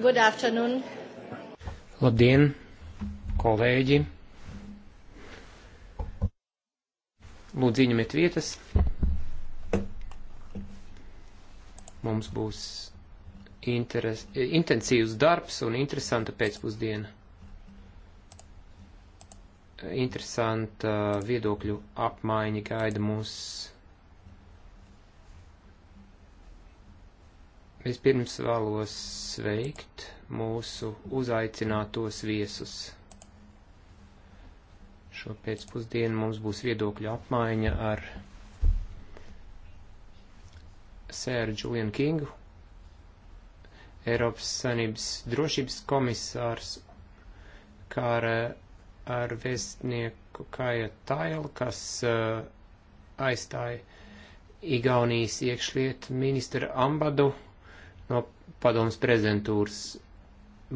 Good afternoon. Labdien, kolēģi. Lūdzu, ieņemiet vietas. Mums būs interes, intensīvs darbs un interesanta pēcpusdiena. Interesanta viedokļu apmaiņa gaida mūs Vispirms vēlos sveikt mūsu uzaicinātos viesus. Šo pēcpusdienu mums būs viedokļu apmaiņa ar Sēru Julianu Kingu, Eiropas Sanības drošības komisārs, kā ar, ar vēstnieku Kāja Tailu, kas uh, aizstāja Igaunijas iekšliet ministra Ambadu no padomas prezidentūras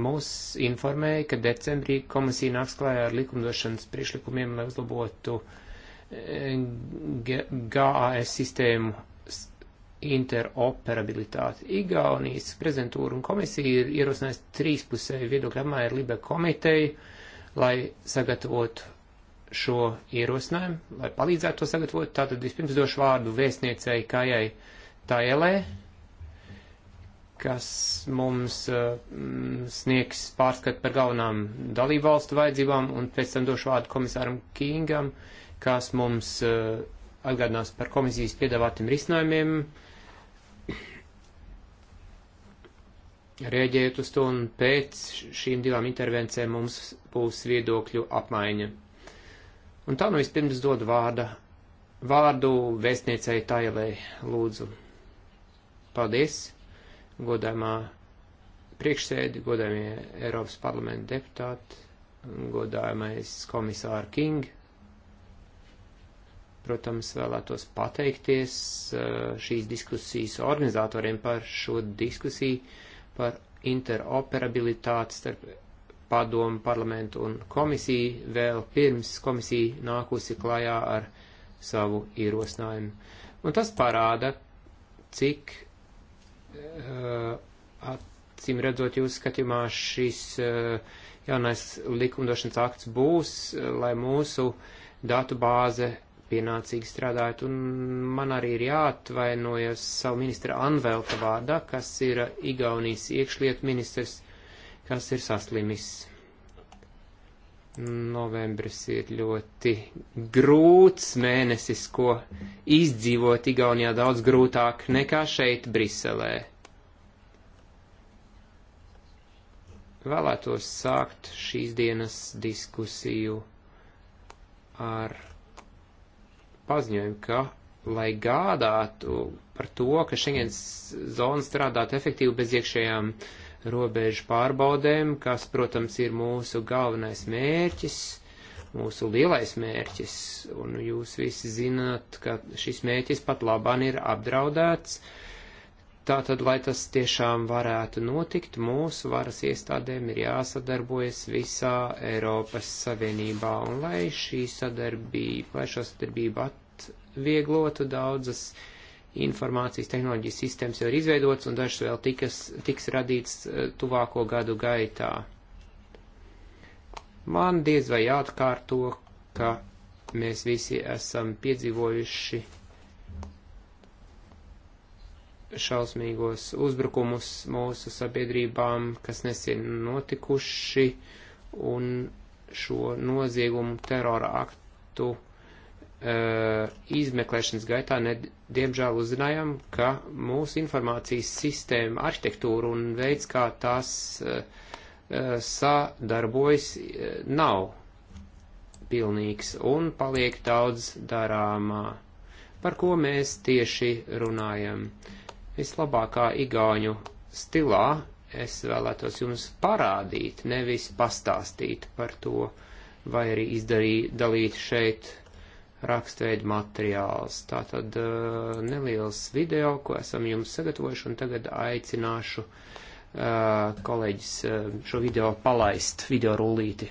mūs informēja, ka decembrī komisija nāks klājā ar likumdošanas priešlikumiem, lai uzlabotu eh, GAS sistēmu interoperabilitāti. Igaunijas prezidentūra un komisija ir ierosinājusi trīspusēju viedokļu apmaiņu ar Libe komiteju, lai sagatavotu šo ierosinājumu, lai palīdzētu to sagatavot. Tātad vispirms došu vārdu vēstniecei Kajai Taielē, kas mums uh, mm, sniegs pārskat par galvenām dalībvalstu vajadzībām, un pēc tam došu vārdu komisāram Kīngam, kas mums uh, atgādinās par komisijas piedāvātiem risinājumiem, rēģējot uz to, un pēc šīm divām intervencēm mums būs viedokļu apmaiņa. Un tā nu vispirms dod vārda, vārdu vēstniecei Tailai, lūdzu. Paldies! godājumā priekšsēdi, godājumie Eiropas parlamenta deputāti, godājumais komisāra King. Protams, vēlētos pateikties eh, šīs diskusijas organizatoriem par šo diskusiju par interoperabilitāti starp padomu parlamentu un komisiju vēl pirms komisija nākusi klajā ar savu ierosinājumu. Un tas parāda, cik Uh, acīm redzot jūs skatījumā šis uh, jaunais likumdošanas akts būs, uh, lai mūsu datu bāze pienācīgi strādājot, un man arī ir jāatvainojas savu ministra Anvelta vārdā, kas ir Igaunijas iekšlietu ministrs, kas ir saslimis. Novembris ir ļoti grūts mēnesis, ko izdzīvot Igaunijā daudz grūtāk nekā šeit, Briselē. Vēlētos sākt šīs dienas diskusiju ar paziņojumu, ka, lai gādātu par to, ka Schengens zona strādātu efektīvi bez iekšējām uh, robežu pārbaudēm, kas, protams, ir mūsu galvenais mērķis, mūsu lielais mērķis, un jūs visi zināt, ka šis mērķis pat labāk ir apdraudēts. Tātad, lai tas tiešām varētu notikt, mūsu varas iestādēm ir jāsadarbojas visā Eiropas Savienībā, un lai šī sadarbība, lai šo sadarbību atvieglotu daudzas uh, informācijas tehnoloģijas sistēmas jau ir izveidots un dažas vēl tikas, tiks radīts eh, tuvāko gadu gaitā. Man diez vai jāatkārto, ka mēs visi esam piedzīvojuši šausmīgos uzbrukumus mūsu sabiedrībām, kas nesien notikuši, un šo noziegumu terora aktu uh, Uh, izmeklēšanas gaitā, ne, diemžēl, uzzinājām, ka mūsu informācijas sistēma, arhitektūra un veids, kā tās uh, uh, sadarbojas, nav pilnīgs un paliek daudz darāmā. Par ko mēs tieši runājam? Vislabākā igauņu stilā es vēlētos jums parādīt, nevis pastāstīt par to, vai arī izdarīt šeit rakstveida materiāls. Tātad eh, neliels video, ko esam jums sagatavojuši, un tagad aicināšu eh, kolēģis eh, šo video palaist, video rullīti.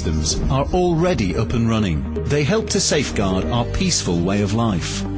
systems are already up and running. They help to safeguard our peaceful way of life.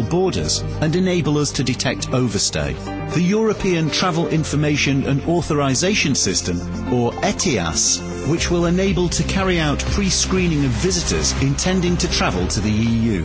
national borders and enable us to detect overstay. The European Travel Information and Authorization System, or ETIAS, which will enable to carry out pre-screening of visitors intending to travel to the EU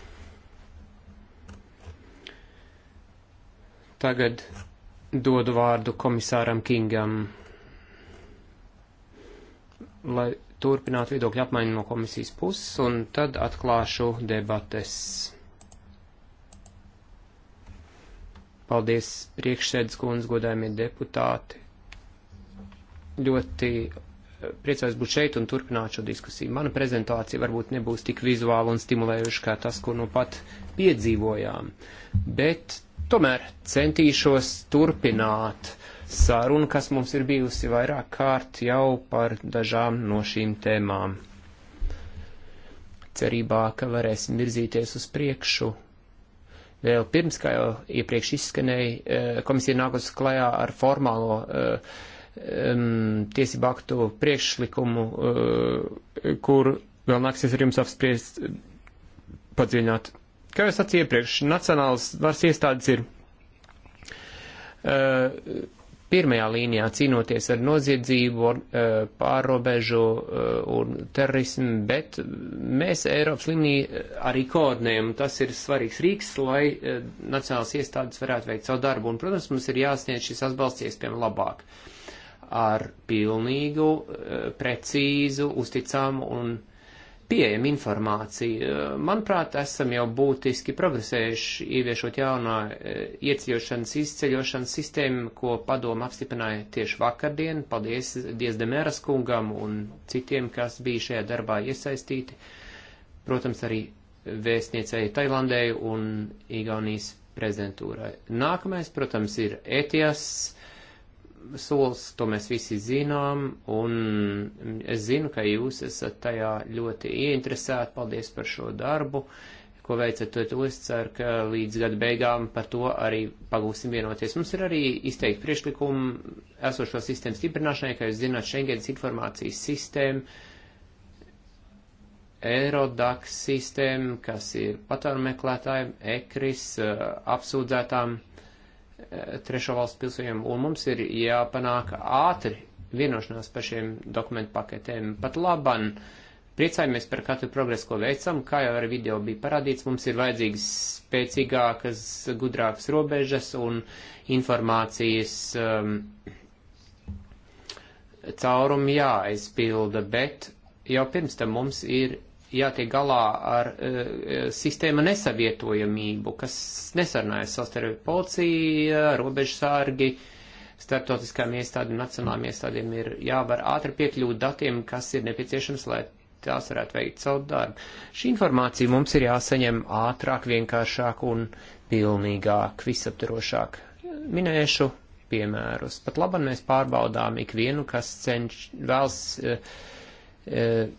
Tagad dodu vārdu komisāram Kingam, lai turpinātu viedokļu apmaiņu no komisijas puses, un tad atklāšu debates. Paldies, priekšsēdus kundze, godājumie deputāti. Ļoti eh, priecājos būt šeit un turpināt šo diskusiju. Mana prezentācija varbūt nebūs tik vizuāla un stimulējuša kā tas, ko nu pat piedzīvojām, bet Tomēr centīšos turpināt sarunu, kas mums ir bijusi vairāk kārt jau par dažām no šīm tēmām. Cerībā, ka varēsim virzīties uz priekšu vēl pirms, kā jau iepriekš izskanēja, eh, komisija nākus klajā ar formālo eh, tiesību aktu priekšlikumu, eh, kur vēl nāksies ar jums apspriest padziļināt Kā jau sacīju iepriekš, nacionālas varas iestādes ir uh, pirmajā līnijā cīnoties ar noziedzību, ar, uh, pārobežu uh, un terorismu, bet mēs Eiropas līmenī arī koordinējam. Tas ir svarīgs rīks, lai uh, nacionālas iestādes varētu veikt savu darbu. Un, protams, mums ir jāsniedz šis atbalsts iespējami labāk ar pilnīgu, uh, precīzu, uzticamu un uh, pieejama informācija. Manuprāt, esam jau būtiski progresējuši, ieviešot jaunā eh, ieceļošanas, izceļošanas sistēmu, ko padoma apstiprināja tieši vakardien. Paldies Diezdemēras kungam un citiem, kas bija šajā darbā iesaistīti. Protams, arī vēstniecēji Tailandē un Igaunijas prezidentūrai. Nākamais, protams, ir ETIAS solis, to mēs visi zinām, un es zinu, ka jūs esat tajā ļoti ieinteresēti. Paldies par šo darbu, ko veicat. Tad es ceru, ka līdz gada beigām par to arī pagūsim vienoties. Mums ir arī izteikti priekšlikumi esošo sistēmu stiprināšanai, kā jūs zināt, Schengens informācijas sistēma. Eirodax sistēma, kas ir patārmeklētājiem, ekris, eh, apsūdzētām trešo valstu pilsoņiem, un mums ir jāpanāk ātri vienošanās par šiem dokumentu paketēm. Pat laban priecājamies par katru progresu, ko veicam, kā jau ar video bija parādīts, mums ir vajadzīgas spēcīgākas, gudrākas robežas un informācijas um, caurumi jāaizpilda, bet jau pirms tam mums ir jātiek galā ar uh, sistēma nesavietojamību, kas nesarunājas savstarpēji policija, robežsārgi, starptautiskām iestādēm, nacionālām iestādēm ir jāvar ātri piekļūt datiem, kas ir nepieciešams, lai tās varētu veikt savu darbu. Šī informācija mums ir jāsaņem ātrāk, vienkāršāk un pilnīgāk, visaptarošāk. Minēšu piemērus. Pat labam mēs pārbaudām ikvienu, kas cenš, vēlas. Uh, uh,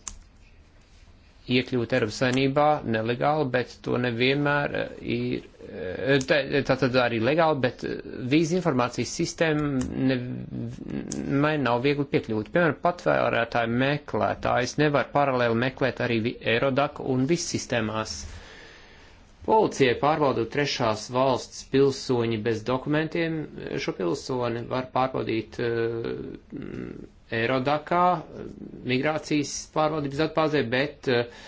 iekļūt Eiropas Savienībā nelegāli, bet to nevienmēr eh, ir, eh, tātad arī legāli, bet eh, vīzi informācijas sistēma nevienmēr nav viegli piekļūt. Piemēram, patvērētāji meklētājs nevar paralēli meklēt arī Eirodak un viss sistēmās. Policijai pārbaudot trešās valsts pilsoņi bez dokumentiem, šo pilsoni var pārbaudīt uh, Eirodakā, migrācijas pārvaldības datbāzē, bet eh,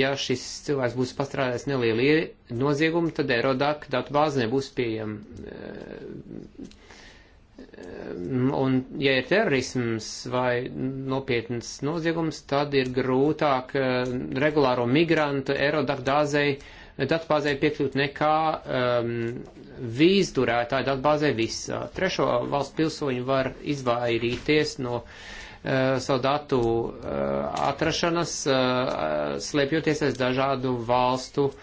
ja šis cilvēks būs pastrādājis nelielu noziegumu, tad Eirodak datbāze nebūs pieejama. Eh, eh, un, ja ir terorisms vai nopietns noziegums, tad ir grūtāk regulāro migrantu Eirodak dāzei uh, datubāzē piekļūt nekā um, vīzdurētāja datubāzē visā. Trešo valstu pilsoņi var izvairīties no uh, savu datu uh, atrašanas, uh, slēpjoties aiz dažādu valstu uh,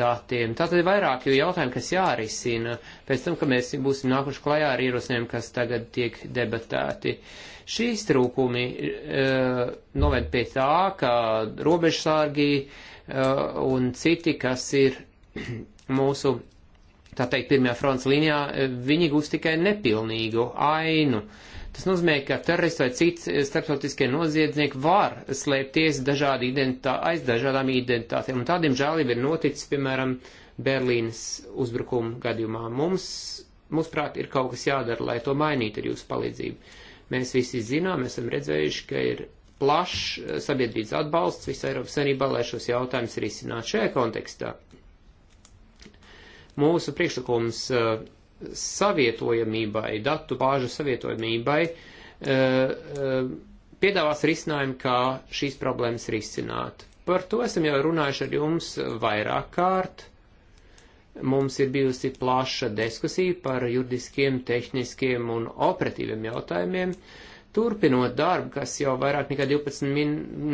datiem. Tātad ir vairāk jau jautājumi, kas jārisina pēc tam, ka mēs būsim nākuši klajā ar ierosinājumiem, kas tagad tiek debatēti. Šīs trūkumi e, noved pie tā, ka robežsārgi e, Eh, un citi, kas ir mūsu, tā teikt, pirmajā fronts līnijā, eh, viņi gūs tikai nepilnīgu ainu. Tas nozīmē, ka terorists vai cits eh, starptautiskie noziedznieki var slēpties dažādi identitā, aiz dažādām identitātēm, un tādiem žēlība ir noticis, piemēram, Berlīnas uzbrukuma gadījumā. Mums, mūsuprāt, ir kaut kas jādara, lai to mainītu ar jūsu palīdzību. Mēs visi zinām, esam redzējuši, ka ir plašs eh, sabiedrības atbalsts visā Eiropas Savienībā, lai šos jautājumus risinātu šajā kontekstā. Mūsu priekšlikums eh, savietojamībai, datu bāžu savietojamībai eh, piedāvās risinājumu, kā šīs problēmas risināt. Par to esam jau runājuši ar jums vairāk kārt. Mums ir bijusi plaša diskusija par juridiskiem, tehniskiem un operatīviem jautājumiem. Uh, Turpinot darbu, kas jau vairāk nekā 12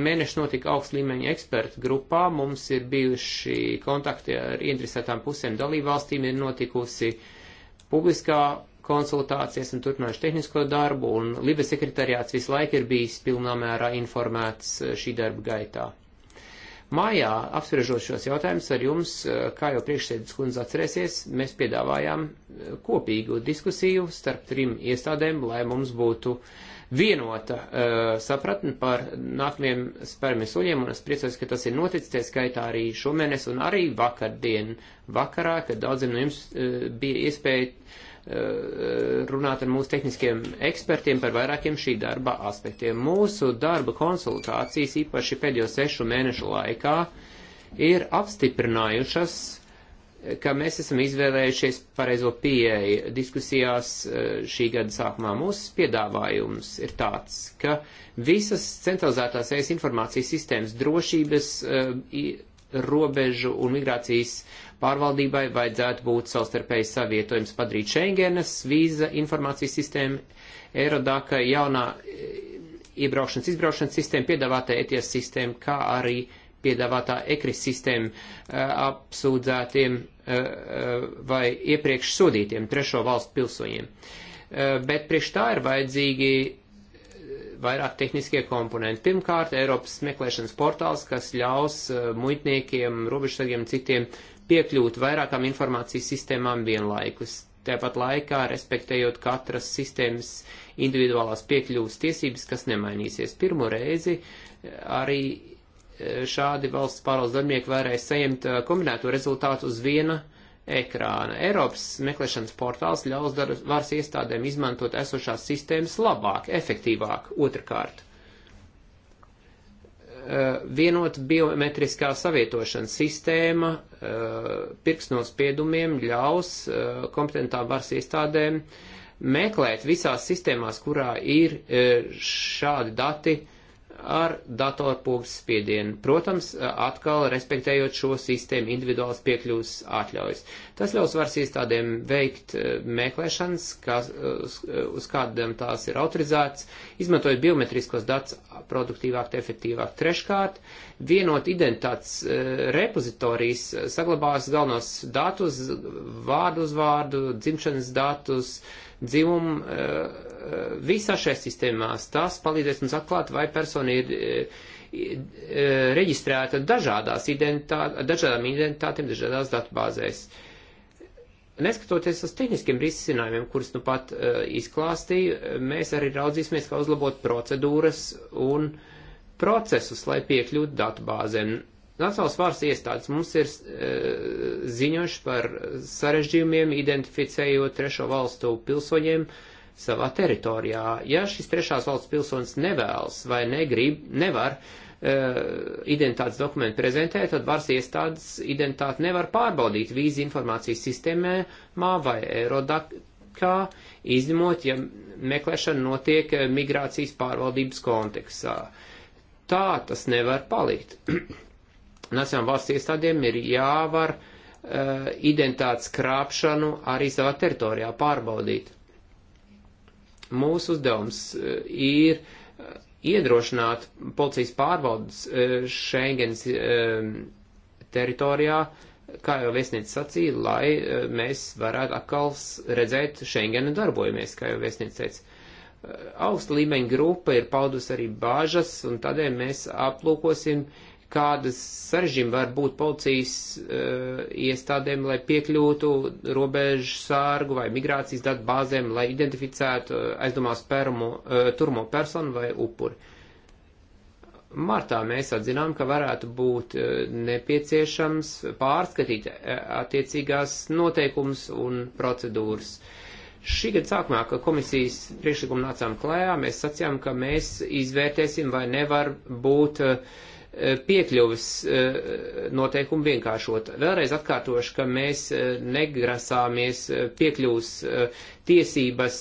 mēneši notika augst līmeņa ekspertu grupā, mums ir bijuši kontakti ar interesētām pusēm dalībvalstīm, ir notikusi publiskā konsultācijas un turpinājuši tehnisko darbu, un Libes sekretariāts visu laiku ir bijis pilnā mērā informēts eh, šī darba gaitā. Mājā, apspriežot šos jautājumus ar jums, eh, kā jau priekšsēdus kundze atcerēsies, mēs piedāvājām eh, kopīgu diskusiju starp trim iestādēm, lai mums būtu uh, vienota uh, eh, sapratni par nākamajiem spermijas suļiem, un es priecājos, ka tas ir noticis, tie skaitā arī šomēnes un arī vakardien vakarā, kad daudziem no jums uh, bija iespēja uh, runāt ar mūsu tehniskiem ekspertiem par vairākiem šī darba aspektiem. Mūsu darba konsultācijas, īpaši pēdējo sešu mēnešu laikā, ir apstiprinājušas ka mēs esam izvēlējušies pareizo pieeju diskusijās eh, šī gada sākumā. Mūsu piedāvājums ir tāds, ka visas centralizētās ES informācijas sistēmas drošības eh, robežu un migrācijas pārvaldībai vajadzētu būt savstarpēji savietojums padarīt Schengenas, vīza informācijas sistēma, Eirodaka jaunā eh, iebraukšanas, izbraukšanas sistēma, piedāvātā ETS sistēma, kā arī piedāvātā ekris sistēma apsūdzētiem Eh, eh, vai iepriekš sodītiem trešo valstu pilsoņiem. Eh, bet priekš tā ir vajadzīgi vairāk tehniskie komponenti. Pirmkārt, Eiropas meklēšanas portāls, kas ļaus muitniekiem, robežsargiem citiem piekļūt vairākām informācijas sistēmām vienlaikus. Tāpat laikā respektējot katras sistēmas individuālās piekļuvas tiesības, kas nemainīsies. Pirmo reizi arī šādi valsts pārvaldes darbinieki varēs saņemt kombinēto rezultātu uz viena ekrāna. Eiropas meklēšanas portāls ļaus varas iestādēm izmantot esošās sistēmas labāk, efektīvāk. Otrakārt, vienot biometriskā savietošana sistēma pirksnospiedumiem ļaus kompetentām varas iestādēm meklēt visās sistēmās, kurā ir šādi dati, ar datorpūgas spiedienu. Protams, atkal respektējot šo sistēmu individuāls piekļūs atļaujas. Tas ļaus varas iestādēm veikt meklēšanas, kas, uz kādiem tās ir autorizēts, izmantojot biometriskos datus produktīvāk, efektīvāk. Treškārt, vienot identitātes repozitorijas saglabās galvenos datus, vārdu uz vārdu, dzimšanas datus, uh, dzimumu eh, eh, visā šajā sistēmās. Tas palīdzēs mums atklāt, vai persona ir eh, reģistrēta dažādās identitā, dažādām identitātēm, dažādās datubāzēs. Neskatoties uz tehniskiem risinājumiem, kurus nu pat uh, izklāstīju, mēs arī raudzīsimies, kā uzlabot procedūras un procesus, lai piekļūtu datubāzēm. Nacionāls vārds iestādes mums ir e, ziņojuši par sarežģījumiem, identificējot trešo valstu pilsoņiem savā teritorijā. Ja šis trešās valsts pilsonis nevēlas vai negrib, nevar e, identitātes dokumentu prezentēt, tad varas iestādes identitāti nevar pārbaudīt vīzi informācijas sistēmā vai Eirodakā, izņemot, ja meklēšana notiek migrācijas pārvaldības kontekstā. Tā tas nevar palikt. nacionālām valsts iestādēm ir jāvar uh, identitātes krāpšanu arī savā teritorijā pārbaudīt. Mūsu uzdevums uh, ir uh, iedrošināt policijas pārbaudas uh, Schengens uh, teritorijā, kā jau vēstniec sacīja, lai uh, mēs varētu atkal redzēt Schengena darbojamies, kā jau vēstniec teica augsta līmeņa grupa ir paudusi arī bāžas, un tādēļ mēs aplūkosim kādas sarežģījumi var būt policijas uh, iestādēm, lai piekļūtu robežu sārgu vai migrācijas datu bāzēm, lai identificētu uh, aizdomās permo, uh, eh, turmo personu vai upuri. Martā mēs atzinām, ka varētu būt uh, nepieciešams pārskatīt attiecīgās noteikums un procedūras. Šī gada sākumā, kad komisijas priekšlikumu nācām klējā, mēs sacījām, ka mēs izvērtēsim, vai nevar būt uh, Eh, piekļuvis eh, noteikumu vienkāršot. Vēlreiz atkārtošu, ka mēs eh, negrasāmies piekļuvs tiesības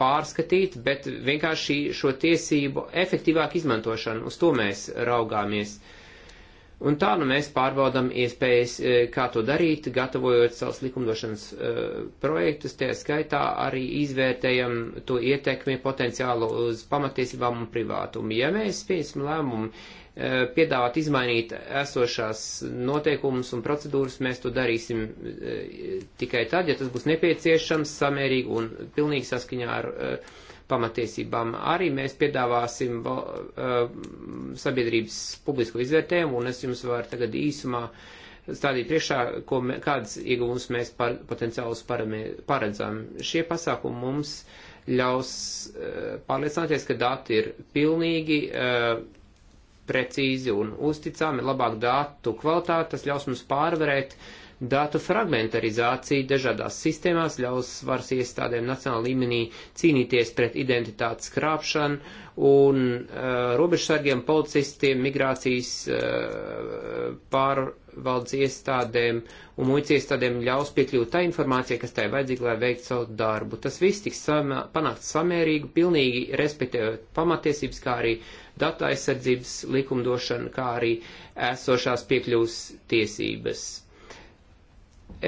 pārskatīt, bet vienkārši šo tiesību efektīvāk izmantošanu, uz to mēs raugāmies. Uh, Un tā nu mēs pārbaudam iespējas, e, kā to darīt, gatavojot savus likumdošanas uh, projektus, tie skaitā arī izvērtējam to ietekmi potenciālu uz pamatiesībām un privātumu. Ja mēs pieņemsim lēmumu uh, piedāvāt izmainīt esošās noteikumus un procedūras, mēs to darīsim uh, tikai tad, ja tas būs nepieciešams, samērīgi un pilnīgi saskaņā ar. Uh, pamatiesībām. Arī mēs piedāvāsim eh, sabiedrības publisko izvērtējumu, un es jums varu tagad īsumā stādīt priekšā, ko, mē, kādas ieguvums mēs par, potenciālus paredzam. Šie pasākumi mums ļaus eh, pārliecināties, ka dati ir pilnīgi eh, precīzi un uzticami, labāk datu kvalitāte, tas ļaus mums pārvarēt uh, Dātu fragmentarizācija dažādās sistēmās ļaus varas iestādēm nacionāla līmenī cīnīties pret identitātes krāpšanu un uh, robežsargiem, policistiem, migrācijas uh, pārvaldes iestādēm un muitas iestādēm ļaus piekļūt tā informācija, kas tai vajadzīga, lai veiktu savu darbu. Tas viss tiks samā, panākt samērīgi, pilnīgi respektējot pamatiesības, kā arī datu aizsardzības likumdošanu, kā arī esošās piekļuvas tiesības.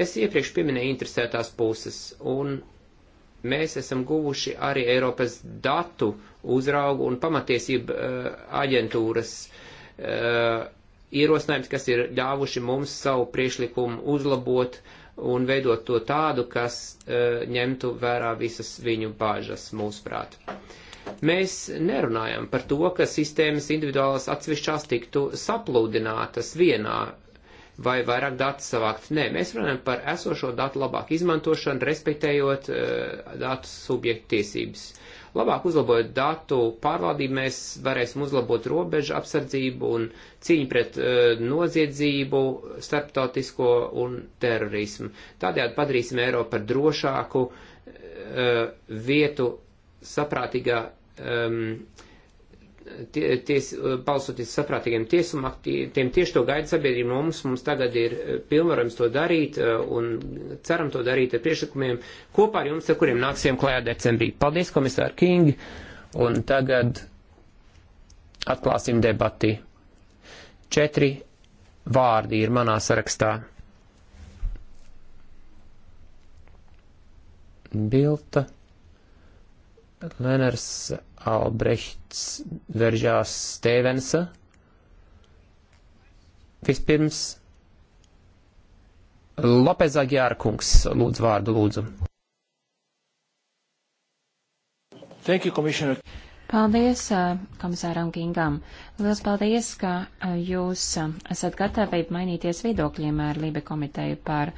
Es iepriekš pieminēju interesētās puses, un mēs esam guvuši arī Eiropas datu uzraugu un pamatiesību uh, aģentūras uh, eh, ierosinājums, kas ir ļāvuši mums savu priešlikumu uzlabot un veidot to tādu, kas uh, ņemtu vērā visas viņu bāžas mūsuprāt. Mēs nerunājam par to, ka sistēmas individuālas atsevišķās tiktu saplūdinātas vienā vai vairāk datu savākt. Nē, mēs runājam par esošo datu labāku izmantošanu, respektējot uh, datu subjektu tiesības. Labāk uzlabojot datu pārvaldību, mēs varēsim uzlabot robežu apsardzību un cīņu pret uh, noziedzību, starptautisko un terorismu. Tādējādi padarīsim Eiropu par drošāku uh, vietu saprātīgā um, tie, ties, balsoties saprātīgiem tiesuma aktiem, tieši to gaida sabiedrība mums, mums tagad ir eh, pilnvarams to darīt eh, un ceram to darīt ar priešlikumiem kopā ar jums, ar kuriem nāksim klājā decembrī. Paldies, komisāri King, un tagad atklāsim debati. Četri vārdi ir manā sarakstā. Bilta. Lenars Albrechts veržās Stevensa. Vispirms Lopez Agjārkungs lūdz vārdu lūdzu. Thank you, Commissioner. Paldies uh, komisāram Kingam. Lielas paldies, ka uh, jūs uh, esat gatavi mainīties viedokļiem ar Lībe komiteju par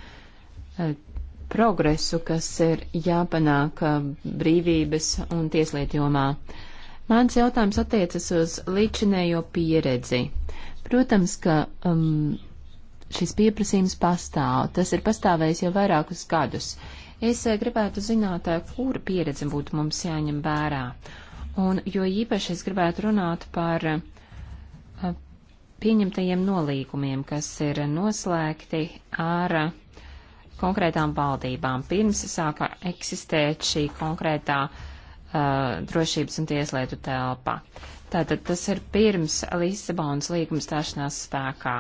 progresu, kas ir jāpanāk uh, brīvības un tieslietu jomā. Mans jautājums attiecas uz līdzinējo pieredzi. Protams, ka um, šis pieprasījums pastāv. Tas ir pastāvējis jau vairākus gadus. Es uh, gribētu zināt, uh, kura pieredze būtu mums jāņem vērā. Un jo īpaši es gribētu runāt par pieņemtajiem nolīgumiem, kas ir noslēgti ar konkrētām valdībām. Pirms sāka eksistēt šī konkrētā uh, drošības un tieslietu telpa. Tātad tas ir pirms Lisabonas līguma stāšanās spēkā.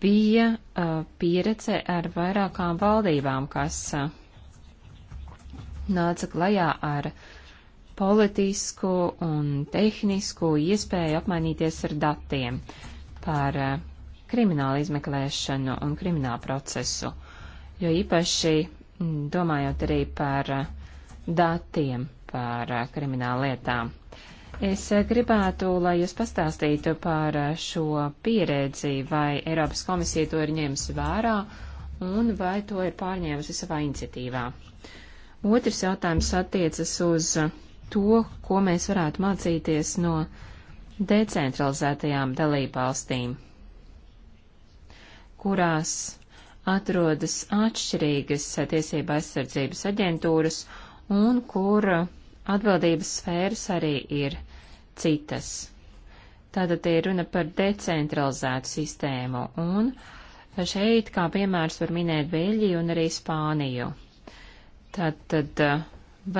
Bija uh, pieredze ar vairākām valdībām, kas uh, nāca klajā ar politisku un tehnisku iespēju apmainīties ar datiem par uh, kriminālu izmeklēšanu un kriminālu procesu. Uh, jo īpaši mm, domājot arī par eh, datiem, par eh, krimināla lietām. Es eh, gribētu, lai jūs pastāstītu par šo pieredzi, vai Eiropas komisija to ir ņēmusi vērā un vai to ir pārņēmusi savā iniciatīvā. Otrs jautājums attiecas uz to, ko mēs varētu mācīties no decentralizētajām dalībvalstīm, kurās atrodas atšķirīgas tiesība aizsardzības aģentūras un kur atbildības sfēras arī ir citas. Tātad te ir runa par decentralizētu sistēmu un šeit kā piemērs var minēt Beļģiju un arī Spāniju. Tātad eh,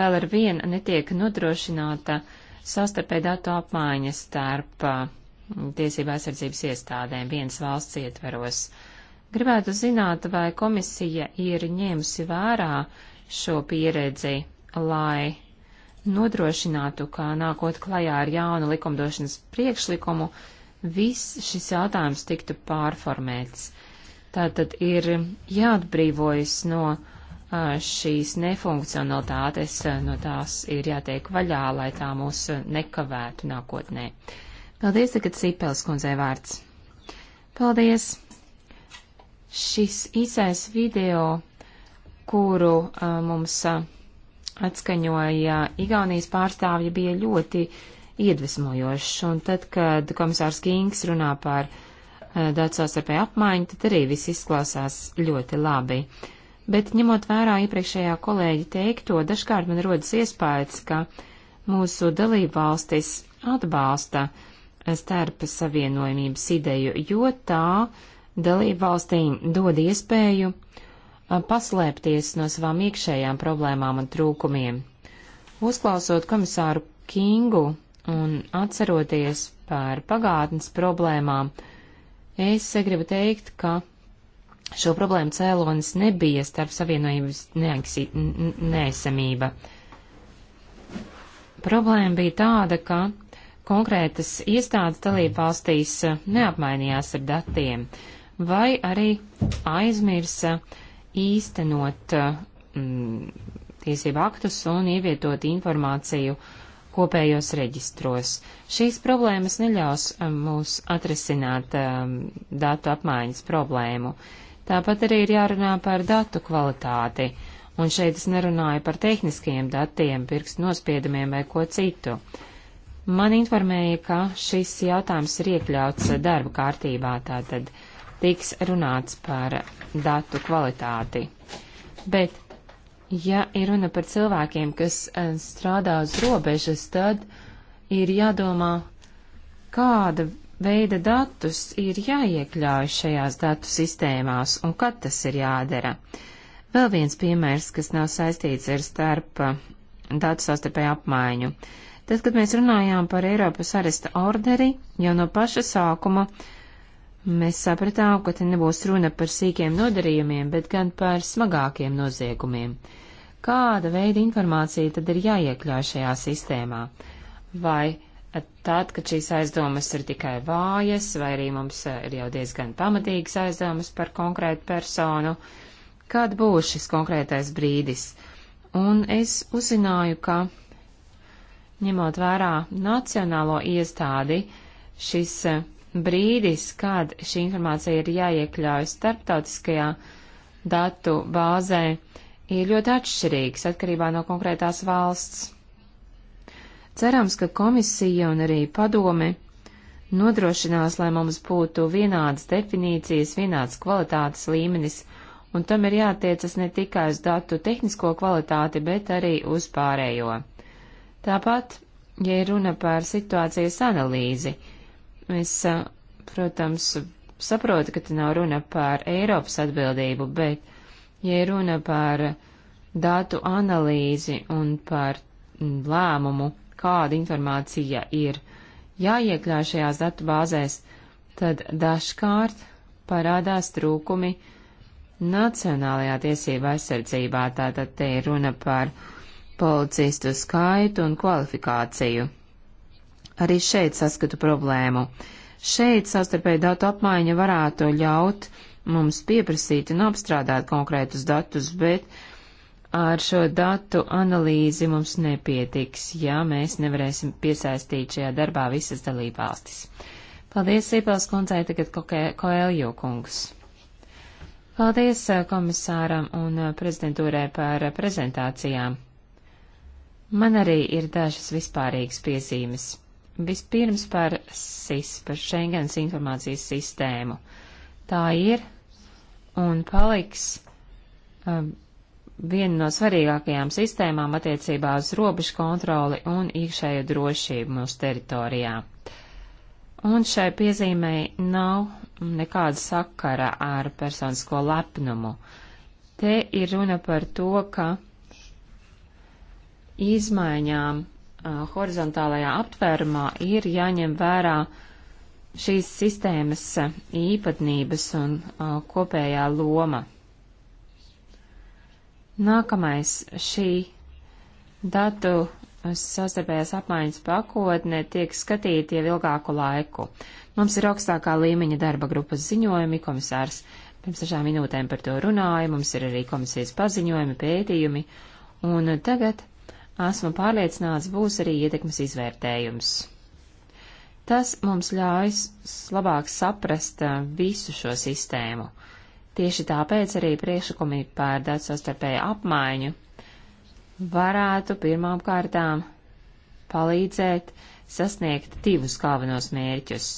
vēl ar vienu netiek nodrošināta sastarpē datu apmaiņa starp eh, tiesībā aizsardzības iestādēm vienas valsts ietveros. Uh, Gribētu zināt, vai komisija ir ņēmusi vērā šo pieredzi, lai nodrošinātu, ka nākot klajā ar jaunu likumdošanas priekšlikumu, viss šis jautājums tiktu pārformēts. Tātad ir jāatbrīvojas no šīs nefunkcionalitātes, no tās ir jātiek vaļā, lai tā mūs nekavētu nākotnē. Paldies, tagad Sīpels kundzei vārds. Paldies! Šis īsais video, kuru uh, mums uh, atskaņoja Igaunijas pārstāvja, bija ļoti iedvesmojošs. Un tad, kad komisārs Kings runā par uh, daudz savstarpēju apmaiņu, tad arī viss izklausās ļoti labi. Bet ņemot vērā iepriekšējā kolēģi teikto, dažkārt man rodas iespējas, ka mūsu dalībvalstis atbalsta starp savienojumības ideju, jo tā uh, dalību valstīm dod iespēju paslēpties no savām iekšējām problēmām un trūkumiem. Uzklausot komisāru Kingu un atceroties par pagātnes problēmām, es gribu teikt, ka šo problēmu cēlonis nebija starp savienojības neesamība. Problēma bija tāda, ka konkrētas iestādes dalībvalstīs neapmainījās ar datiem. Uh, vai arī aizmirsa eh, īstenot eh, mm, tiesību aktus un ievietot informāciju kopējos reģistros. Šīs problēmas neļaus eh, mūs atrisināt um, datu apmaiņas problēmu. Tāpat arī ir jārunā par datu kvalitāti, un šeit es nerunāju par tehniskajiem datiem, pirkstu nospiedumiem vai ko citu. Man informēja, ka šis jautājums ir iekļauts darba kārtībā, tātad uh, tiks runāts par datu kvalitāti. Bet, ja ir runa par cilvēkiem, kas e, strādā uz robežas, tad ir jādomā, kāda veida datus ir jāiekļauj šajās datu sistēmās un kad tas ir jādara. Vēl viens piemērs, kas nav saistīts ar starp e, datu sastarpēju apmaiņu. Tad, kad mēs runājām par Eiropas aresta orderi, jau no paša sākuma uh, Mēs sapratām, ka te nebūs runa par sīkiem nodarījumiem, bet gan par smagākiem noziegumiem. Kāda veida informācija tad ir jāiekļauj šajā sistēmā? Vai tad, kad šīs aizdomas ir tikai vājas, vai arī mums ir jau diezgan pamatīgas aizdomas par konkrētu personu? Kad būs šis konkrētais brīdis? Un es uzzināju, ka ņemot vērā nacionālo iestādi, šis eh, brīdis, kad šī informācija ir jāiekļauj starptautiskajā datu bāzē, ir ļoti atšķirīgs atkarībā no konkrētās valsts. Cerams, ka komisija un arī padome nodrošinās, lai mums būtu vienādas definīcijas, vienāds kvalitātes līmenis, un tam ir jātiecas ne tikai uz datu tehnisko kvalitāti, bet arī uz pārējo. Tāpat, ja runa par situācijas analīzi, Es, protams, saprotu, ka te nav runa par Eiropas atbildību, bet, ja runa par datu analīzi un par lēmumu, kāda informācija ir jāiekļauj šajās datu bāzēs, tad dažkārt parādās trūkumi nacionālajā tiesība aizsardzībā, tātad te ir runa par policistu skaitu un kvalifikāciju. Arī šeit saskatu problēmu. Šeit savstarpēji datu apmaiņa varētu ļaut mums pieprasīt un apstrādāt konkrētus datus, bet ar šo datu analīzi mums nepietiks, ja mēs nevarēsim piesaistīt šajā darbā visas dalībvalstis. Paldies, Sīpels kundzei, tagad Koeljo kungs. Paldies eh, komisāram un eh, prezidentūrē par eh, prezentācijām. Man arī ir dažas vispārīgas piezīmes. Vispirms par SIS, par Schengens informācijas sistēmu. Tā ir un paliks um, viena no svarīgākajām sistēmām attiecībā uz robežu kontroli un iekšējo drošību mūsu teritorijā. Un šai piezīmei nav nekāda sakara ar personisko lepnumu. Te ir runa par to, ka izmaiņām horizontālajā aptvērumā ir jāņem vērā šīs sistēmas īpatnības un kopējā loma. Nākamais šī datu sastarpējās apmaiņas pakotne tiek skatīta jau ilgāku laiku. Mums ir augstākā līmeņa darba grupas ziņojumi, komisārs pirms dažām minūtēm par to runāja, mums ir arī komisijas paziņojumi, pētījumi, un tagad esmu pārliecināts, būs arī ietekmes izvērtējums. Tas mums ļauj labāk saprast eh, visu šo sistēmu. Tieši tāpēc arī priekšlikumi par datu sastarpēju apmaiņu varētu pirmām kārtām palīdzēt sasniegt divus galvenos mērķus.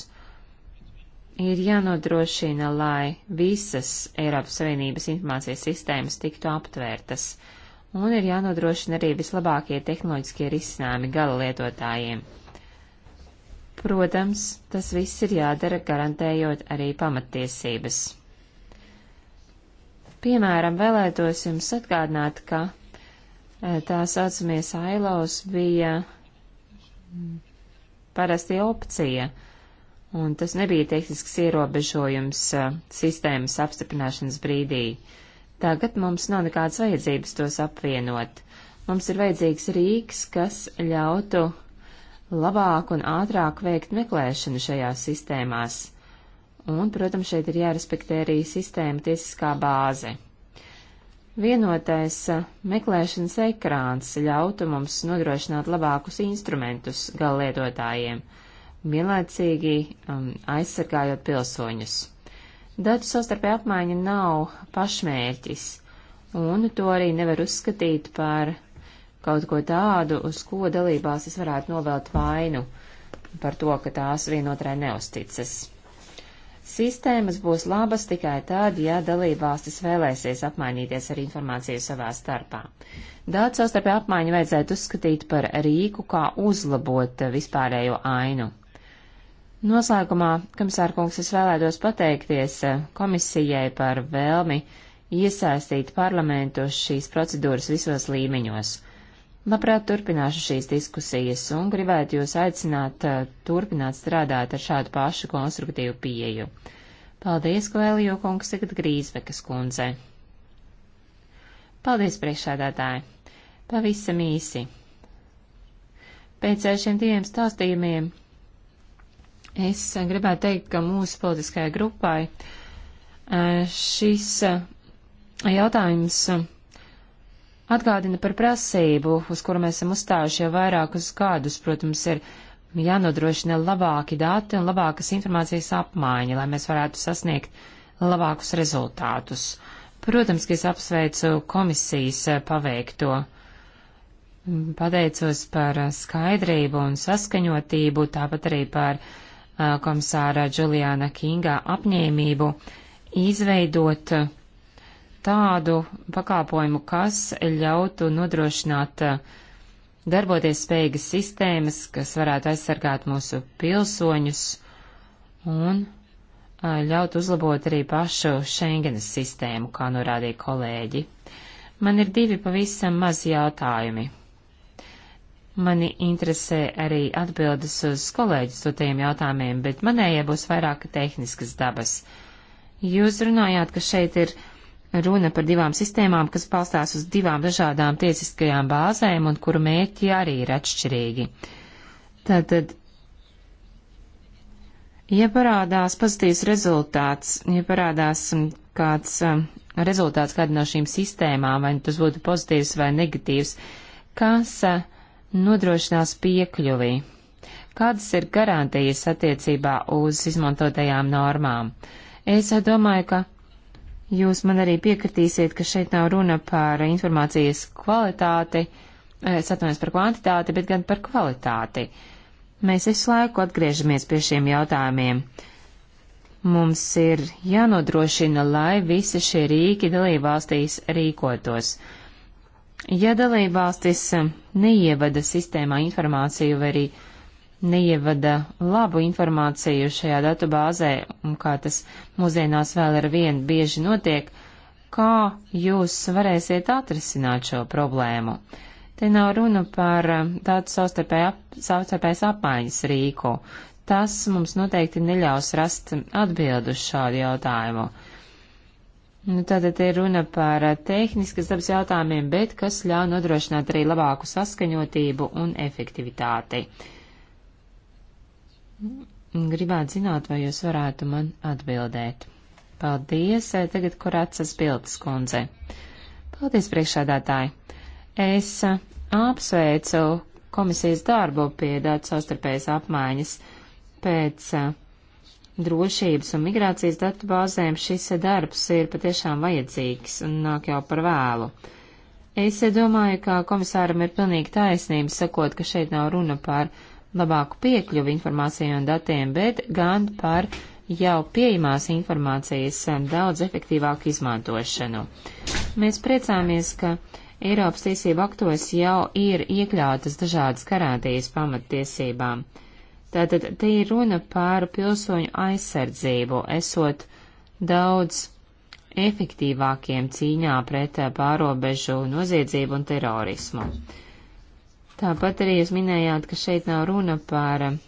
Ir jānodrošina, lai visas Eiropas Savienības informācijas sistēmas tiktu aptvērtas. Uh, un ir jānodrošina arī vislabākie tehnoloģiskie risinājumi gala lietotājiem. Protams, tas viss ir jādara garantējot arī pamattiesības. Piemēram, vēlētos jums atgādināt, ka eh, tā saucamies ailaus bija mm, parasti opcija, un tas nebija tehnisks ierobežojums eh, sistēmas apstiprināšanas brīdī. Uh, Tagad mums nav nekādas vajadzības tos apvienot. Mums ir vajadzīgs rīks, kas ļautu labāk un ātrāk veikt meklēšanu šajās sistēmās. Un, protams, šeit ir jārespektē arī sistēma tiesiskā bāze. Vienotais uh, meklēšanas ekrāns ļautu mums nodrošināt labākus instrumentus gallietotājiem, vienlaicīgi um, aizsargājot pilsoņus. Datu savstarpēja apmaiņa nav pašmērķis, un to arī nevar uzskatīt par kaut ko tādu, uz ko dalībās es varētu novelt vainu par to, ka tās vienotrai neusticas. Sistēmas būs labas tikai tad, ja dalībvalstis vēlēsies apmainīties ar informāciju savā starpā. Daudz savstarpēju apmaiņu vajadzētu uzskatīt par rīku, kā uzlabot vispārējo ainu. Noslēgumā, komisārkungs, es vēlētos pateikties eh, komisijai par vēlmi iesaistīt parlamentu šīs procedūras visos līmeņos. Labprāt turpināšu šīs diskusijas un gribētu jūs aicināt eh, turpināt strādāt ar šādu pašu konstruktīvu pieju. Paldies, Koeliju kungs, tagad Grīzvekas kundze. Paldies, priekšādātāji. Pavisam īsi. Pēc šiem diviem stāstījumiem Es gribētu teikt, ka mūsu politiskajai grupai e, šis e, jautājums e, atgādina par prasību, uz kuru mēs esam uzstājuši jau vairākus gadus. Protams, ir jānodrošina labāki dati un labākas informācijas apmaiņa, lai mēs varētu sasniegt labākus rezultātus. Protams, ka es apsveicu komisijas paveikto. Pateicos par skaidrību un saskaņotību, tāpat arī par uh, komisāra Džuliāna Kinga apņēmību izveidot tādu pakāpojumu, kas ļautu nodrošināt darboties spējīgas sistēmas, kas varētu aizsargāt mūsu pilsoņus un ļaut uzlabot arī pašu Schengenas sistēmu, kā norādīja kolēģi. Man ir divi pavisam mazi jautājumi. Mani interesē arī atbildes uz kolēģis dotajiem jautājumiem, bet manējie būs vairāk tehniskas dabas. Jūs runājāt, ka šeit ir runa par divām sistēmām, kas balstās uz divām dažādām tiesiskajām bāzēm un kuru mērķi arī ir atšķirīgi. Tātad, ja parādās pozitīvs rezultāts, ja parādās um, kāds um, rezultāts kāda no šīm sistēmām, vai tas būtu pozitīvs vai negatīvs, kas uh, nodrošinās piekļuvi? Kādas ir garantijas attiecībā uz izmantotajām normām? Es domāju, ka jūs man arī piekritīsiet, ka šeit nav runa par informācijas kvalitāti, es atvainojos par kvantitāti, bet gan par kvalitāti. Mēs visu laiku atgriežamies pie šiem jautājumiem. Mums ir jānodrošina, lai visi šie rīki dalībvalstīs rīkotos. Ja dalībvalstis eh, neievada sistēmā informāciju vai arī neievada labu informāciju šajā datubāzē, un kā tas mūsdienās vēl ar vienu bieži notiek, kā jūs varēsiet atrisināt šo problēmu? Te nav runa par eh, tādu savstarpējas apmaiņas rīku. Tas mums noteikti neļaus rast atbildu uz šādu jautājumu. Nu, tātad te runa par eh, tehniskas dabas jautājumiem, bet kas ļauj nodrošināt arī labāku saskaņotību un efektivitāti. Gribētu zināt, vai jūs varētu man atbildēt. Paldies, eh, tagad kur atsas bildes kundze. Paldies, priekšādātāji. Es eh, apsveicu komisijas darbu pie datu savstarpējas apmaiņas pēc uh, drošības un migrācijas datu bāzēm šis darbs ir patiešām vajadzīgs un nāk jau par vēlu. Es domāju, ka komisāram ir pilnīgi taisnība sakot, ka šeit nav runa par labāku piekļuvi informācijai un datiem, bet gan par jau pieejamās informācijas daudz efektīvāku izmantošanu. Mēs priecāmies, ka Eiropas tiesību aktos jau ir iekļautas dažādas garantijas pamattiesībām. Tātad te ir runa par pilsoņu aizsardzību, esot daudz efektīvākiem cīņā pret eh, pārobežu noziedzību un terorismu. Tāpat arī jūs minējāt, ka šeit nav runa par eh,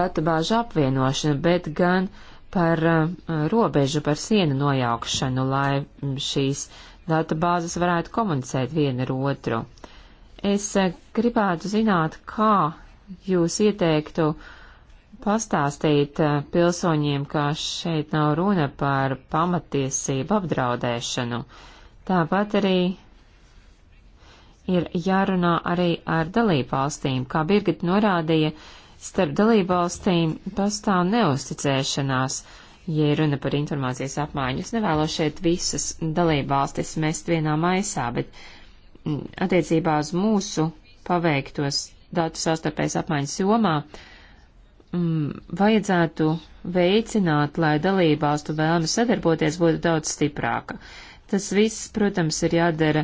datubāžu apvienošanu, bet gan par eh, robežu, par sienu nojaukšanu, lai šīs datubāzes varētu komunicēt viena ar otru. Es gribētu zināt, kā jūs ieteiktu pastāstīt eh, pilsoņiem, ka šeit nav runa par pamatiesību apdraudēšanu. Tāpat arī ir jārunā arī ar dalībvalstīm. Kā Birgit norādīja, starp dalībvalstīm pastāv neusticēšanās, ja runa par informācijas apmaiņu. Es nevēlos šeit visas dalībvalstis mest vienā maisā, bet mm, attiecībā uz mūsu paveiktos datu savstarpējas apmaiņas jomā mm, vajadzētu veicināt, lai dalībvalstu vēlme sadarboties būtu daudz stiprāka. Tas viss, protams, ir jādara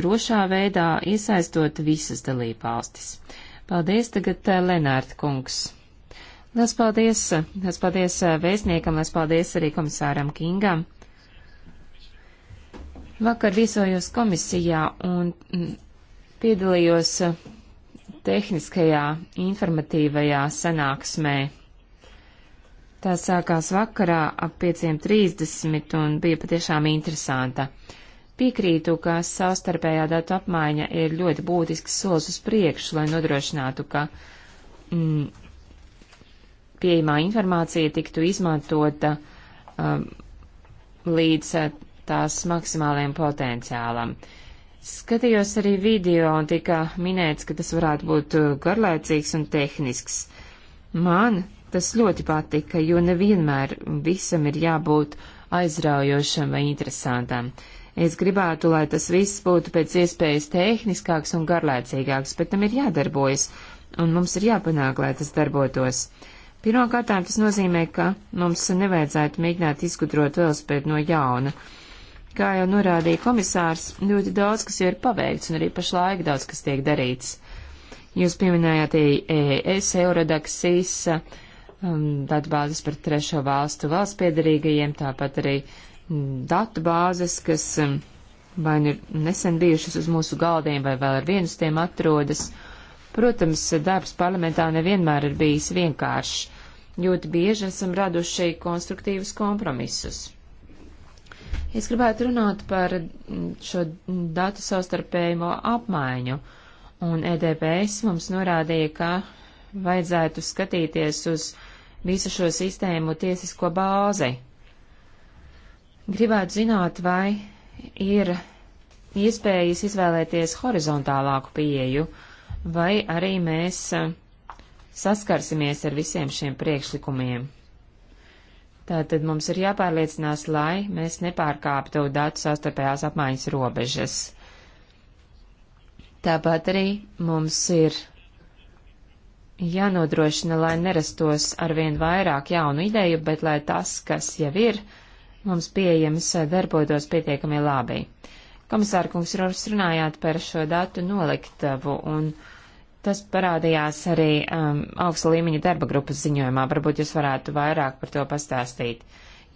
drošā veidā, iesaistot visas dalībvalstis. Paldies tagad eh, Lenārta kungs. Lielas paldies, lielas paldies eh, vēstniekam, lielas paldies arī komisāram Kingam. Vakar viesojos komisijā un mm, piedalījos eh, tehniskajā informatīvajā sanāksmē. Tā sākās vakarā ap 5.30 un bija patiešām interesanta. Piekrītu, ka savstarpējā datu apmaiņa ir ļoti būtisks solis uz priekšu, lai nodrošinātu, ka mm, pieejamā informācija tiktu izmantota um, līdz uh, tās maksimālajiem potenciālam. Uh, Skatījos arī video un tika minēts, ka tas varētu būt uh, garlaicīgs un tehnisks. Man tas ļoti patika, jo nevienmēr visam ir jābūt aizraujošam vai interesantam. Es gribētu, lai tas viss būtu pēc iespējas tehniskāks un garlaicīgāks, bet tam ir jādarbojas, un mums ir jāpanāk, lai tas darbotos. Pirmkārtām tas nozīmē, ka mums nevajadzētu mēģināt izgudrot velospēdu no jauna Kā jau norādīja komisārs, ļoti daudz, kas jau ir paveikts, un arī pašlaik daudz, kas tiek darīts. Jūs pieminējāt EES, Eurodax, ISA, um, datubāzes par trešo valstu valsts piedarīgajiem, tāpat arī mm, datubāzes, kas um, vai nu ir nesen bijušas uz mūsu galdiem, vai vēl ar vienu uz tiem atrodas. Protams, darbs parlamentā nevienmēr ir bijis vienkāršs. Ļoti bieži esam raduši konstruktīvus kompromisus. Es gribētu runāt par šo datu savstarpējumu apmaiņu, un EDPS mums norādīja, ka vajadzētu skatīties uz visu šo sistēmu tiesisko bāzi. Gribētu zināt, vai ir iespējas izvēlēties horizontālāku pieeju, vai arī mēs saskarsimies ar visiem šiem priekšlikumiem. Tātad mums ir jāpārliecinās, lai mēs nepārkāptu datu sastarpējās apmaiņas robežas. Tāpat arī mums ir jānodrošina, lai nerastos arvien vairāk jaunu ideju, bet lai tas, kas jau ir, mums pieejams, darbotos pietiekami labi. Komisārkungs, jūs runājāt par šo datu noliktavu un. Uh, Tas parādījās arī um, augsta līmeņa darba grupas ziņojumā. Varbūt jūs varētu vairāk par to pastāstīt.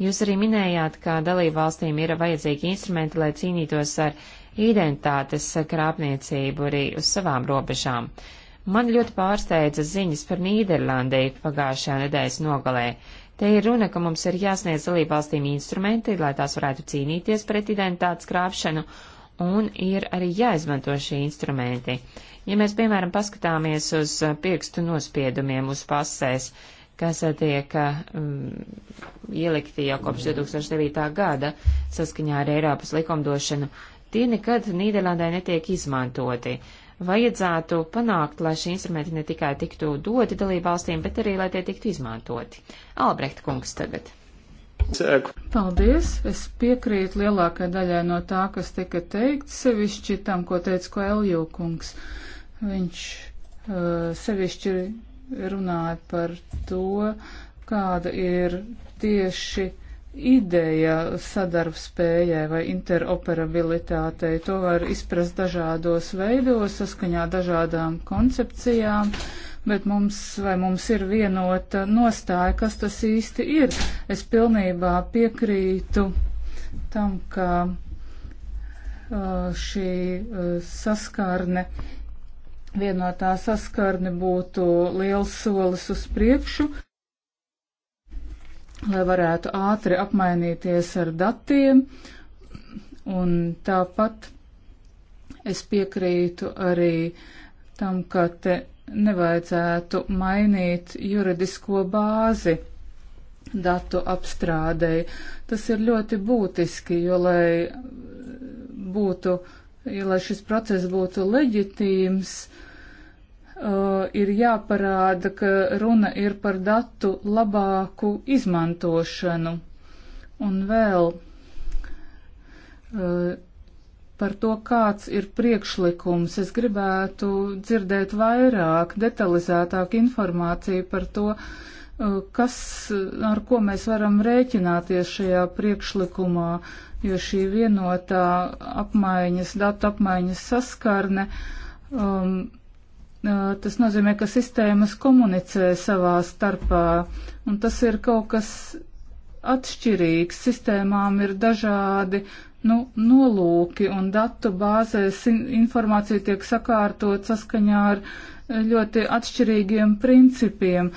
Jūs arī minējāt, ka dalību valstīm ir vajadzīgi instrumenti, lai cīnītos ar identitātes krāpniecību arī uz savām robežām. Man ļoti pārsteidza ziņas par Nīderlandī pagājušajā nedēļas nogalē. Te ir runa, ka mums ir jāsniedz dalību valstīm instrumenti, lai tās varētu cīnīties pret identitātes krāpšanu, un ir arī jāizmanto šie instrumenti. Uh, Ja mēs, piemēram, paskatāmies uz uh, pirkstu nospiedumiem uz pasēs, kas uh, tiek um, ielikti jau kopš 2009. gada saskaņā ar Eiropas likumdošanu, tie nekad Nīderlandē netiek izmantoti. Vajadzētu panākt, lai šie instrumenti ne tikai tiktu doti dalībvalstīm, bet arī, lai tie tiktu izmantoti. Albrecht kungs tagad. Paldies! Es piekrītu lielākai daļai no tā, kas tika teikts, sevišķi tam, ko teica Koeljo kungs. Uh, Viņš uh, sevišķi runāja par to, kāda ir tieši ideja sadarbspējai vai interoperabilitātei. To var izprast dažādos veidos, saskaņā dažādām koncepcijām, bet mums, vai mums ir vienota nostāja, kas tas īsti ir. Es pilnībā piekrītu tam, ka eh, šī eh, saskarne vienotā saskarne būtu liels solis uz priekšu, lai varētu ātri apmainīties ar datiem. Un tāpat es piekrītu arī tam, ka te nevajadzētu mainīt juridisko bāzi datu apstrādei. Tas ir ļoti būtiski, jo lai būtu ja, lai šis process būtu leģitīms, uh, ir jāparāda, ka runa ir par datu labāku izmantošanu. Un vēl uh, par to, kāds ir priekšlikums. Es gribētu dzirdēt vairāk, detalizētāk informāciju par to, uh, kas, ar ko mēs varam rēķināties šajā priekšlikumā, jo šī vienotā apmaiņas, datu apmaiņas saskarne um, Tas nozīmē, ka sistēmas komunicē savā starpā, un tas ir kaut kas atšķirīgs. Sistēmām ir dažādi nu, nolūki, un datu bāzēs informācija tiek sakārtot saskaņā ar ļoti atšķirīgiem principiem,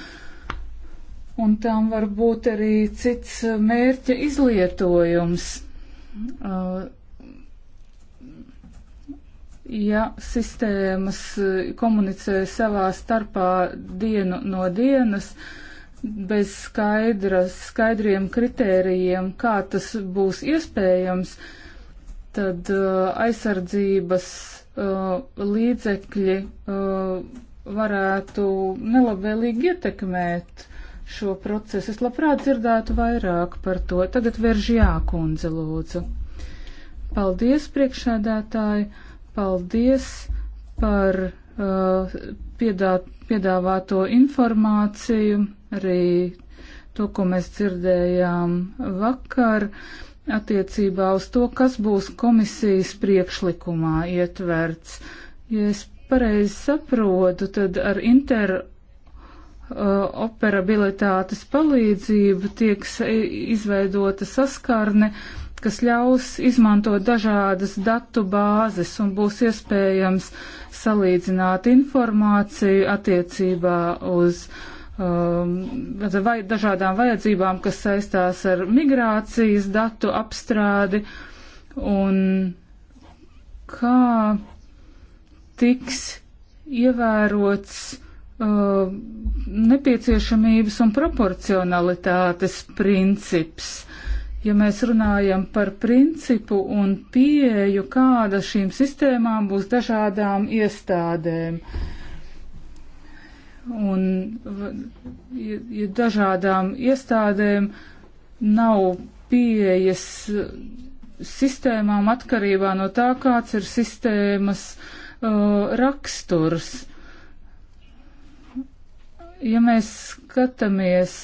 un tam var būt arī cits mērķa izlietojums. Uh, ja sistēmas eh, komunicē savā starpā dienu no dienas, bez skaidra, skaidriem kritērijiem, kā tas būs iespējams, tad uh, aizsardzības uh, līdzekļi uh, varētu nelabvēlīgi ietekmēt šo procesu. Es labprāt dzirdētu vairāk par to. Tagad veržjā kundze lūdzu. Paldies, priekšādātāji! Paldies par uh, piedā, piedāvāto informāciju, arī to, ko mēs dzirdējām vakar attiecībā uz to, kas būs komisijas priekšlikumā ietverts. Ja es pareizi saprotu, tad ar interoperabilitātes uh, palīdzību tiek izveidota saskarne kas ļaus izmantot dažādas datu bāzes un būs iespējams salīdzināt informāciju attiecībā uz um, vai dažādām vajadzībām, kas saistās ar migrācijas datu apstrādi un kā tiks ievērots uh, nepieciešamības un proporcionalitātes princips ja mēs runājam par principu un pieeju, kāda šīm sistēmām būs dažādām iestādēm un ja, ja dažādām iestādēm nav pieejas sistēmām atkarībā no tā, kāds ir sistēmas uh, raksturs. Ja mēs skatāmies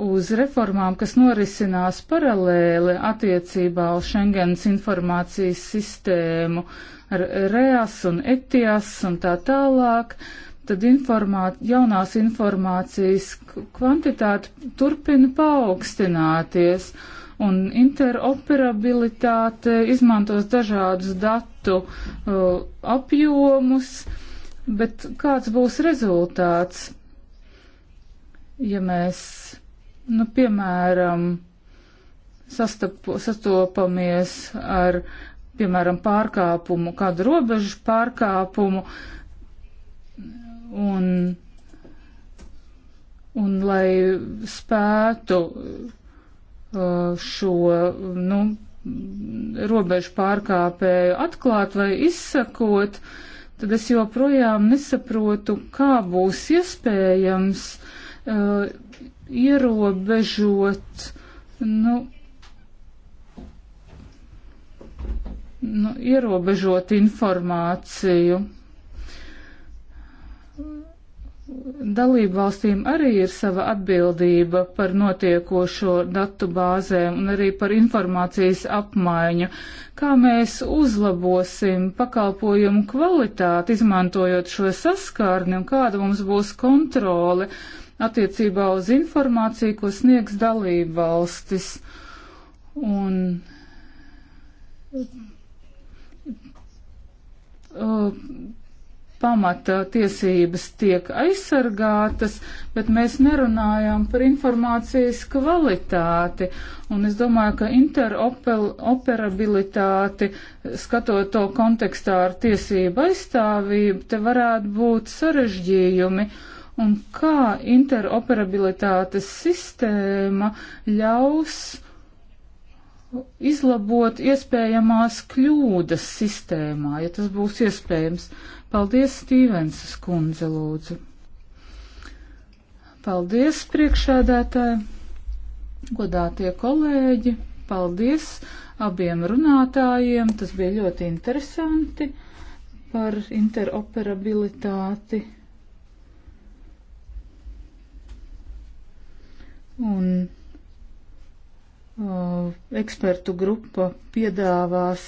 uz reformām, kas norisinās paralēli attiecībā uz Schengens informācijas sistēmu ar REAS un ETIAS un tā tālāk, tad informāt, jaunās informācijas kvantitāte turpina paaugstināties un interoperabilitāte izmantos dažādus datu uh, apjomus, bet kāds būs rezultāts, ja mēs Nu, piemēram, sastapo, sastopamies ar, piemēram, pārkāpumu, kādu robežu pārkāpumu, un, un lai spētu uh, šo, nu, robežu pārkāpēju atklāt vai izsakot, tad es joprojām nesaprotu, kā būs iespējams uh, ierobežot, nu, nu ierobežot informāciju. Dalību valstīm arī ir sava atbildība par notiekošo datu bāzēm un arī par informācijas apmaiņu. Kā mēs uzlabosim pakalpojumu kvalitāti, izmantojot šo saskārni un kāda mums būs kontrole? Uh, attiecībā uz informāciju, ko sniegs dalību valstis. Un uh, pamata tiesības tiek aizsargātas, bet mēs nerunājam par informācijas kvalitāti. Un es domāju, ka interoperabilitāti, skatot to kontekstā ar tiesību aizstāvību, te varētu būt sarežģījumi. Uh, un kā interoperabilitātes sistēma ļaus izlabot iespējamās kļūdas sistēmā, ja tas būs iespējams. Paldies, Stīvensas kundze, lūdzu. Paldies, priekšēdētāji, godātie kolēģi, paldies abiem runātājiem, tas bija ļoti interesanti par interoperabilitāti. Un uh, ekspertu grupa piedāvās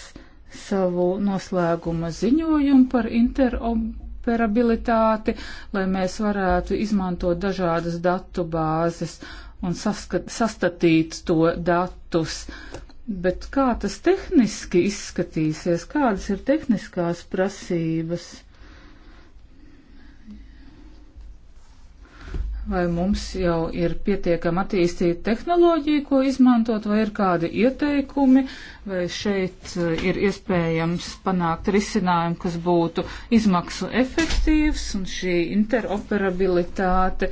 savu noslēguma ziņojumu par interoperabilitāti, lai mēs varētu izmantot dažādas datu bāzes un saskat, sastatīt to datus. Bet kā tas tehniski izskatīsies, kādas ir tehniskās prasības? vai mums jau ir pietiekami attīstīta tehnoloģija, ko izmantot, vai ir kādi ieteikumi, vai šeit eh, ir iespējams panākt risinājumu, kas būtu izmaksu efektīvs un šī interoperabilitāte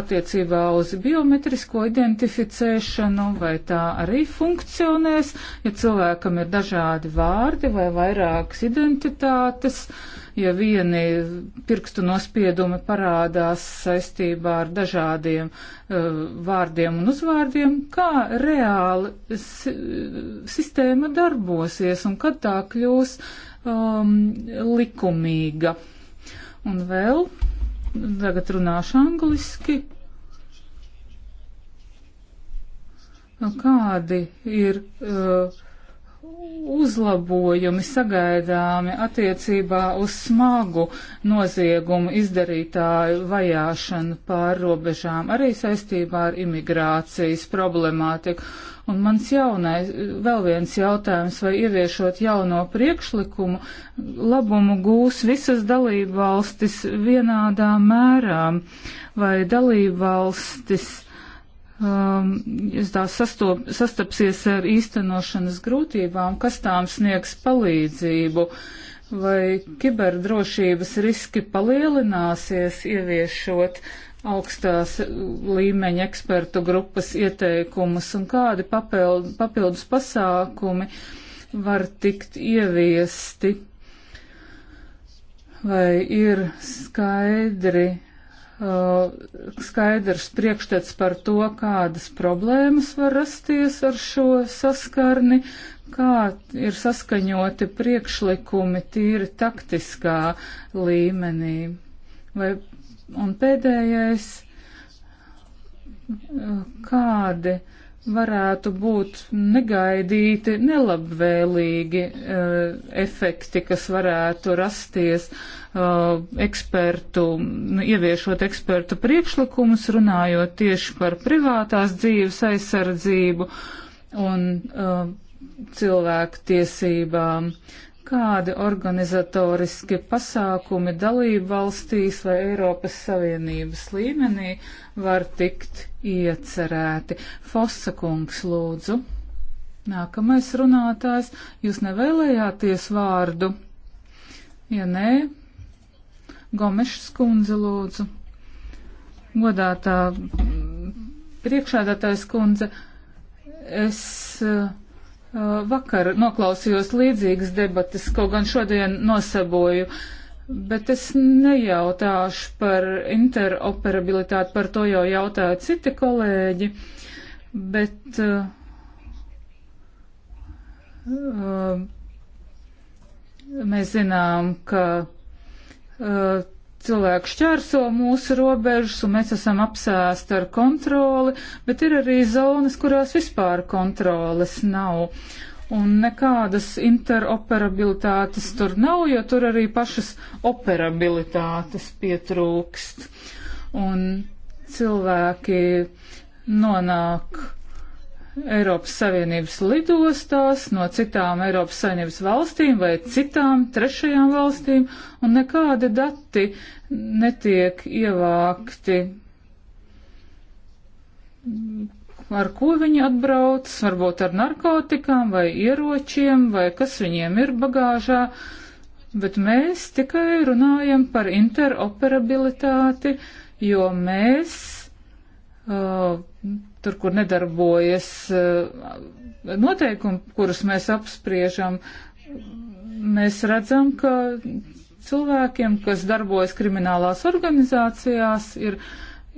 attiecībā uz biometrisko identificēšanu, vai tā arī funkcionēs, ja cilvēkam ir dažādi vārdi vai vairākas identitātes. Uh, ja vieni pirkstu nospiedumi parādās saistībā ar dažādiem uh, vārdiem un uzvārdiem, kā reāli si sistēma darbosies un kad tā kļūs um, likumīga. Un vēl, tagad runāšu angliski, kādi ir. Uh, uzlabojumi sagaidāmi attiecībā uz smagu noziegumu izdarītāju vajāšanu pār robežām, arī saistībā ar imigrācijas problemātiku. Un mans jaunais, vēl viens jautājums, vai ieviešot jauno priekšlikumu, labumu gūs visas dalībvalstis vienādā mērā, vai dalībvalstis um, tās sastop, sastapsies ar īstenošanas grūtībām, kas tām sniegs palīdzību, vai kiberdrošības riski palielināsies ieviešot augstās līmeņa ekspertu grupas ieteikumus un kādi papildu, papildus pasākumi var tikt ieviesti. Vai ir skaidri Uh, skaidrs priekšstats par to, kādas problēmas var rasties ar šo saskarni, kā ir saskaņoti priekšlikumi tīri taktiskā līmenī. Vai, un pēdējais, uh, kādi uh, varētu būt negaidīti, nelabvēlīgi uh, efekti, kas varētu rasties uh, ekspertu, ieviešot ekspertu priekšlikumus, runājot tieši par privātās dzīves aizsardzību un uh, cilvēku tiesībām kādi organizatoriski pasākumi dalību valstīs vai Eiropas Savienības līmenī var tikt iecerēti. Fossa kungs lūdzu. Nākamais runātājs, jūs nevēlējāties vārdu? Ja nē, Gomešs kundze lūdzu. Godātā priekšādātājs kundze, es. Uh, Eh, vakar noklausījos līdzīgas debatas, kaut gan šodien nosaboju, bet es nejautāšu par interoperabilitāti, par to jau jautāja citi kolēģi, bet uh, mēs zinām, ka uh, cilvēki šķērso mūsu robežas un mēs esam apsēsti ar kontroli, bet ir arī zonas, kurās vispār kontroles nav. Un nekādas interoperabilitātes tur nav, jo tur arī pašas operabilitātes pietrūkst. Un cilvēki nonāk Eiropas Savienības lidostās, no citām Eiropas Savienības valstīm vai citām trešajām valstīm, un nekādi dati netiek ievākti. Ar ko viņi atbrauc, varbūt ar narkotikām vai ieročiem, vai kas viņiem ir bagāžā, bet mēs tikai runājam par interoperabilitāti, jo mēs. Uh, tur, kur nedarbojas eh, noteikumi, kurus mēs apspriežam, mēs redzam, ka cilvēkiem, kas darbojas kriminālās organizācijās, ir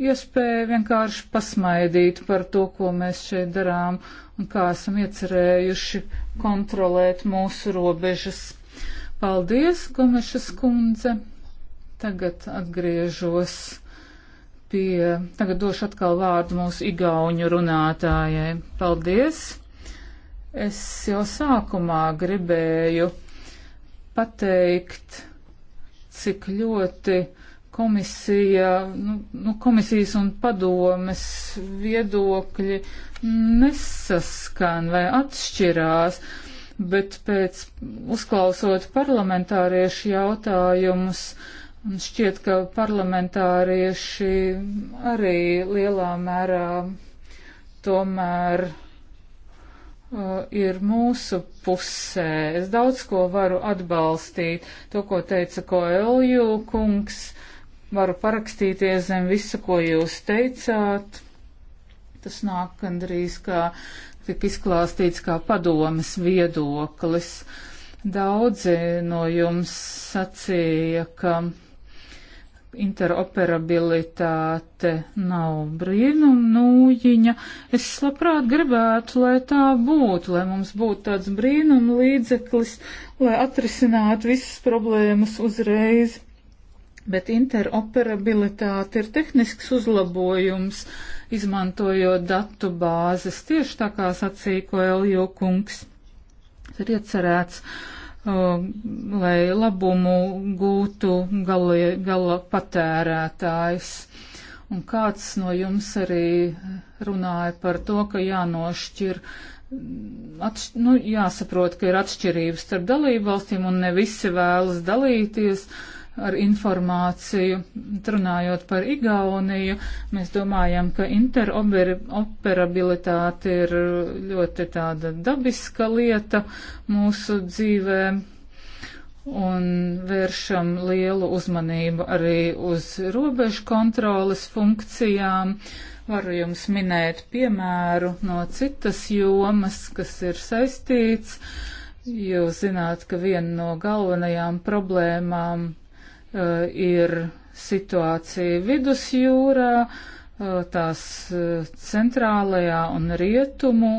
iespēja vienkārši pasmaidīt par to, ko mēs šeit darām un kā esam iecerējuši kontrolēt mūsu robežas. Paldies, Gomeša skundze! Tagad atgriežos pie, tagad došu atkal vārdu mūsu igauņu runātājai. Paldies! Es jau sākumā gribēju pateikt, cik ļoti komisija, nu, nu, komisijas un padomes viedokļi nesaskan vai atšķirās, bet pēc uzklausot parlamentāriešu jautājumus, uh, Un šķiet, ka parlamentārieši arī lielā mērā tomēr uh, ir mūsu pusē. Es daudz ko varu atbalstīt. To, ko teica Koelju kungs, varu parakstīties zem visu, ko jūs teicāt. Tas nāk gandrīz kā tik izklāstīts kā padomas viedoklis. Daudzi no jums sacīja, ka interoperabilitāte nav brīnum nūjiņa. Es labprāt gribētu, lai tā būtu, lai mums būtu tāds brīnum līdzeklis, lai atrisinātu visas problēmas uzreiz. Bet interoperabilitāte ir tehnisks uzlabojums, izmantojot datu bāzes, tieši tā kā sacīja Koeljo kungs. Tas ir iecerēts Uh, lai labumu gūtu gala, gala patērētājs. Un kāds no jums arī runāja par to, ka jānošķir, atš, nu, jāsaprot, ka ir atšķirības starp dalībvalstīm un ne visi vēlas dalīties. Uh, ar informāciju. Runājot par Igauniju, mēs domājam, ka interoperabilitāte ir ļoti tāda dabiska lieta mūsu dzīvē un vēršam lielu uzmanību arī uz robežu kontroles funkcijām. Varu jums minēt piemēru no citas jomas, kas ir saistīts. Jūs zināt, ka viena no galvenajām problēmām uh, ir situācija vidusjūrā, uh, tās uh, centrālajā un rietumu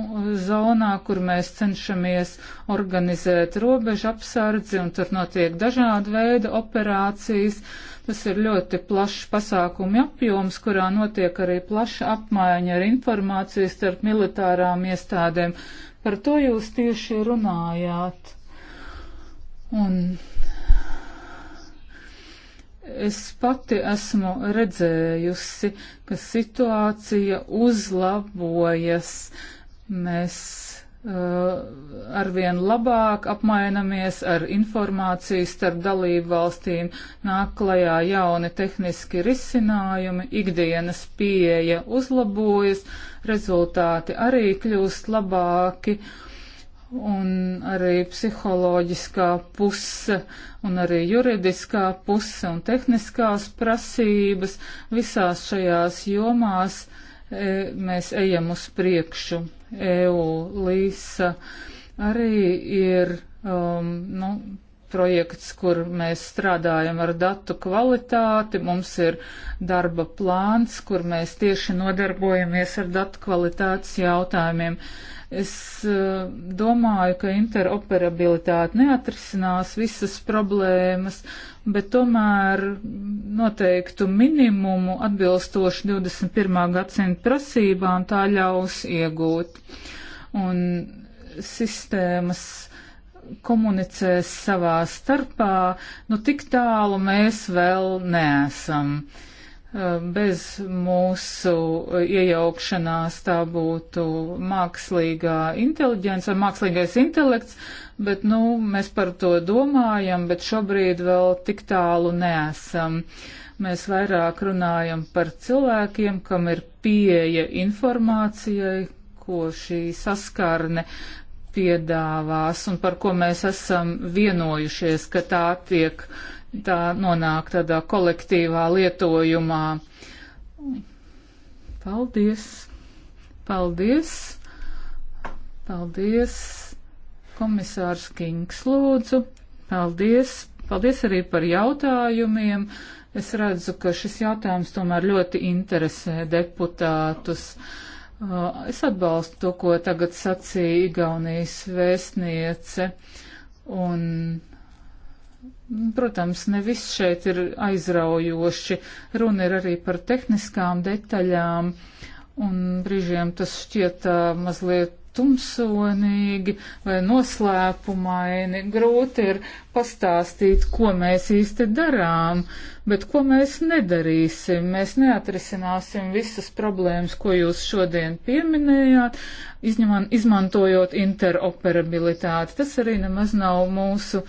zonā, kur mēs cenšamies organizēt robežu apsardzi, un tur notiek dažādi veidi operācijas. Tas ir ļoti plašs pasākumu apjoms, kurā notiek arī plaša apmaiņa ar informāciju starp militārām iestādēm. Par to jūs tieši runājāt. Un Es pati esmu redzējusi, ka situācija uzlabojas. Mēs uh, arvien labāk apmainamies ar informāciju starp dalību valstīm, nāk klajā jauni tehniski risinājumi, ikdienas pieeja uzlabojas, rezultāti arī kļūst labāki. Uh, un arī psiholoģiskā puse, un arī juridiskā puse un tehniskās prasības. Visās šajās jomās e, mēs ejam uz priekšu. EU Līsa arī ir um, nu, projekts, kur mēs strādājam ar datu kvalitāti. Mums ir darba plāns, kur mēs tieši nodarbojamies ar datu kvalitātes jautājumiem. Uh, Es eh, domāju, ka interoperabilitāte neatrisinās visas problēmas, bet tomēr noteiktu minimumu atbilstoši 21. gadsimta prasībām tā ļaus iegūt. Un sistēmas komunicēs savā starpā, nu tik tālu mēs vēl neesam. Uh, bez mūsu iejaukšanās tā būtu mākslīgā inteliģence vai mākslīgais intelekts, bet, nu, mēs par to domājam, bet šobrīd vēl tik tālu neesam. Mēs vairāk runājam par cilvēkiem, kam ir pieeja informācijai, ko šī saskarne piedāvās un par ko mēs esam vienojušies, ka tā tiek uh, tā nonāk tādā kolektīvā lietojumā. Paldies! Paldies! Paldies! Komisārs Kings lūdzu! Paldies! Paldies arī par jautājumiem! Es redzu, ka šis jautājums tomēr ļoti interesē deputātus. Uh, es atbalstu to, ko tagad sacīja Igaunijas vēstniece, un Protams, ne viss šeit ir aizraujoši. Runa ir arī par tehniskām detaļām, un brīžiem tas šķiet uh, mazliet tumsonīgi vai noslēpumaini. Grūti ir pastāstīt, ko mēs īsti darām, bet ko mēs nedarīsim. Mēs neatrisināsim visas problēmas, ko jūs šodien pieminējāt, izņemot, izmantojot interoperabilitāti. Tas arī nemaz nav mūsu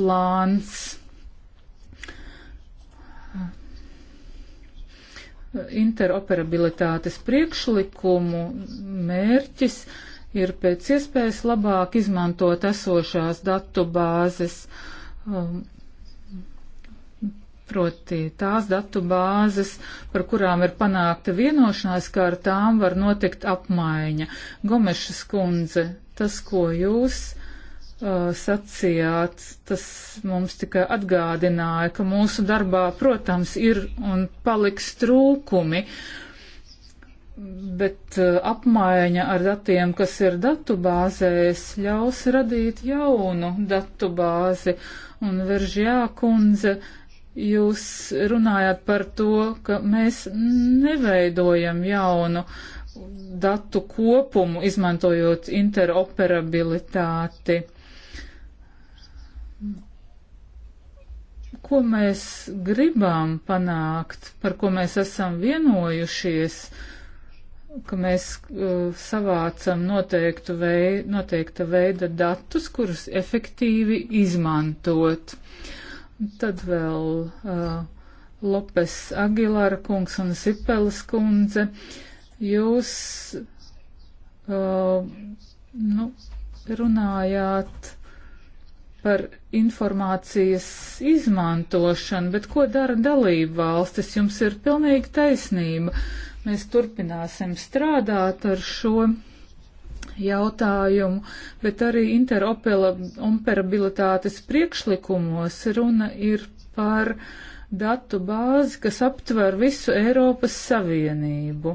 plāns. Interoperabilitātes priekšlikumu mērķis ir pēc iespējas labāk izmantot esošās datu bāzes, um, proti tās datu bāzes, par kurām ir panākta vienošanās, kā ar tām var notikt apmaiņa. Gomešas kundze, tas, ko jūs uh, sacījāt, tas mums tikai atgādināja, ka mūsu darbā, protams, ir un paliks trūkumi, bet uh, apmaiņa ar datiem, kas ir datubāzēs, ļaus radīt jaunu datubāzi. Un Veržjā kundze, jūs runājāt par to, ka mēs neveidojam jaunu datu kopumu, izmantojot interoperabilitāti. ko mēs gribam panākt, par ko mēs esam vienojušies, ka mēs uh, savācam noteiktu vei, noteikta veida datus, kurus efektīvi izmantot. Tad vēl uh, Lopes Agilara kungs un Sipelas kundze, jūs uh, nu, runājāt par informācijas izmantošanu, bet ko dara dalība valstis? Jums ir pilnīgi taisnība. Mēs turpināsim strādāt ar šo jautājumu, bet arī interoperabilitātes priekšlikumos runa ir par datu bāzi, kas aptver visu Eiropas Savienību.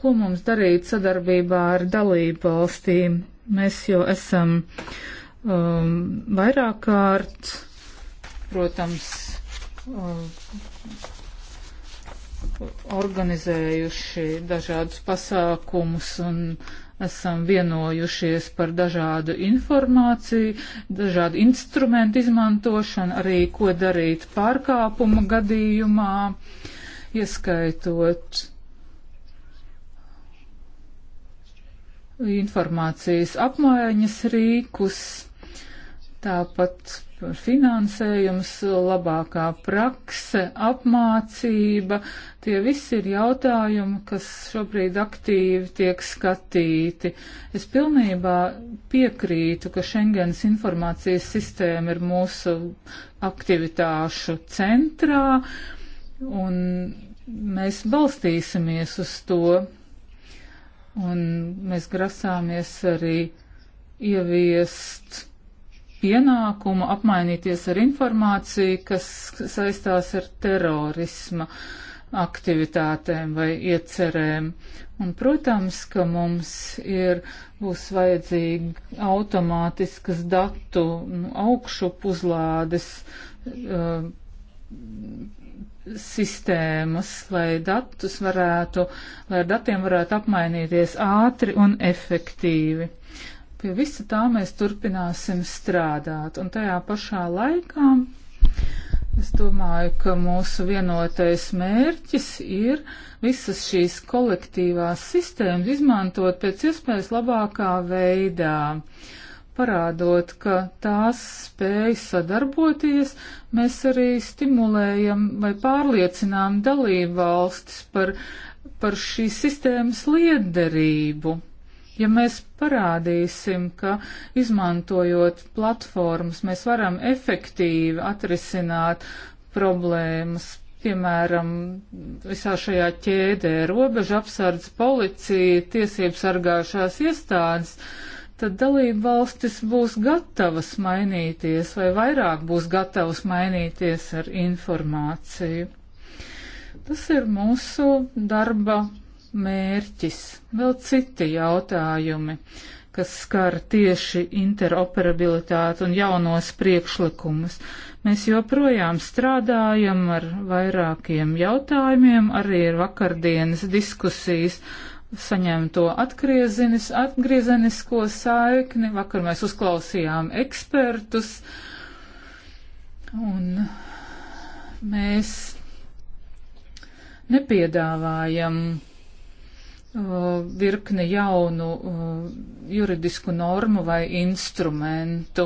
Ko mums darīt sadarbībā ar dalību valstīm? Mēs jau esam uh, um, vairāk kārt, protams, um, organizējuši dažādus pasākumus un esam vienojušies par dažādu informāciju, dažādu instrumentu izmantošanu, arī ko darīt pārkāpuma gadījumā, ieskaitot informācijas apmaiņas rīkus Tāpat finansējums, labākā prakse, apmācība, tie visi ir jautājumi, kas šobrīd aktīvi tiek skatīti. Es pilnībā piekrītu, ka Schengens informācijas sistēma ir mūsu aktivitāšu centrā, un mēs balstīsimies uz to, un mēs grasāmies arī ieviest pienākumu apmainīties ar informāciju, kas saistās ar terorisma aktivitātēm vai iecerēm. Un, protams, ka mums ir, būs vajadzīgi automātiskas datu nu, augšupuzlādes uh, sistēmas, lai datus varētu, lai ar datiem varētu apmainīties ātri un efektīvi. Uh, Pie visa tā mēs turpināsim strādāt. Un tajā pašā laikā es domāju, ka mūsu vienotais mērķis ir visas šīs kolektīvās sistēmas izmantot pēc iespējas labākā veidā. Parādot, ka tās spēj sadarboties, mēs arī stimulējam vai pārliecinām dalību valstis par par šīs sistēmas liederību. Ja mēs parādīsim, ka izmantojot platformas mēs varam efektīvi atrisināt problēmas, piemēram, visā šajā ķēdē robeža apsardz policija, tiesības sargājušās iestādes, tad dalība valstis būs gatavas mainīties vai vairāk būs gatavas mainīties ar informāciju. Tas ir mūsu darba mērķis, vēl citi jautājumi, kas skar tieši interoperabilitāti un jaunos priekšlikumus. Mēs joprojām strādājam ar vairākiem jautājumiem, arī ir vakardienas diskusijas saņemto atgriezenis, atgriezenisko saikni. Vakar mēs uzklausījām ekspertus un mēs nepiedāvājam Uh, virkni jaunu uh, juridisku normu vai instrumentu.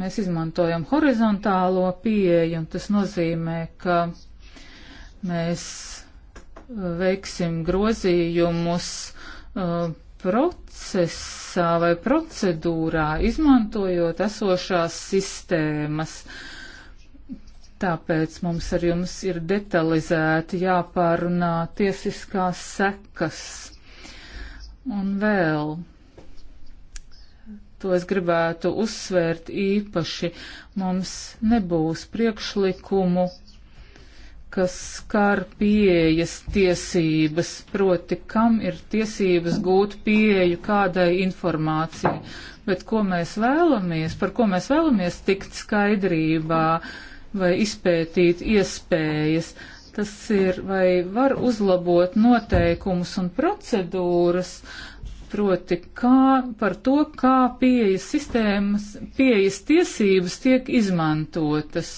Mēs izmantojam horizontālo pieeju, un tas nozīmē, ka mēs uh, veiksim grozījumus procesā vai procedūrā, izmantojot esošās sistēmas. Uh, Tāpēc mums ar jums ir detalizēti jāpārunā tiesiskās sekas. Un vēl, to es gribētu uzsvērt īpaši, mums nebūs priekšlikumu, kas skar pieejas tiesības, proti, kam ir tiesības gūt pieeju kādai informācijai, bet ko mēs vēlamies, par ko mēs vēlamies tikt skaidrībā. Mm vai izpētīt iespējas. Tas ir, vai var uzlabot noteikumus un procedūras, proti kā, par to, kā pieejas sistēmas, pieejas tiesības tiek izmantotas.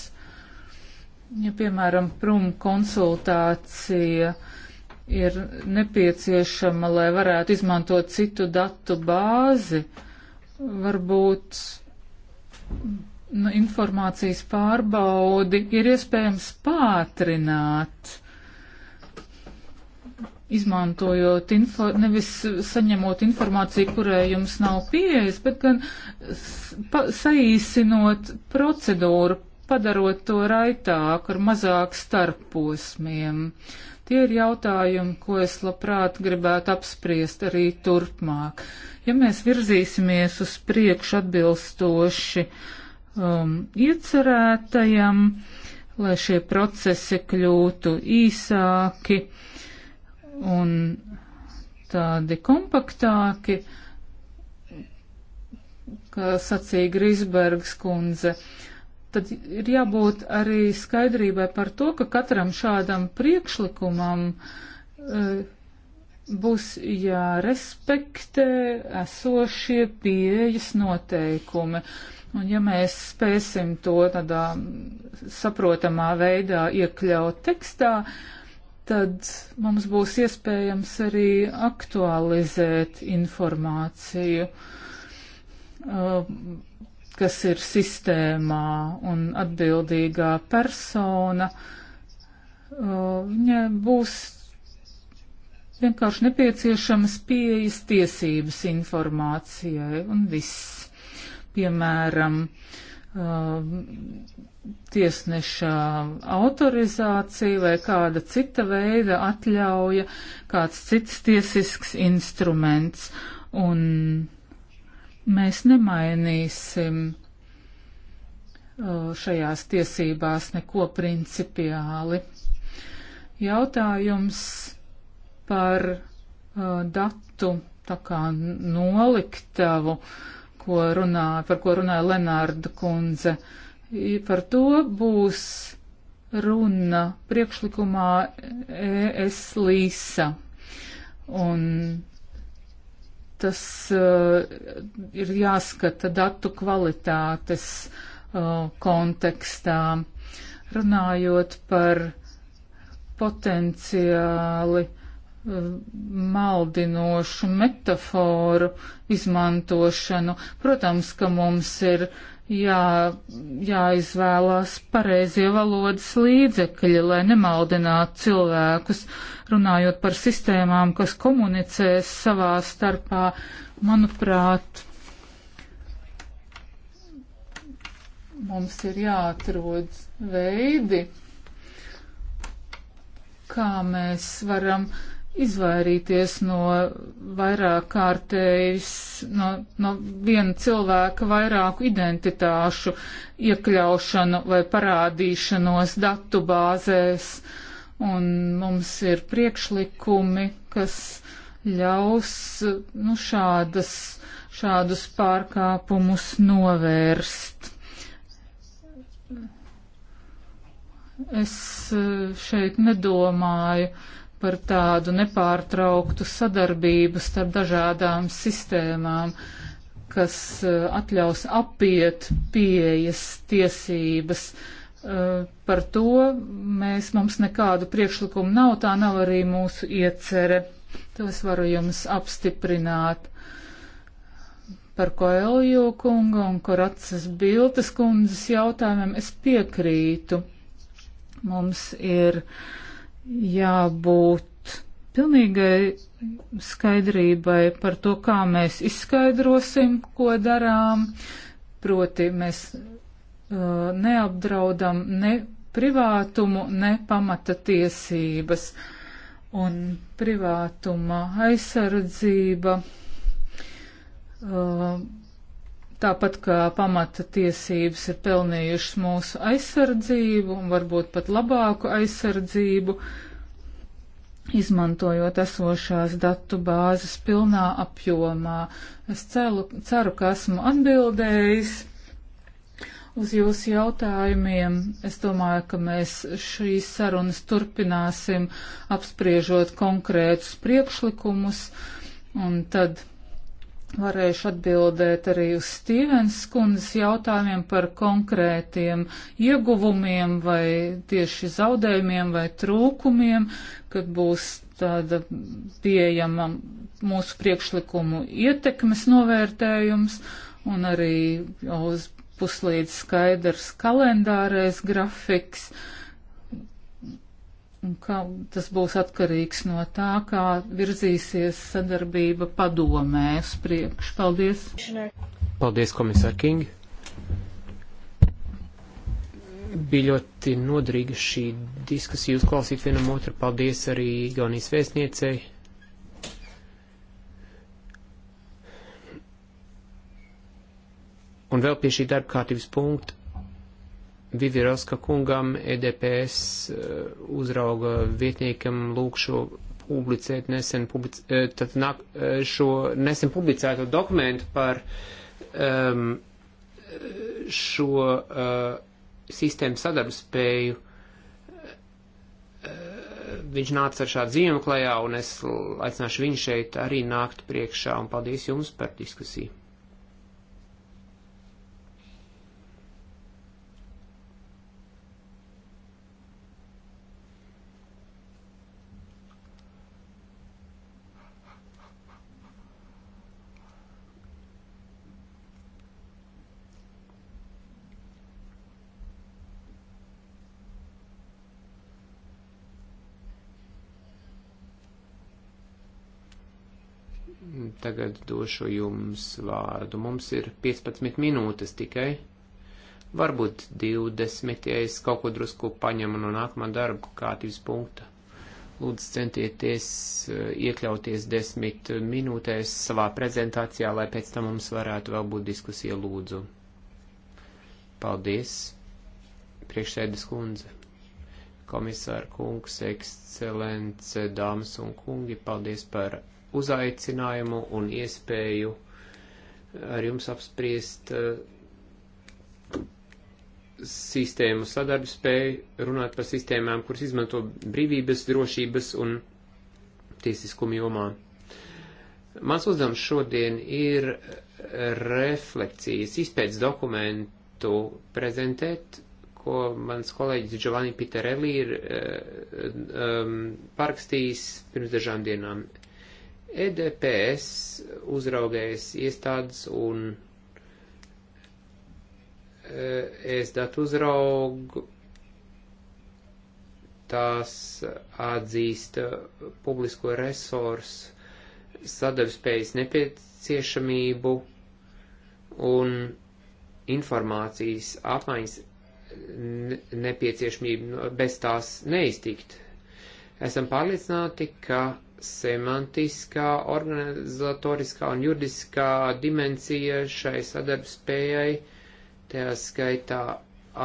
Ja, piemēram, prum konsultācija ir nepieciešama, lai varētu izmantot citu datu bāzi, varbūt Nu, informācijas pārbaudi ir iespējams pātrināt, izmantojot info, nevis saņemot informāciju, kurai jums nav pieejas, bet gan pa, saīsinot procedūru, padarot to raitāku ar mazāk starposmiem. Tie ir jautājumi, ko es labprāt gribētu apspriest arī turpmāk. Ja mēs virzīsimies uz priekšu atbilstoši uh, um, iecerētajam, lai šie procesi kļūtu īsāki un tādi kompaktāki, kā sacīja Grisbergs kundze. Tad ir jābūt arī skaidrībai par to, ka katram šādam priekšlikumam uh, būs jārespektē esošie pieejas noteikumi. Un ja mēs spēsim to tādā saprotamā veidā iekļaut tekstā, tad mums būs iespējams arī aktualizēt informāciju, um, kas ir sistēmā un atbildīgā persona. Viņai uh, būs vienkārši nepieciešamas pieejas tiesības informācijai un viss. Piemēram, um, tiesneša autorizācija vai kāda cita veida atļauja, kāds cits tiesisks instruments. Un mēs nemainīsim uh, šajās tiesībās neko principiāli. Jautājums par uh, datu tā kā noliktavu, ko runā, par ko runāja Lenārda kundze. Par to būs runa priekšlikumā ES Līsa. Un tas uh, ir jāskata datu kvalitātes uh, kontekstā. Runājot par potenciāli uh, maldinošu metaforu izmantošanu. Protams, ka mums ir jā, jāizvēlās pareizie valodas līdzekļi, lai nemaldinātu cilvēkus, runājot par sistēmām, kas komunicēs savā starpā. Manuprāt, mums ir jāatrod veidi, kā mēs varam uh, izvairīties no vairāk kārtējas, no, no viena cilvēka vairāku identitāšu iekļaušanu vai parādīšanos datu bāzēs. Un mums ir priekšlikumi, kas ļaus nu, šādas, šādus pārkāpumus novērst. Es eh, šeit nedomāju, uh, par tādu nepārtrauktu sadarbību starp dažādām sistēmām, kas eh, atļaus apiet pieejas tiesības. Eh, par to mēs, mums nekādu priekšlikumu nav, tā nav arī mūsu iecere. To es varu jums apstiprināt par Koeljo kunga un Koracas Biltas kundzes jautājumiem es piekrītu. Mums ir uh, jābūt pilnīgai skaidrībai par to, kā mēs izskaidrosim, ko darām. Proti mēs uh, neapdraudam ne privātumu, ne pamata tiesības. Un privātuma aizsardzība. Uh, tāpat kā pamata tiesības ir pelnījušas mūsu aizsardzību un varbūt pat labāku aizsardzību, izmantojot esošās datu bāzes pilnā apjomā. Es celu, ceru, ka esmu atbildējis uz jūsu jautājumiem. Es domāju, ka mēs šīs sarunas turpināsim apspriežot konkrētus priekšlikumus un tad varēšu atbildēt arī uz Stīvens kundzes jautājumiem par konkrētiem ieguvumiem vai tieši zaudējumiem vai trūkumiem, kad būs tāda pieejama mūsu priekšlikumu ietekmes novērtējums un arī uz puslīdz skaidrs kalendārais grafiks. Uh, un kā tas būs atkarīgs no tā, kā virzīsies sadarbība padomē uz priekšu. Paldies! Paldies, komisār King! Bija ļoti nodrīga šī diskusija uzklausīt vienam otru. Paldies arī Igaunijas vēstniecei. Un vēl pie šī darba kārtības punkta Viviroska kungam EDPS uh, uzrauga vietniekam lūkšo publicēt nesen, public, uh, tad nāk, uh, šo nesen publicēto dokumentu par um, šo uh, sistēmu sadarbspēju. Viņš nāca ar šādu ziņu klajā, un es aicināšu viņu šeit arī nākt priekšā, un paldies jums par diskusiju. Tagad došu jums vārdu. Mums ir 15 minūtes tikai. Varbūt 20, ja es kaut ko drusku paņemu no nākamā darba kārtības punkta. Lūdzu, centieties eh, iekļauties desmit minūtēs savā prezentācijā, lai pēc tam mums varētu vēl būt diskusija lūdzu. Paldies, priekšsēdes kundze komisāra kungs, ekscelence, dāmas un kungi, paldies par uzaicinājumu un iespēju ar jums apspriest uh, sistēmu sadarbu spēju, runāt par sistēmām, kuras izmanto brīvības, drošības un tiesiskuma jomā. Mans uzdevums šodien ir reflekcijas, izpēc dokumentu prezentēt, ko mans kolēģis Giovanni Piterelli ir uh, um, parakstījis pirms dažām dienām. EDPS uzraugējas iestādes un e, es datu uzraugu tās atzīst publisko resursu sadarbspējas nepieciešamību un informācijas apmaiņas nepieciešamību bez tās neiztikt. Esam pārliecināti, ka semantiskā, organizatoriskā un juridiskā dimensija šai sadarbspējai, tajā skaitā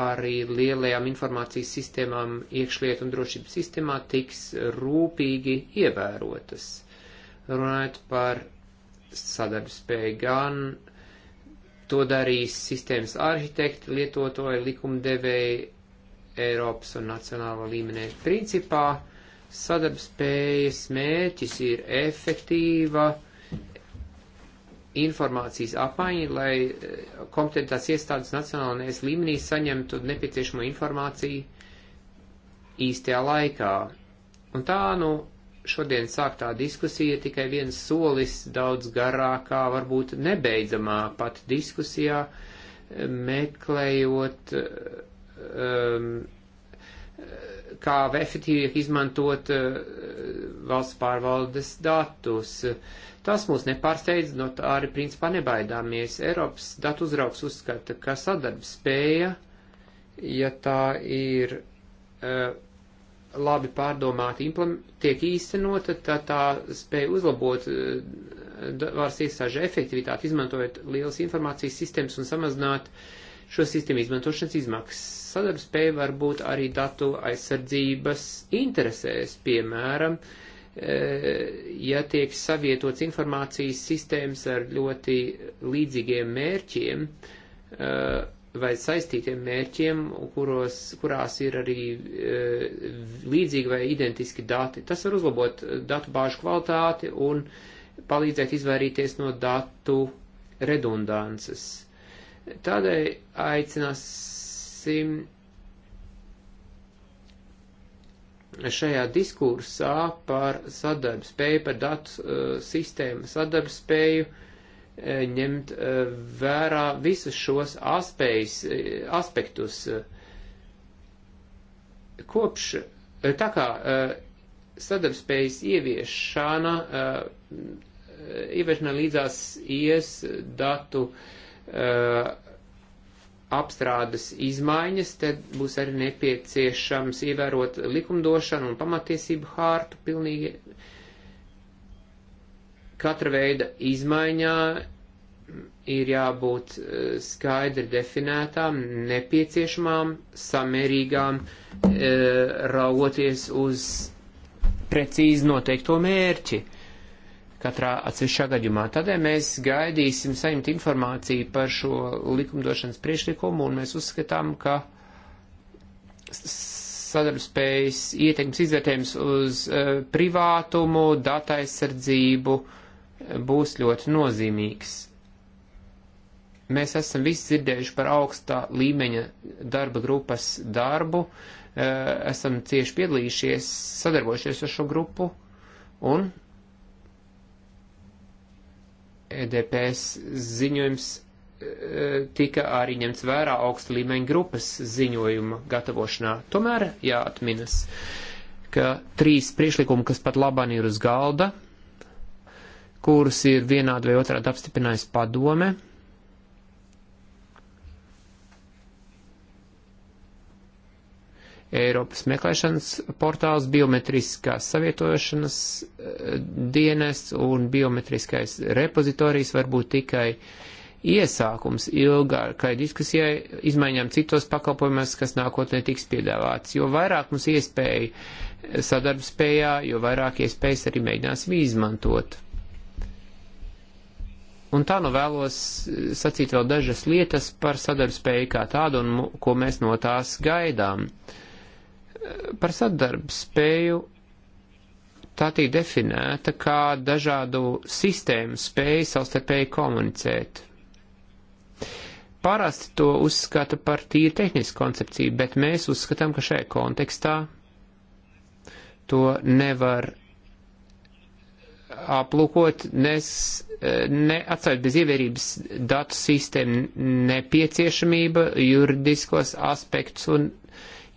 arī lielajām informācijas sistēmām iekšlietu un drošības sistēmā tiks rūpīgi ievērotas. Runājot par sadarbspēju gan to darīs sistēmas arhitekti, lietotāji, likumdevēji Eiropas un nacionāla līmenī principā. Uh, Sadarbspējas mērķis ir efektīva informācijas apmaiņa, lai eh, kompetentās iestādes nacionālajās līmenī saņemtu nepieciešamo informāciju īstajā laikā. Un tā, nu, šodien sāktā diskusija tikai viens solis daudz garākā, varbūt nebeidzamā pat diskusijā, eh, meklējot eh, um, kā efektīvāk izmantot eh, valsts pārvaldes datus. Tas mūs nepārsteidz, no tā arī principā nebaidāmies. Eiropas datu uzraugs uzskata, ka sadarbs spēja, ja tā ir eh, labi pārdomāta, tiek īstenota, tad tā spēja uzlabot eh, varas iestāžu efektivitāti, izmantojot lielas informācijas sistēmas un samazināt uh, šo sistēmu izmantošanas izmaksas. Sadarbspēja var būt arī datu aizsardzības interesēs, piemēram, e, ja tiek savietots informācijas sistēmas ar ļoti līdzīgiem mērķiem e, vai saistītiem mērķiem, kuros, kurās ir arī e, līdzīgi vai identiski dati. Tas var uzlabot datu bāžu kvalitāti un palīdzēt izvairīties no datu redundances Tādēļ aicināsim šajā diskursā par sadarbspēju, par datu uh, sistēmu sadarbspēju uh, ņemt uh, vērā visus šos aspējas, uh, aspektus. Kopš uh, tā kā uh, sadarbspējas ieviešana, ieviešanā līdzās ies datu uh, Uh, apstrādes izmaiņas, tad būs arī nepieciešams ievērot likumdošanu un pamatiesību hārtu pilnīgi katra veida izmaiņā ir jābūt uh, skaidri definētām, nepieciešamām, samērīgām, uh, raugoties uz precīzi noteikto mērķi katrā atsevišķā gadījumā. Tādēļ mēs gaidīsim saņemt informāciju par šo likumdošanas priešlikumu, un mēs uzskatām, ka sadarbspējas ietekmes izvērtējums uz uh, privātumu, data aizsardzību e, būs ļoti nozīmīgs. Mēs esam visi dzirdējuši par augstā līmeņa darba grupas darbu, uh, esam cieši piedalījušies, sadarbojušies ar šo grupu, un E DPS ziņojums e, tika arī ņemts vērā augsta līmeņa grupas ziņojuma gatavošanā. Tomēr jāatminas, ka trīs priešlikumi, kas pat labāk ir uz galda, kurus ir vienādi vai otrādi apstiprinājis padome, Eiropas meklēšanas portāls, biometriskās savietošanas eh, dienests un biometriskais repozitorijas var būt tikai iesākums ilgākai diskusijai, izmaiņām citos pakalpojumos, kas nākotnē tiks piedāvāts. Jo vairāk mums iespēju sadarbspējā, jo vairāk iespējas arī mēģināsim izmantot. Un tā nu vēlos eh, sacīt vēl dažas lietas par sadarbspēju kā tādu un ko mēs no tās gaidām. Uh, par sadarbu spēju tā tiek definēta kā dažādu sistēmu spēju savstarpēji komunicēt. Parasti to uzskata par tīri tehnisku koncepciju, bet mēs uzskatām, ka šajā kontekstā to nevar aplūkot, nes, neatstājot bez ievērības datu sistēmu nepieciešamība, juridiskos aspektus un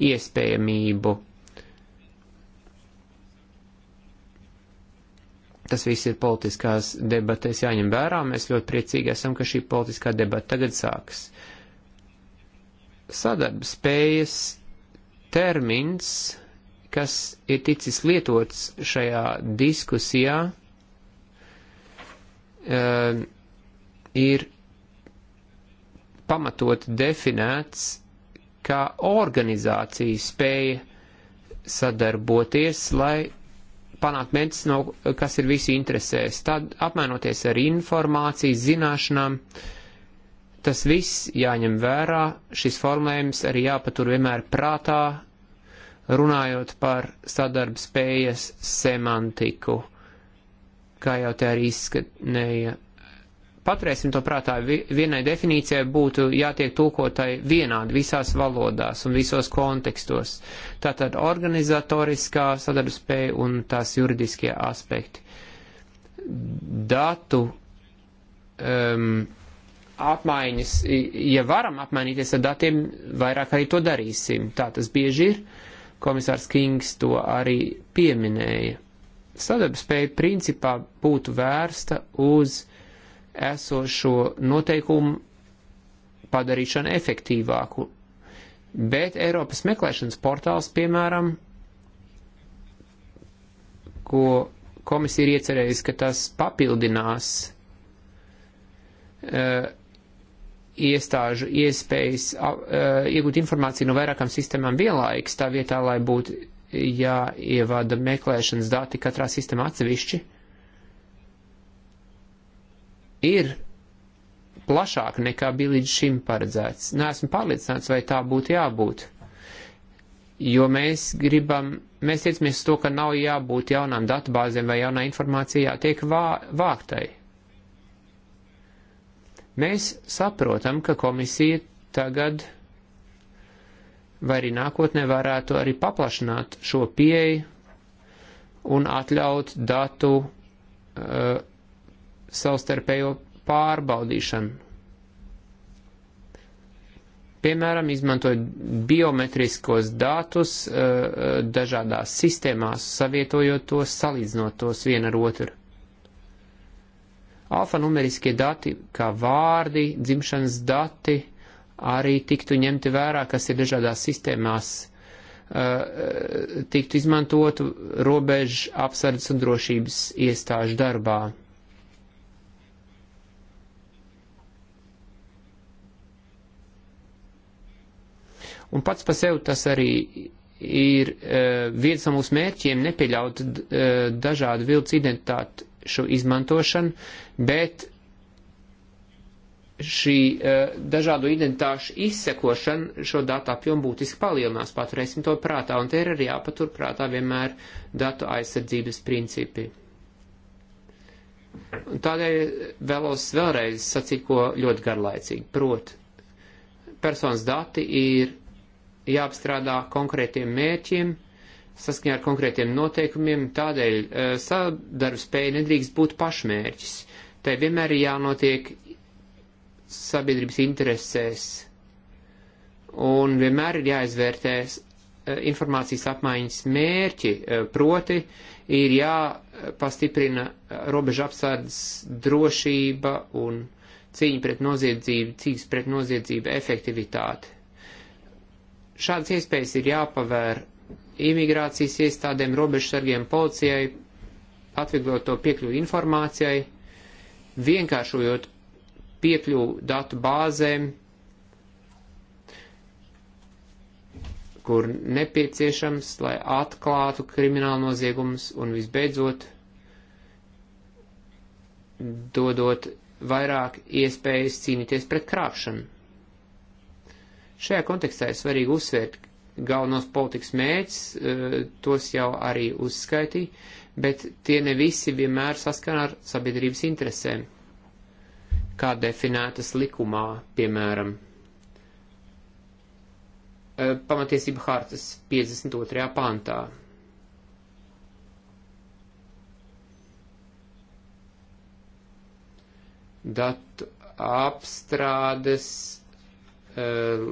iespējamību. Tas viss ir politiskās debatēs jāņem vērā. Mēs ļoti priecīgi esam, ka šī politiskā debata tagad sāks. Sadarbspējas termins, kas ir ticis lietots šajā diskusijā, eh, ir pamatot definēts kā organizācija spēja sadarboties, lai panākt mērķis, no, kas ir visi interesēs. Tad apmainoties ar informāciju, zināšanām, tas viss jāņem vērā, šis formulējums arī jāpatur vienmēr prātā, runājot par sadarbspējas semantiku, kā jau te arī izskanēja paturēsim to prātā, vienai definīcijai būtu jātiek tulkotai vienādi visās valodās un visos kontekstos. Tātad organizatoriskā sadarbspēja un tās juridiskie aspekti. Datu um, apmaiņas, ja varam apmainīties ar datiem, vairāk arī to darīsim. Tā tas bieži ir. Komisārs Kings to arī pieminēja sadarbspēja principā būtu vērsta uz esošo noteikumu padarīšanu efektīvāku. Bet Eiropas meklēšanas portāls, piemēram, ko komisija ir iecerējusi, ka tas papildinās uh, iestāžu iespējas uh, iegūt informāciju no vairākām sistēmām vienlaiks, tā vietā, lai būtu jāievada meklēšanas dati katrā sistēmā atsevišķi. Uh, ir plašāk nekā bija līdz šim paredzēts. Nesmu pārliecināts, vai tā būtu jābūt. Jo mēs gribam, mēs tiecamies to, ka nav jābūt jaunām datubāzēm vai jaunā informācija jātiek vā, vāktai. Mēs saprotam, ka komisija tagad vai arī nākotnē varētu arī paplašināt šo pieeju un atļaut datu uh, savstarpējo pārbaudīšanu. Piemēram, izmantojot biometriskos datus eh, eh, dažādās sistēmās, savietojot tos, salīdzinot tos vienu ar otru. Alfanumeriskie dati, kā vārdi, dzimšanas dati, arī tiktu ņemti vērā, kas ir dažādās sistēmās, eh, tiktu izmantotu robežu apsardzes un drošības iestāžu darbā. Un pats par sevi tas arī ir uh, viens no mūsu mērķiem nepieļaut uh, dažādu vilcu identitātu šo izmantošanu, bet šī uh, dažādu identitāšu izsekošana šo datu apjomu būtiski palielinās, paturēsim to prātā, un te ir arī jāpaturprātā vienmēr datu aizsardzības principi. Un tādēļ vēlos vēlreiz sacīt ko ļoti garlaicīgi, proti, personas dati ir jāapstrādā konkrētiem mērķiem, saskaņā ar konkrētiem noteikumiem, tādēļ e, sadarbspēja nedrīkst būt pašmērķis. Tai vienmēr ir jānotiek sabiedrības interesēs un vienmēr ir jāizvērtē e, informācijas apmaiņas mērķi, e, proti ir jāpastiprina robeža apsardzes drošība un cīņa pret noziedzību, cīņas pret noziedzību efektivitāti. Šādas iespējas ir jāpavēr imigrācijas iestādēm, robežsargiem, policijai, atvieglot to piekļuvu informācijai, vienkāršojot piekļuvu datu bāzēm, kur nepieciešams, lai atklātu kriminālu noziegumus un visbeidzot dodot vairāk iespējas cīnīties pret krāpšanu. Šajā kontekstā ir svarīgi uzsvērt galvenos politikas mērķus, eh, tos jau arī uzskaitīja, bet tie ne visi vienmēr saskana ar sabiedrības interesēm, kā definētas likumā, piemēram, eh, pamatiesība hartas 52. pantā. Datu apstrādes Eh,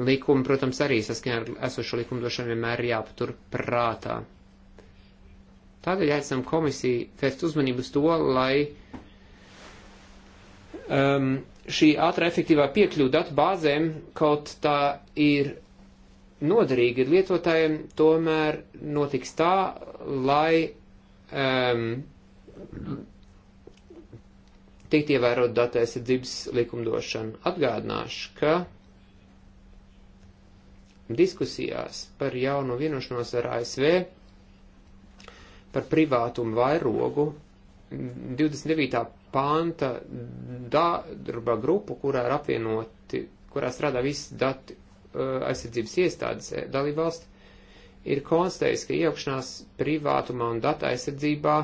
likumi, protams, arī saskaņā ar esošo likumdošanu vienmēr ir jāpatur prātā. Tādēļ aicinām komisiju vērst uzmanību uz to, lai um, šī ātrā efektīvā piekļuva datu bāzēm, kaut tā ir noderīga ir lietotājiem, tomēr notiks tā, lai um, tikt ievērot datu aizsardzības likumdošanu. Atgādināšu, ka diskusijās par jaunu vienošanos ar ASV par privātumu vairogu 29. panta darba grupu, kurā ir apvienoti, kurā strādā visi dati uh, aizsardzības iestādes eh, dalībvalsts, ir konstatējis, ka iejaukšanās privātumā un data aizsardzībā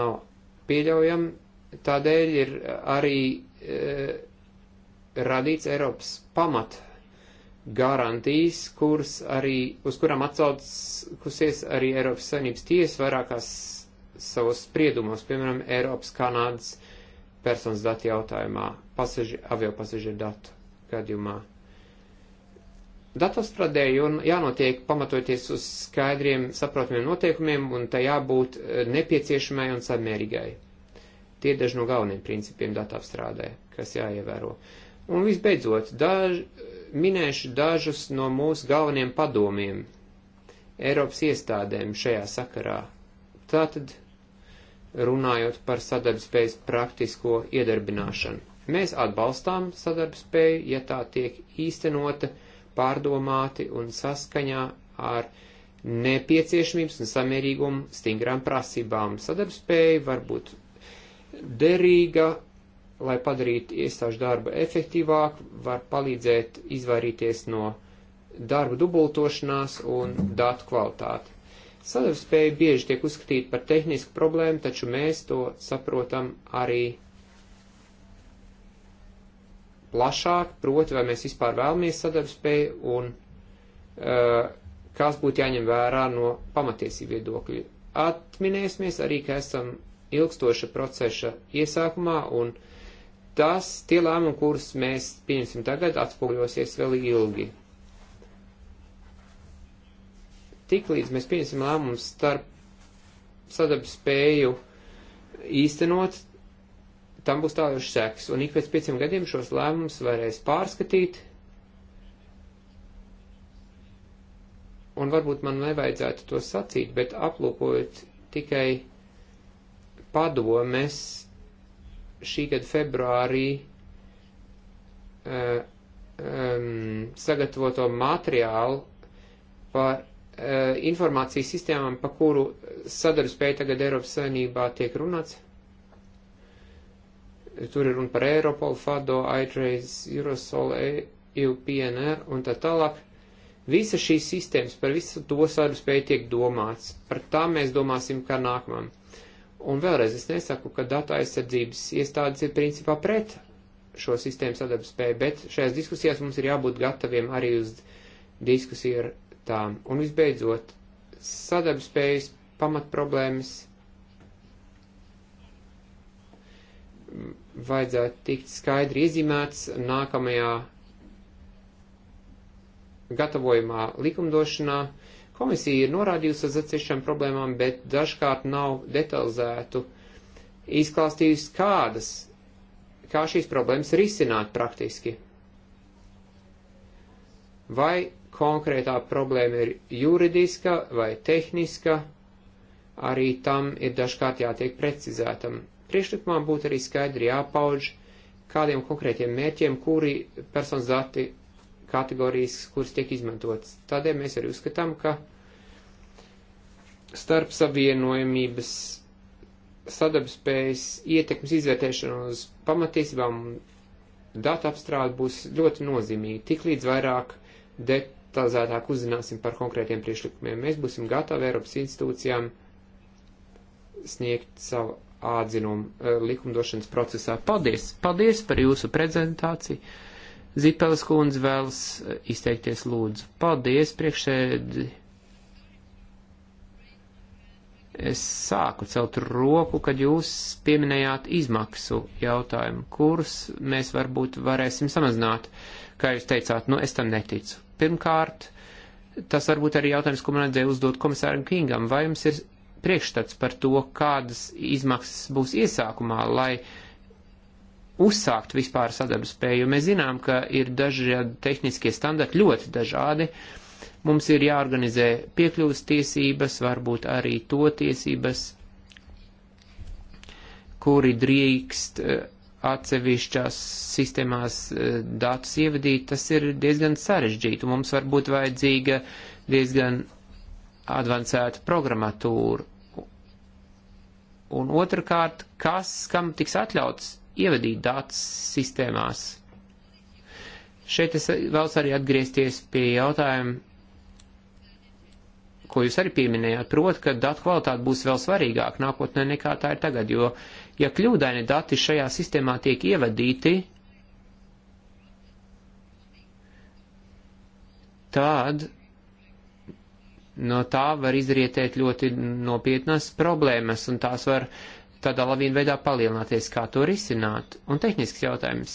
nav pieļaujam, tādēļ ir arī e, radīts Eiropas pamat garantijas, kuras arī, uz kurām atsaucusies arī Eiropas Savienības tiesa vairākās savos spriedumos, piemēram, Eiropas Kanādas personas datu jautājumā, pasaži, avio pasažieru datu gadījumā. Datastradē jānotiek pamatoties uz skaidriem, saprotamiem noteikumiem un tai jābūt eh, nepieciešamai un samērīgai. Tie ir daži no galveniem principiem datapstrādē, kas jāievēro. Un visbeidzot, daž, minēšu dažus no mūsu galveniem padomiem Eiropas iestādēm šajā sakarā. Tātad, runājot par sadarbspējas praktisko iedarbināšanu. Mēs atbalstām sadarbspēju, ja tā tiek īstenota pārdomāti un saskaņā ar nepieciešamības un samierīgumu stingrām prasībām. Sadarbspēja var būt derīga, lai padarītu iestāžu darbu efektīvāku, var palīdzēt izvairīties no darba dubultošanās un datu kvalitāti. Sadarbspēja bieži tiek uzskatīta par tehnisku problēmu, taču mēs to saprotam arī plašāk, proti, vai mēs vispār vēlamies sadarbspēju un uh, kas būtu jāņem vērā no pamatiesību viedokļa. Atminēsimies arī, ka esam ilgstoša procesa iesākumā un tas tie lēmumi, kurus mēs pieņemsim tagad, atspoguļosies vēl ilgi. Tiklīdz mēs pieņemsim lēmumus starp sadarbspēju īstenot, tam būs tāluši seks, un ik pēc pieciem gadiem šos lēmumus varēs pārskatīt, un varbūt man nevajadzētu to sacīt, bet aplūkojot tikai padomes šī gada februārī uh, um, sagatavoto materiālu par uh, informācijas sistēmām, pa kuru sadarbspēja tagad Eiropas Savienībā tiek runāts tur ir runa par Eiropolu, FADO, iTrace, Eurosol, EUPNR un tā tālāk. Visa šīs sistēmas, par visu to sadarbspēju tiek domāts, par tām mēs domāsim kā nākamam. Un vēlreiz es nesaku, ka datu aizsardzības iestādes ir principā pret šo sistēmu sadarbspēju, bet šajās diskusijās mums ir jābūt gataviem arī uz diskusiju ar tām. Un visbeidzot, sadarbspējas pamatproblēmas vajadzētu tikt skaidri iezīmēts nākamajā gatavojumā likumdošanā. Komisija ir norādījusi uz atsevišķām problēmām, bet dažkārt nav detalizētu izklāstījusi, kādas, kā šīs problēmas risināt praktiski. Vai konkrētā problēma ir juridiska vai tehniska, arī tam ir dažkārt jātiek precizētam Priekšlikumā būtu arī skaidri jāpauž, kādiem konkrētiem mērķiem, kuri personas dati kategorijas, kuras tiek izmantotas. Tādēļ mēs arī uzskatām, ka starp savienojamības sadarbspējas ietekmes izvērtēšana uz pamatīsībām datu apstrādi būs ļoti nozīmīga. Tik līdz vairāk detalizētāk uzzināsim par konkrētiem priekšlikumiem, mēs būsim gatavi Eiropas institūcijām sniegt savu atzinumu eh, likumdošanas procesā. Paldies! Paldies par jūsu prezentāciju! Zipelas kundze vēlas eh, izteikties lūdzu. Paldies, priekšēdi! Es sāku celt roku, kad jūs pieminējāt izmaksu jautājumu, kurus mēs varbūt varēsim samazināt. Kā jūs teicāt, nu es tam neticu. Pirmkārt, tas varbūt arī jautājums, ko man vajadzēja uzdot komisāram Kingam. Vai jums ir priekšstats par to, kādas izmaksas būs iesākumā, lai uzsākt vispār sadarbspēju, jo mēs zinām, ka ir dažādi tehniskie standarti ļoti dažādi. Mums ir jāorganizē piekļuvas tiesības, varbūt arī to tiesības, kuri drīkst eh, atsevišķās sistēmās eh, datus ievadīt, tas ir diezgan sarežģīti. Mums varbūt vajadzīga diezgan advancētu programmatūru. Un otrkārt, kas, kam tiks atļauts ievadīt datus sistēmās. Šeit es vēlos arī atgriezties pie jautājuma, ko jūs arī pieminējāt, proti, ka datu kvalitāte būs vēl svarīgāk nākotnē nekā tā ir tagad, jo ja kļūdaini dati šajā sistēmā tiek ievadīti, tad no tā var izrietēt ļoti nopietnas problēmas, un tās var tādā lavīna veidā palielināties, kā to risināt. Un tehnisks jautājums.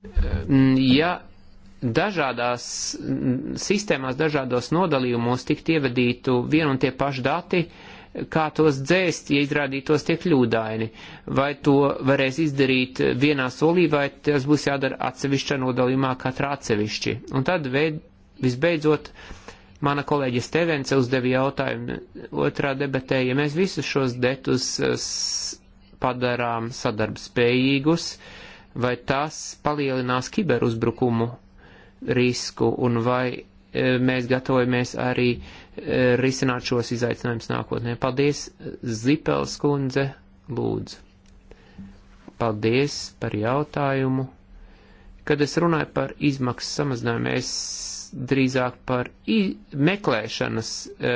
Mm, ja dažādās mm, sistēmās, dažādos nodalījumos tikt ievadītu vien un tie paši dati, uh, kā tos dzēst, ja izrādītos tie kļūdaini. Vai to varēs izdarīt vienā solī, vai tas būs jādara atsevišķā nodalījumā katrā atsevišķi. Un tad veid, visbeidzot, mana kolēģe Stevence uzdeva jautājumu otrā debatē, ja mēs visus šos detus padarām sadarbspējīgus, vai tas palielinās kiberuzbrukumu risku un vai e, mēs gatavojamies arī uh, E, risināt šos izaicinājumus nākotnē. Paldies, Zipels kundze, lūdzu. Paldies par jautājumu. Kad es runāju par izmaksu samazinājumu, es drīzāk par meklēšanas e,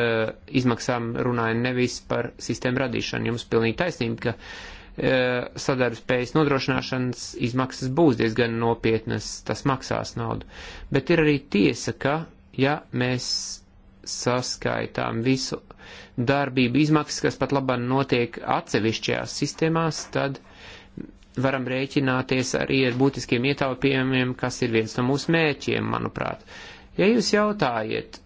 izmaksām runāju, nevis par sistēmu radīšanu. Jums pilnīgi taisnība, ka e, sadarbspējas nodrošināšanas izmaksas būs diezgan nopietnas, tas maksās naudu. Bet ir arī tiesa, ka, ja mēs saskaitām visu darbību izmaksas, kas pat labāk notiek atsevišķajās sistēmās, tad varam rēķināties arī ar būtiskiem ietaupījumiem, kas ir viens no mūsu mērķiem, manuprāt. Ja jūs jautājiet,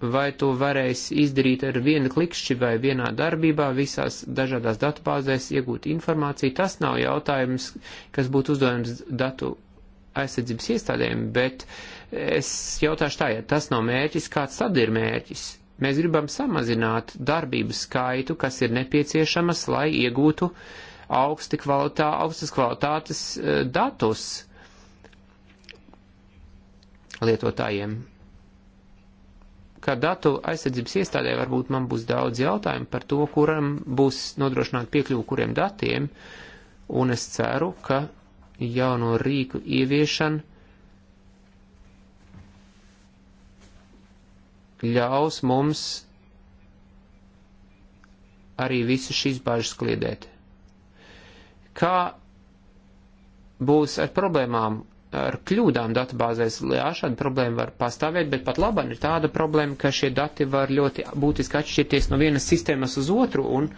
vai to varēs izdarīt ar vienu klikšķi vai vienā darbībā, visās dažādās datubāzēs iegūt informāciju. Tas nav jautājums, kas būtu uzdevums datu aizsardzības iestādēm, bet Es jautāšu tā, ja tas nav mērķis, kāds tad ir mērķis? Mēs gribam samazināt darbību skaitu, kas ir nepieciešamas, lai iegūtu augsti kvalitā, augstas kvalitātes e, datus lietotājiem. Kā datu aizsardzības iestādē varbūt man būs daudz jautājumu par to, kuram būs nodrošināt piekļuvu kuriem datiem, un es ceru, ka jauno rīku ieviešana ļaus mums arī visu šīs bažas kliedēt. Kā būs ar problēmām, ar kļūdām datubāzēs, jā, šāda problēma var pastāvēt, bet pat labam ir tāda problēma, ka šie dati var ļoti būtiski atšķirties no vienas sistēmas uz otru, un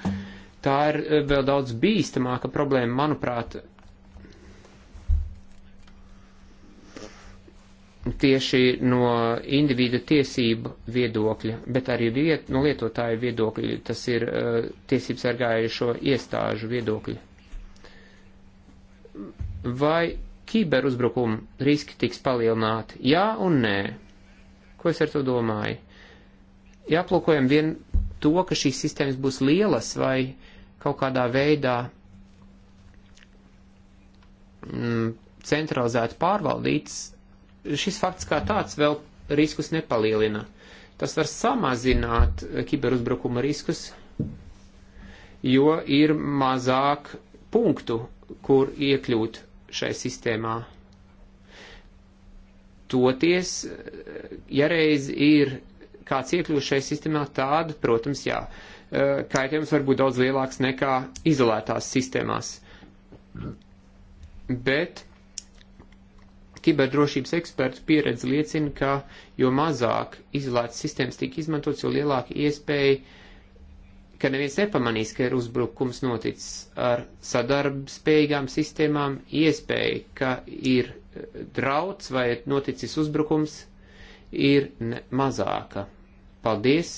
tā ir eh, vēl daudz bīstamāka problēma, manuprāt, tieši no individu tiesību viedokļa, bet arī liet, no lietotāju viedokļa, tas ir uh, eh, tiesības sargājušo iestāžu viedokļa. Vai kiberuzbrukumu riski tiks palielināti? Jā un nē. Ko es ar to domāju? Ja aplūkojam vien to, ka šīs sistēmas būs lielas vai kaut kādā veidā mm, centralizēti pārvaldītas, šis fakts kā tāds vēl riskus nepalielina. Tas var samazināt kiberuzbrukuma riskus, jo ir mazāk punktu, kur iekļūt šai sistēmā. Toties, ja reiz ir kāds iekļūst šai sistēmā, tāda, protams, jā, kaitējums var būt daudz lielāks nekā izolētās sistēmās. Bet Kiberdrošības ekspertu pieredze liecina, ka jo mazāk izolētas sistēmas tiek izmantotas, jo lielāka iespēja, ka neviens nepamanīs, ka ir uzbrukums noticis ar sadarbspējīgām sistēmām, iespēja, ka ir eh, drauds vai ir noticis uzbrukums, ir mazāka. Paldies!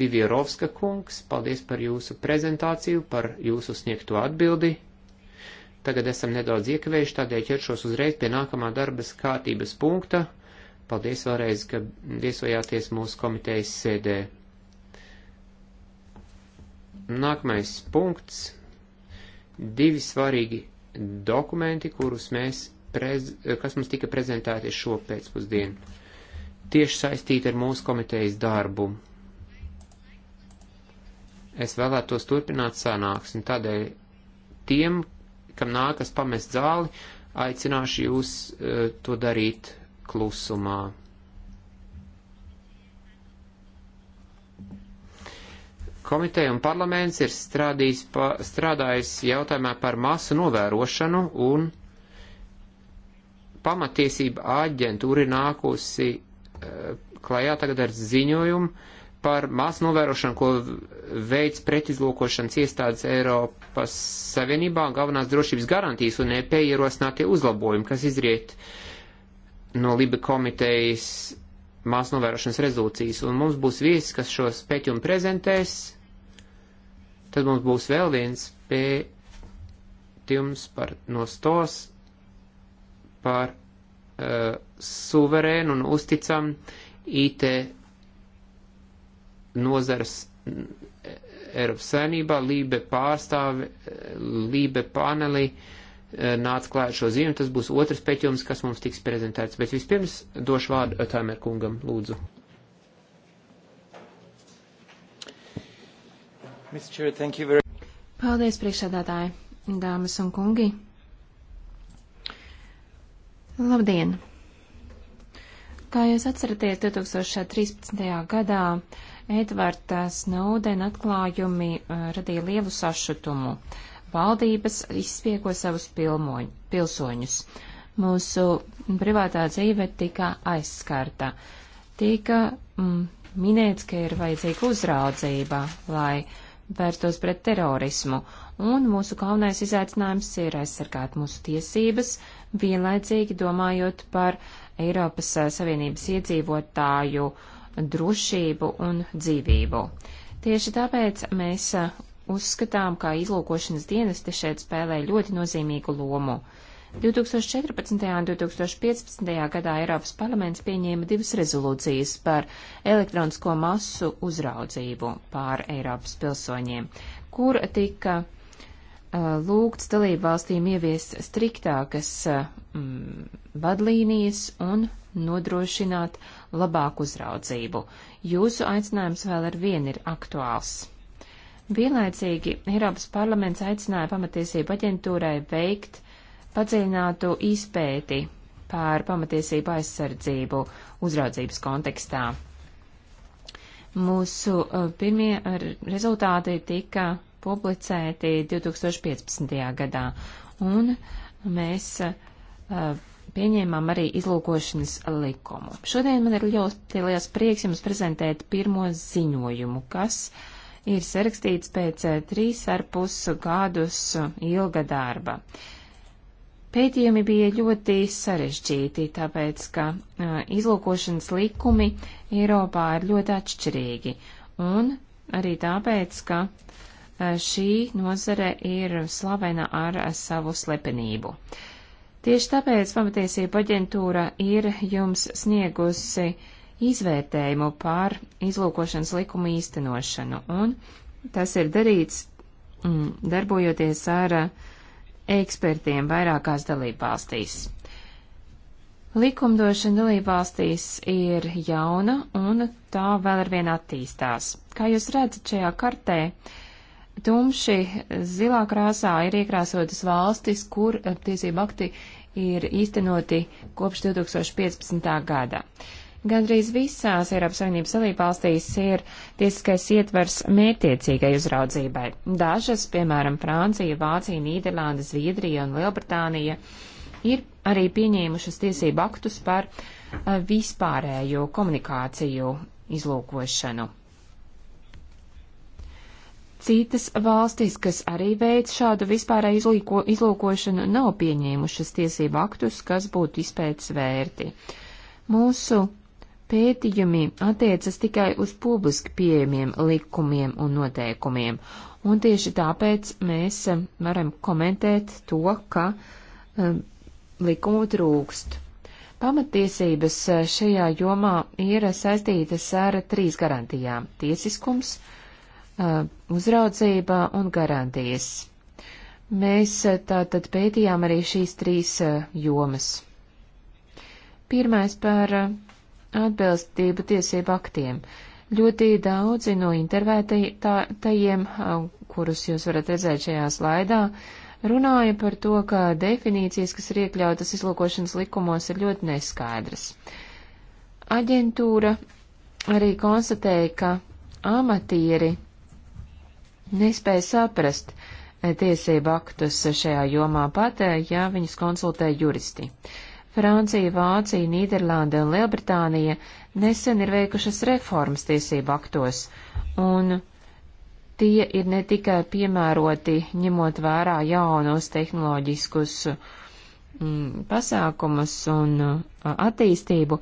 Vivierovska kungs, paldies par jūsu prezentāciju, par jūsu sniegto atbildi. Tagad esam nedaudz iekavējuši, tādēļ ķeršos uzreiz pie nākamā darbas kārtības punkta. Paldies vēlreiz, ka viesojāties mūsu komitejas sēdē. Nākamais punkts. Divi svarīgi dokumenti, kurus mēs, prez, kas mums tika prezentēti šo pēcpusdienu. Tieši saistīti ar mūsu komitejas darbu. Es vēlētos turpināt sanāksmi, tādēļ tiem, kam nākas pamest zāli, aicināšu jūs eh, to darīt klusumā. Komiteja un parlaments ir pa, strādājis jautājumā par masu novērošanu un pamatiesība aģentūra ir nākusi eh, klajā tagad ar ziņojumu par masu novērošanu, ko veids pretizlūkošanas iestādes Eiropa Eiropas Savienībā galvenās drošības garantijas un EP ierosinātie uzlabojumi, kas izriet no Liba komitejas mās novērošanas rezolūcijas. Un mums būs viesis, kas šo spēķumu prezentēs. Tad mums būs vēl viens pētījums par nostos, par uh, suverēnu un uzticam IT nozares Eiropas saimnībā, Lībe pārstāve, Lībe panelī eh, nāca klāt šo ziņu, tas būs otrs pētījums, kas mums tiks prezentēts. Bet vispirms došu vārdu Otāmer kungam, lūdzu. Paldies, priekšsēdētāji, dāmas un kungi. Labdien! Kā jūs atceraties, 2013. gadā Edvarta Snowden atklājumi uh, radīja lielu sašutumu. Valdības izspiego savus pilmoņ, pilsoņus. Mūsu privātā dzīve tika aizskarta. Tika mm, minēts, ka ir vajadzīga uzraudzība, lai vērstos pret terorismu, un mūsu kaunais izaicinājums ir aizsargāt mūsu tiesības, vienlaicīgi domājot par Eiropas Savienības iedzīvotāju uh, drošību un dzīvību. Tieši tāpēc mēs uzskatām, ka izlūkošanas dienesti šeit spēlē ļoti nozīmīgu lomu. 2014. un 2015. gadā Eiropas parlaments pieņēma divas rezolūcijas par elektronisko masu uzraudzību pār Eiropas pilsoņiem, kur tika uh, lūgts dalību valstīm ieviest striktākas mm, vadlīnijas un nodrošināt uh, labāku uzraudzību. Jūsu aicinājums vēl ar vienu ir aktuāls. Vienlaicīgi Eiropas parlaments aicināja pamatiesību aģentūrai veikt padziļinātu izpēti pār pamatiesību aizsardzību uzraudzības kontekstā. Mūsu uh, pirmie uh, rezultāti tika publicēti 2015. gadā, un mēs uh, pieņēmām arī izlūkošanas likumu. Šodien man ir ļoti liels prieks jums prezentēt pirmo ziņojumu, kas ir sarakstīts pēc eh, trīs ar pusu gadus eh, ilga darba. Pētījumi bija ļoti sarežģīti, tāpēc, ka uh, izlūkošanas likumi Eiropā ir ļoti atšķirīgi, un arī tāpēc, ka uh, šī nozare ir slavena ar uh, savu slepenību. Uh, Tieši tāpēc pamatiesība aģentūra ir jums sniegusi izvērtējumu pār izlūkošanas likumu īstenošanu, un tas ir darīts mm, darbojoties ar ekspertiem vairākās dalībvalstīs. Likumdošana dalībvalstīs ir jauna, un tā vēl ar vien attīstās. Kā jūs redzat šajā kartē, uh, Tumši zilā krāsā ir iekrāsotas valstis, kur eh, tiesību akti ir īstenoti kopš 2015. gada. Gandrīz visās Eiropas Savienības dalībvalstīs ir tiesiskais ietvers mērķiecīgai uzraudzībai. Dažas, piemēram, Francija, Vācija, Nīderlanda, Zviedrija un Lielbritānija, ir arī pieņēmušas tiesību aktus par eh, vispārējo komunikāciju izlūkošanu. Citas valstis, kas arī veic šādu vispārēju izlīko, izlūkošanu, nav pieņēmušas tiesību aktus, kas būtu izpētes vērti. Mūsu pētījumi attiecas tikai uz publiski pieejamiem likumiem un noteikumiem, un tieši tāpēc mēs eh, varam komentēt to, ka um, likumu trūkst. Pamatiesības eh, šajā jomā ir saistītas ar trīs garantijām - tiesiskums, uh, Uh, uzraudzība un garantijas. Mēs uh, tātad pētījām arī šīs trīs uh, jomas. Pirmais par atbilstību tiesību aktiem. Ļoti daudzi no intervētajiem, kurus jūs varat redzēt šajā slaidā, runāja par to, ka definīcijas, kas ir iekļautas izlūkošanas likumos, ir ļoti neskaidras. Aģentūra arī konstatēja, ka amatieri nespēja saprast eh, tiesību aktus šajā jomā pat, eh, ja viņus konsultē juristi. Francija, Vācija, Nīderlanda un Lielbritānija nesen ir veikušas reformas tiesību aktos, un tie ir ne tikai piemēroti ņemot vērā jaunos tehnoloģiskus mm, pasākumus un eh, attīstību,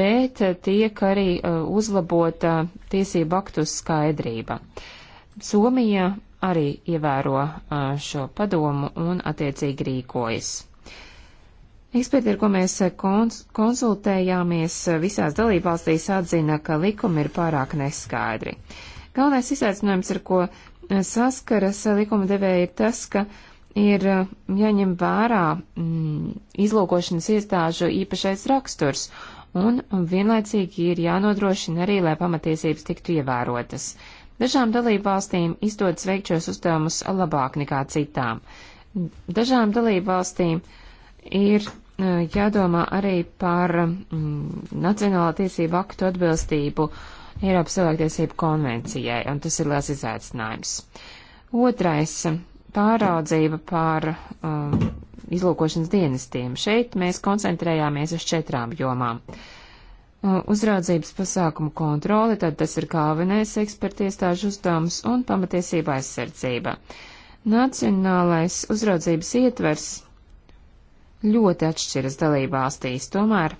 bet tiek arī uzlabota tiesību aktu skaidrība. Uh, Somija arī ievēro šo padomu un attiecīgi rīkojas. Eksperti, ar ko mēs konsultējāmies visās dalībvalstīs, atzina, ka likumi ir pārāk neskaidri. Galvenais izaicinājums, ar ko saskaras likuma devēja, ir tas, ka ir jāņem vērā mm, izlūkošanas iestāžu īpašais raksturs, un vienlaicīgi ir jānodrošina arī, lai pamatiesības tiktu ievērotas. Dažām dalībvalstīm izdodas veikt šos uzdevumus labāk nekā citām. Dažām dalībvalstīm ir e, jādomā arī par mm, nacionālā tiesību aktu atbilstību Eiropas cilvēktiesību konvencijai, un tas ir liels izaicinājums. Otrais - pāraudzība pār um, izlūkošanas dienestiem. Šeit mēs koncentrējāmies uz četrām jomām. Uh, Uh, uzraudzības pasākumu kontroli, tad tas ir galvenais ekspertiestāžu uzdevums un pamatiesība aizsardzība. Nacionālais uzraudzības ietvers ļoti atšķiras dalībvalstīs, tomēr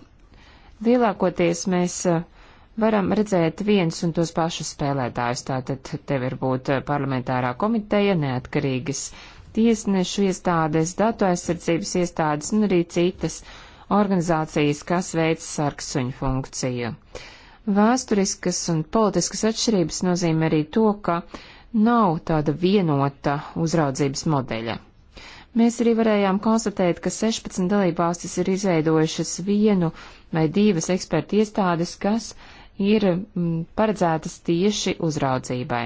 lielākoties mēs uh, varam redzēt viens un tos pašus spēlētājus, tātad te var būt uh, parlamentārā komiteja, neatkarīgas tiesnešu iestādes, datu aizsardzības iestādes un arī citas organizācijas, kas veic sarksuņu funkciju. Vēsturiskas un politiskas atšķirības nozīmē arī to, ka nav tāda vienota uzraudzības modeļa. Mēs arī varējām konstatēt, ka 16 dalībvalstis ir izveidojušas vienu vai divas ekspertu iestādes, kas ir m, mm, paredzētas tieši uzraudzībai.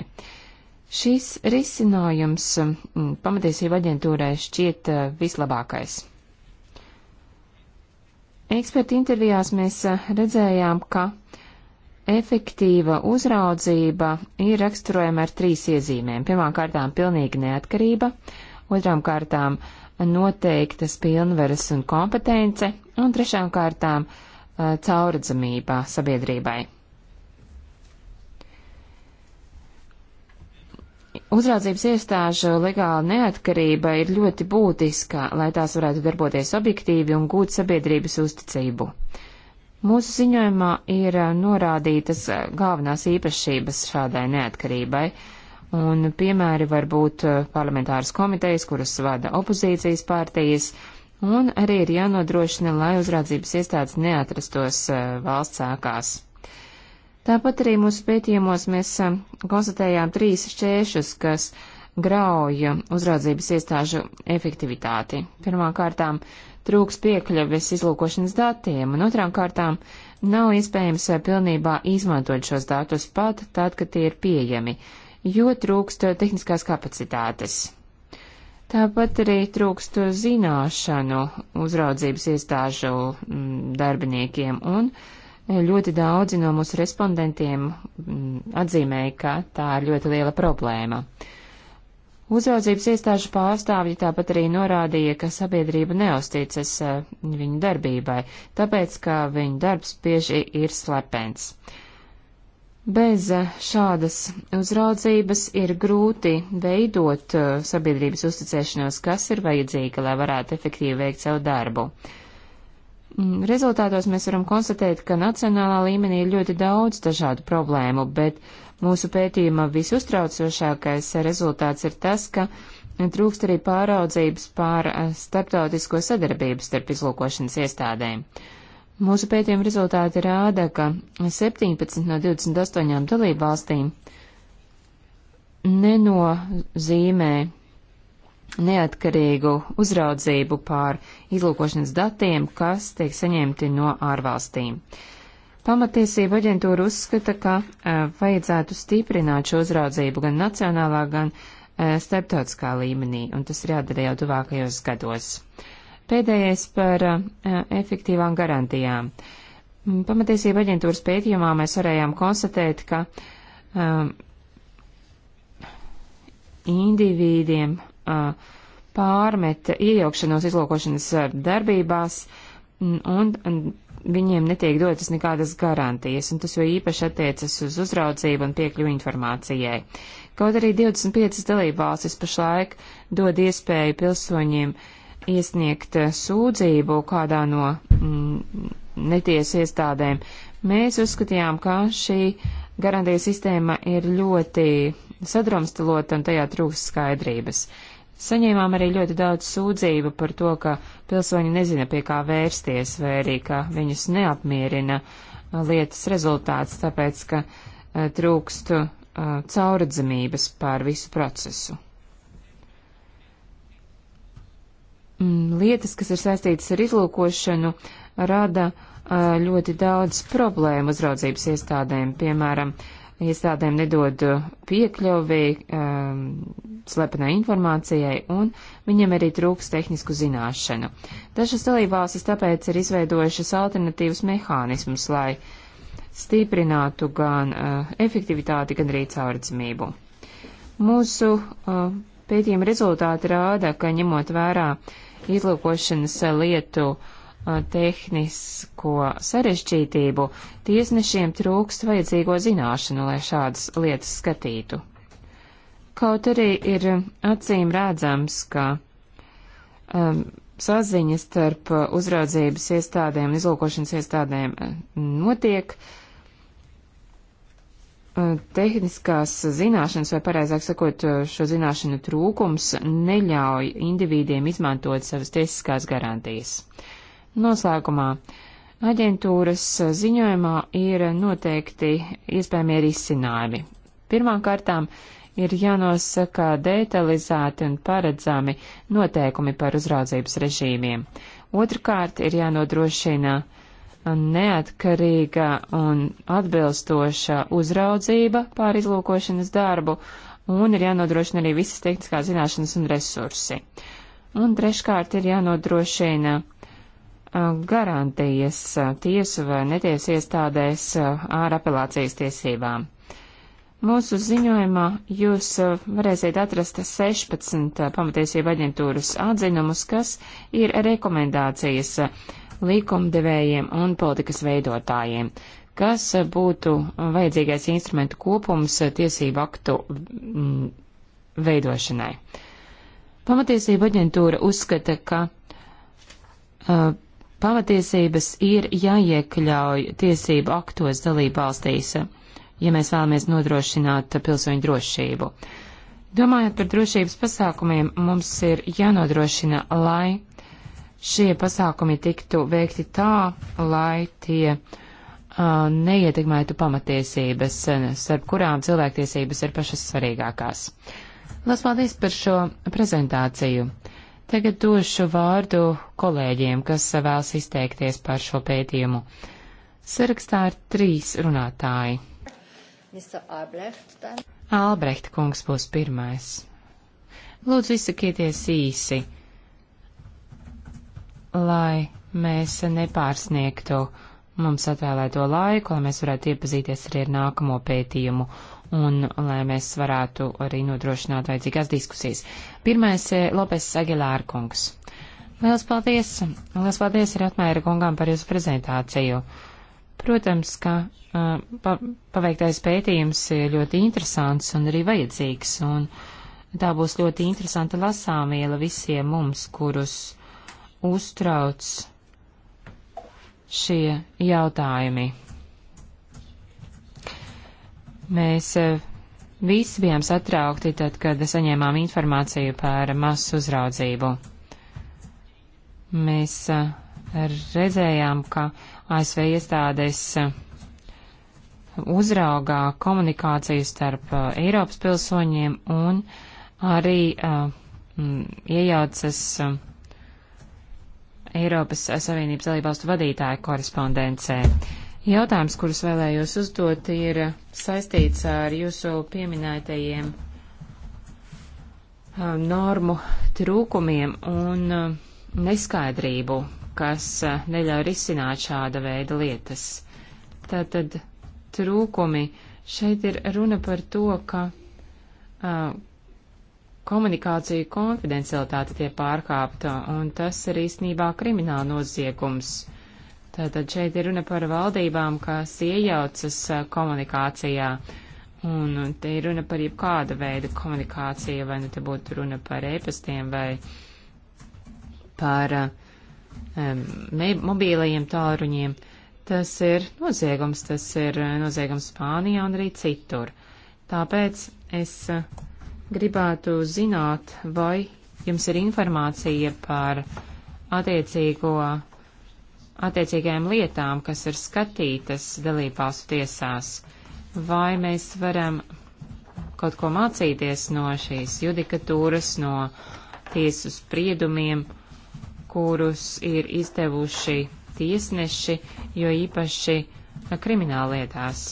Šis risinājums m, mm, pamatiesība aģentūrai šķiet eh, vislabākais. Eksperta intervijās mēs eh, redzējām, ka efektīva uzraudzība ir raksturojama ar trīs iezīmēm. Pirmām kārtām pilnīga neatkarība, otrām kārtām noteiktas pilnveres un kompetence, un trešām kārtām eh, cauradzamība sabiedrībai. uzraudzības iestāžu legāla neatkarība ir ļoti būtiska, lai tās varētu darboties objektīvi un gūt sabiedrības uzticību. Mūsu ziņojumā ir norādītas eh, galvenās īpašības šādai neatkarībai, un piemēri var būt eh, parlamentāras komitejas, kuras vada opozīcijas partijas, un arī ir jānodrošina, lai uzraudzības iestādes neatrastos eh, valsts sākās. Tāpat arī mūsu pētījumos mēs um, konstatējām trīs šķēršus, kas grauja uzraudzības iestāžu efektivitāti. Pirmām kārtām trūks piekļuves izlūkošanas datiem, un otrām kārtām nav iespējams uh, pilnībā izmantot šos datus pat tad, kad tie ir pieejami, jo trūkst uh, tehniskās kapacitātes. Tāpat arī trūkst zināšanu uzraudzības iestāžu mm, darbiniekiem un uh, Ļoti daudzi no mūsu respondentiem mm, atzīmēja, ka tā ir ļoti liela problēma. Uzraudzības iestāžu pārstāvji tāpat arī norādīja, ka sabiedrība neusticas eh, viņu darbībai, tāpēc, ka viņu darbs bieži ir slepens. Bez eh, šādas uzraudzības ir grūti veidot eh, sabiedrības uzticēšanos, kas ir vajadzīga, lai varētu efektīvi veikt savu darbu. Uh, Mm, rezultātos mēs varam konstatēt, ka nacionālā līmenī ir ļoti daudz dažādu problēmu, bet mūsu pētījuma visuztraucošākais rezultāts ir tas, ka trūkst arī pāraudzības pār eh, starptautisko sadarbību starp izlūkošanas iestādēm. Mūsu pētījuma rezultāti rāda, ka 17 no 28 dalību valstīm nenozīmē neatkarīgu uzraudzību pār izlūkošanas datiem, kas tiek saņemti no ārvalstīm. Pamatiesība aģentūra uzskata, ka uh, vajadzētu stiprināt šo uzraudzību gan nacionālā, gan uh, starptautiskā līmenī, un tas ir jādara jau tuvākajos gados. Pēdējais par uh, efektīvām garantijām. Mm, Pamatiesība aģentūras pētījumā mēs varējām konstatēt, ka um, indivīdiem pārmet iejaukšanos izlūkošanas darbībās, un, un viņiem netiek dotas nekādas garantijas, un tas jau īpaši attiecas uz uzraudzību un piekļuvu informācijai. Kaut arī 25 dalībvalstis pašlaik dod iespēju pilsoņiem iesniegt eh, sūdzību kādā no mm, netiesu iestādēm, mēs uzskatījām, ka šī garantija sistēma ir ļoti sadrumstalota un tajā trūks skaidrības. Saņēmām arī ļoti daudz sūdzību par to, ka pilsoņi nezina, pie kā vērsties, vai arī, ka viņus neapmierina uh, lietas rezultāts, tāpēc, ka uh, trūkst uh, cauradzamības pār visu procesu. Mm, lietas, kas ir saistītas ar izlūkošanu, rada uh, ļoti daudz problēmu uzraudzības iestādēm, piemēram, uh, iestādēm nedod uh, piekļuvi um, slepenai informācijai, un viņiem arī trūks tehnisku zināšanu. Dažas dalībvalstis tāpēc ir izveidojušas alternatīvus mehānismus, lai stiprinātu gan uh, efektivitāti, gan arī caurdzamību. Mūsu uh, pētījuma rezultāti rāda, ka ņemot vērā izlūkošanas lietu uh, tehnisko sarežģītību, tiesnešiem trūkst vajadzīgo zināšanu, lai šādas lietas skatītu. Kaut arī ir acīm redzams, ka um, saziņa starp uzraudzības iestādēm un izlūkošanas iestādēm uh, notiek. Uh, tehniskās zināšanas, vai pareizāk sakot, uh, šo zināšanu trūkums neļauj individiem izmantot savas tiesiskās garantijas. Noslēgumā. Aģentūras ziņojumā ir noteikti iespējami risinājumi. Pirmām kārtām ir jānosaka detalizēti un paredzami noteikumi par uzraudzības režīmiem. Otrkārt ir jānodrošina neatkarīga un atbilstoša uzraudzība pār izlūkošanas darbu, un ir jānodrošina arī visas tehniskās zināšanas un resursi. Un treškārt ir jānodrošina garantijas tiesu vai netiesu iestādēs ar apelācijas tiesībām. Mūsu ziņojumā jūs varēsiet atrast 16 pamatiesību aģentūras atzinumus, kas ir rekomendācijas līkumdevējiem un politikas veidotājiem, kas būtu vajadzīgais instrumentu kopums tiesību aktu veidošanai. Pamatiesība aģentūra uzskata, ka uh, Pamatiesības ir jāiekļauj tiesību aktos dalībvalstīs, ja mēs vēlamies nodrošināt pilsoņu drošību. Domājot par drošības pasākumiem, mums ir jānodrošina, lai šie pasākumi tiktu veikti tā, lai tie uh, neietekmētu pamatiesības, starp kurām cilvēktiesības ir pašas svarīgākās. Lielas paldies par šo prezentāciju. Tagad došu vārdu kolēģiem, kas vēlas izteikties par šo pētījumu. Sarakstā ir trīs runātāji. Albrecht, Albrecht kungs būs pirmais. Lūdzu, izsakieties īsi, lai mēs nepārsniegtu mums atvēlēto laiku, lai mēs varētu iepazīties arī ar nākamo pētījumu un lai mēs varētu arī nodrošināt vajadzīgās diskusijas. Pirmais eh, - Lopes Agilāra kungs. Lielas paldies! Lielas paldies ir atmēra kungām par jūsu prezentāciju. Protams, ka uh, pa, paveiktais pētījums ir ļoti interesants un arī vajadzīgs, un tā būs ļoti interesanta lasāmiela visiem mums, kurus uztrauc šie jautājumi. Mēs eh, visi bijām satraukti tad, kad saņēmām informāciju par masu uzraudzību. Mēs eh, redzējām, ka ASV iestādes eh, uzraugā komunikāciju starp Eiropas pilsoņiem un arī uh, iejaucas uh, Eiropas Savienības dalībvalstu vadītāju korespondencē. Uh, Jautājums, kurus vēlējos uzdot, ir saistīts ar jūsu pieminētajiem normu trūkumiem un neskaidrību, kas neļauj risināt šāda veida lietas. Tātad trūkumi. Šeit ir runa par to, ka uh, komunikācija konfidencialitāte tiek pārkāpta, un tas ir īstenībā krimināla noziegums. Tātad šeit ir runa par valdībām, kas iejaucas komunikācijā. Un te ir runa par jebkāda veida komunikāciju, vai nu te būtu runa par ēpastiem vai par um, mobīlajiem tālruņiem. Tas ir noziegums, tas ir noziegums Spānijā un arī citur. Tāpēc es gribētu zināt, vai jums ir informācija par attiecīgo attiecīgajām lietām, kas ir skatītas dalībvalstu tiesās, vai mēs varam kaut ko mācīties no šīs judikatūras, no tiesu spriedumiem, kurus ir izdevuši tiesneši, jo īpaši krimināllietās.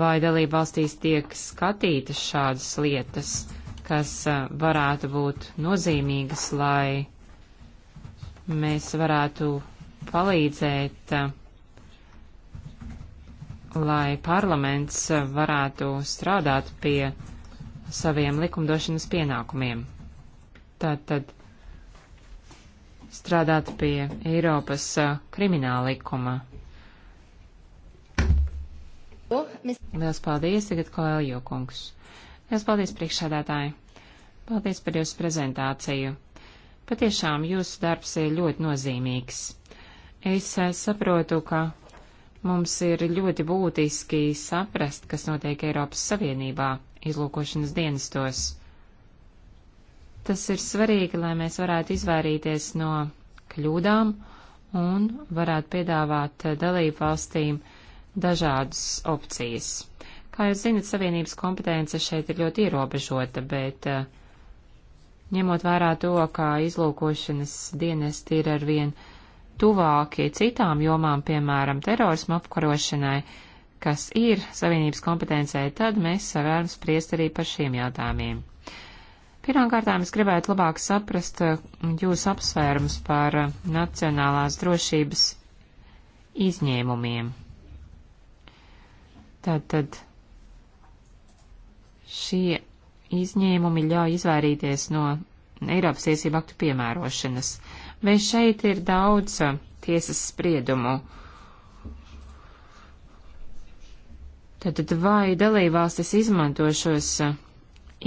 Vai dalība valstīs tiek skatītas šādas lietas, kas eh, varētu būt nozīmīgas, lai mēs varētu palīdzēt, lai parlaments varētu strādāt pie saviem likumdošanas pienākumiem. Tātad strādāt pie Eiropas krimināla likuma. Liels paldies, tagad Koeljo kungs. Liels paldies priekšsādātāji. Paldies par jūsu prezentāciju. Patiešām jūsu darbs ir ļoti nozīmīgs. Es eh, saprotu, ka mums ir ļoti būtiski saprast, kas notiek Eiropas Savienībā izlūkošanas dienestos. Tas ir svarīgi, lai mēs varētu izvairīties no kļūdām un varētu piedāvāt eh, dalību valstīm dažādas opcijas. Kā jūs zinat, Savienības kompetence šeit ir ļoti ierobežota, bet uh, ņemot vērā to, ka izlūkošanas dienesti ir arvien tuvāki citām jomām, piemēram, terorismu apkarošanai, kas ir Savienības kompetencē, tad mēs varam spriest arī par šiem jautājumiem. Pirmkārtām es gribētu labāk saprast uh, jūsu apsvērums par uh, nacionālās drošības izņēmumiem. Tātad šie izņēmumi ļauj izvairīties no Eiropas tiesību aktu piemērošanas. Vai šeit ir daudz uh, tiesas spriedumu? Tātad vai dalībvalstis izmanto šos uh,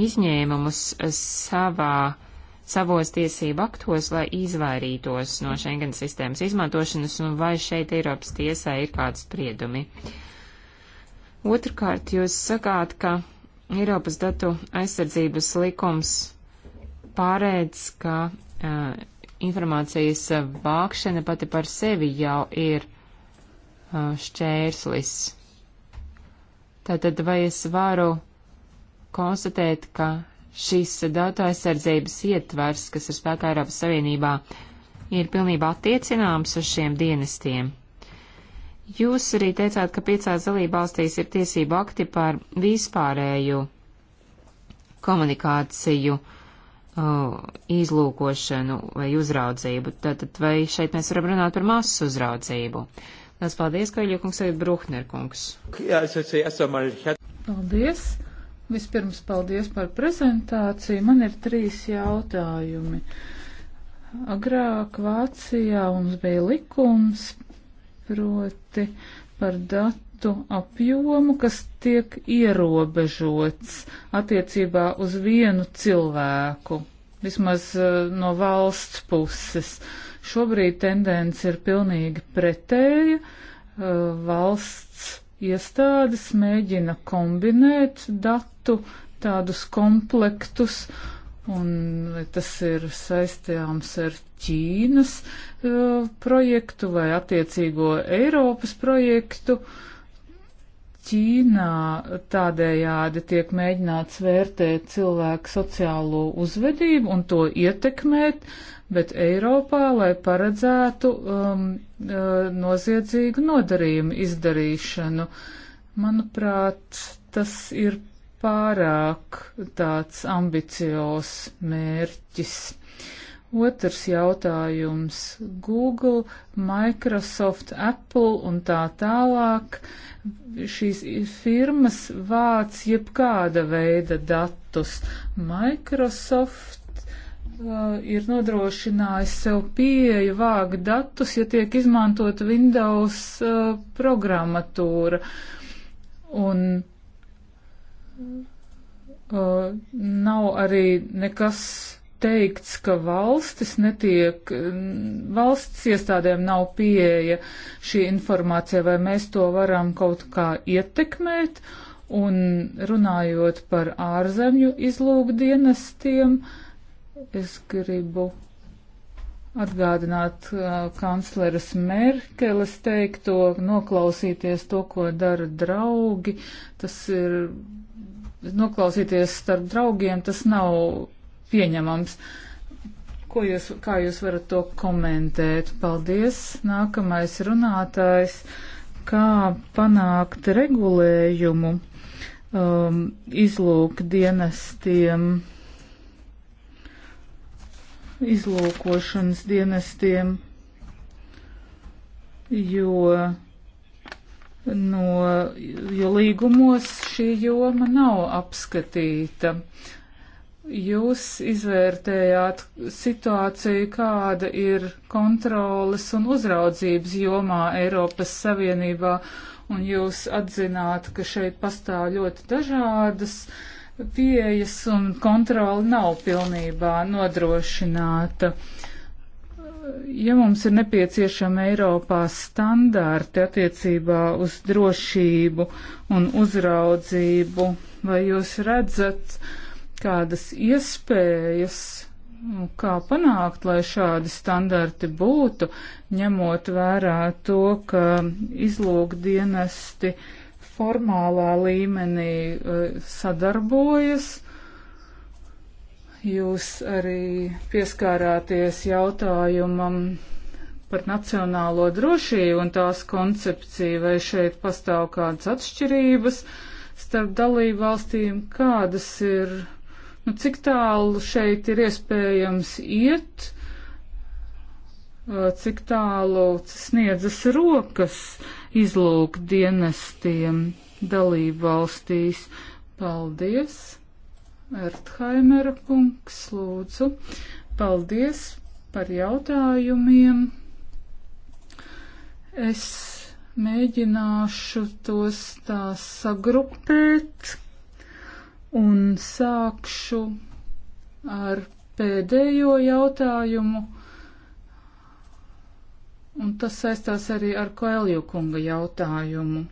izņēmumus uh, savā, savos tiesību aktos, lai izvairītos no Schengen sistēmas izmantošanas, un vai šeit Eiropas tiesā ir kāds spriedumi? Otrkārt, jūs sakāt, ka Eiropas datu aizsardzības likums pārēdz, ka uh, informācijas vākšana pati par sevi jau ir uh, šķērslis. Tātad vai es varu konstatēt, ka šis datu aizsardzības ietvers, kas ir spēkā Eiropas Savienībā, ir pilnībā attiecināms uz šiem dienestiem? Jūs arī teicāt, ka piecās dalībvalstīs ir tiesību akti par vispārēju komunikāciju uh, izlūkošanu vai uzraudzību. Tātad vai šeit mēs varam runāt par masu uzraudzību? Lielas paldies, ka Iļokungs ir Bruhnerkungs. Paldies! Vispirms paldies par prezentāciju. Man ir trīs jautājumi. Agrāk Vācijā mums bija likums proti par datu apjomu, kas tiek ierobežots attiecībā uz vienu cilvēku, vismaz eh, no valsts puses. Šobrīd tendence ir pilnīgi pretēja. Eh, valsts iestādes mēģina kombinēt datu tādus komplektus, uh, un tas ir saistāms ar Ķīnas uh, projektu vai attiecīgo Eiropas projektu. Ķīnā tādējādi tiek mēģināts vērtēt cilvēku sociālo uzvedību un to ietekmēt, bet Eiropā, lai paredzētu um, e, noziedzīgu nodarījumu izdarīšanu, manuprāt, tas ir pārāk tāds ambicios mērķis. Otrs jautājums - Google, Microsoft, Apple un tā tālāk. Šīs firmas vāc jebkāda veida datus. Microsoft uh, ir nodrošinājis sev pieeju vākt datus, ja tiek izmantot Windows uh, programmatūra. Un Uh, nav arī nekas teikts, ka valstis netiek, valsts iestādēm nav pieeja šī informācija, vai mēs to varam kaut kā ietekmēt. Un runājot par ārzemju izlūkdienestiem, es gribu atgādināt uh, kancleres Merkeles teikto, noklausīties to, ko dara draugi. Tas ir noklausīties starp draugiem, tas nav pieņemams. Ko jūs, kā jūs varat to komentēt? Paldies. Nākamais runātājs. Kā panākt regulējumu um, izlūk dienestiem, izlūkošanas dienestiem, jo no, jo līgumos šī joma nav apskatīta. Jūs izvērtējāt situāciju, kāda ir kontroles un uzraudzības jomā Eiropas Savienībā, un jūs atzināt, ka šeit pastāv ļoti dažādas pieejas un kontrola nav pilnībā nodrošināta. Uh, ja mums ir nepieciešama Eiropā standārti attiecībā uz drošību un uzraudzību, vai jūs redzat kādas iespējas, nu, kā panākt, lai šādi standarti būtu, ņemot vērā to, ka izlūkdienesti formālā līmenī eh, sadarbojas, Jūs arī pieskārāties jautājumam par nacionālo drošību un tās koncepciju, vai šeit pastāv kādas atšķirības starp dalību valstīm, kādas ir, nu, cik tālu šeit ir iespējams iet, cik tālu sniedzas rokas izlūk dienestiem dalību valstīs. Paldies! Erthaimera kungs, lūdzu. Paldies par jautājumiem. Es mēģināšu tos tā sagrupēt un sākšu ar pēdējo jautājumu. Un tas saistās arī ar Koelju kunga jautājumu.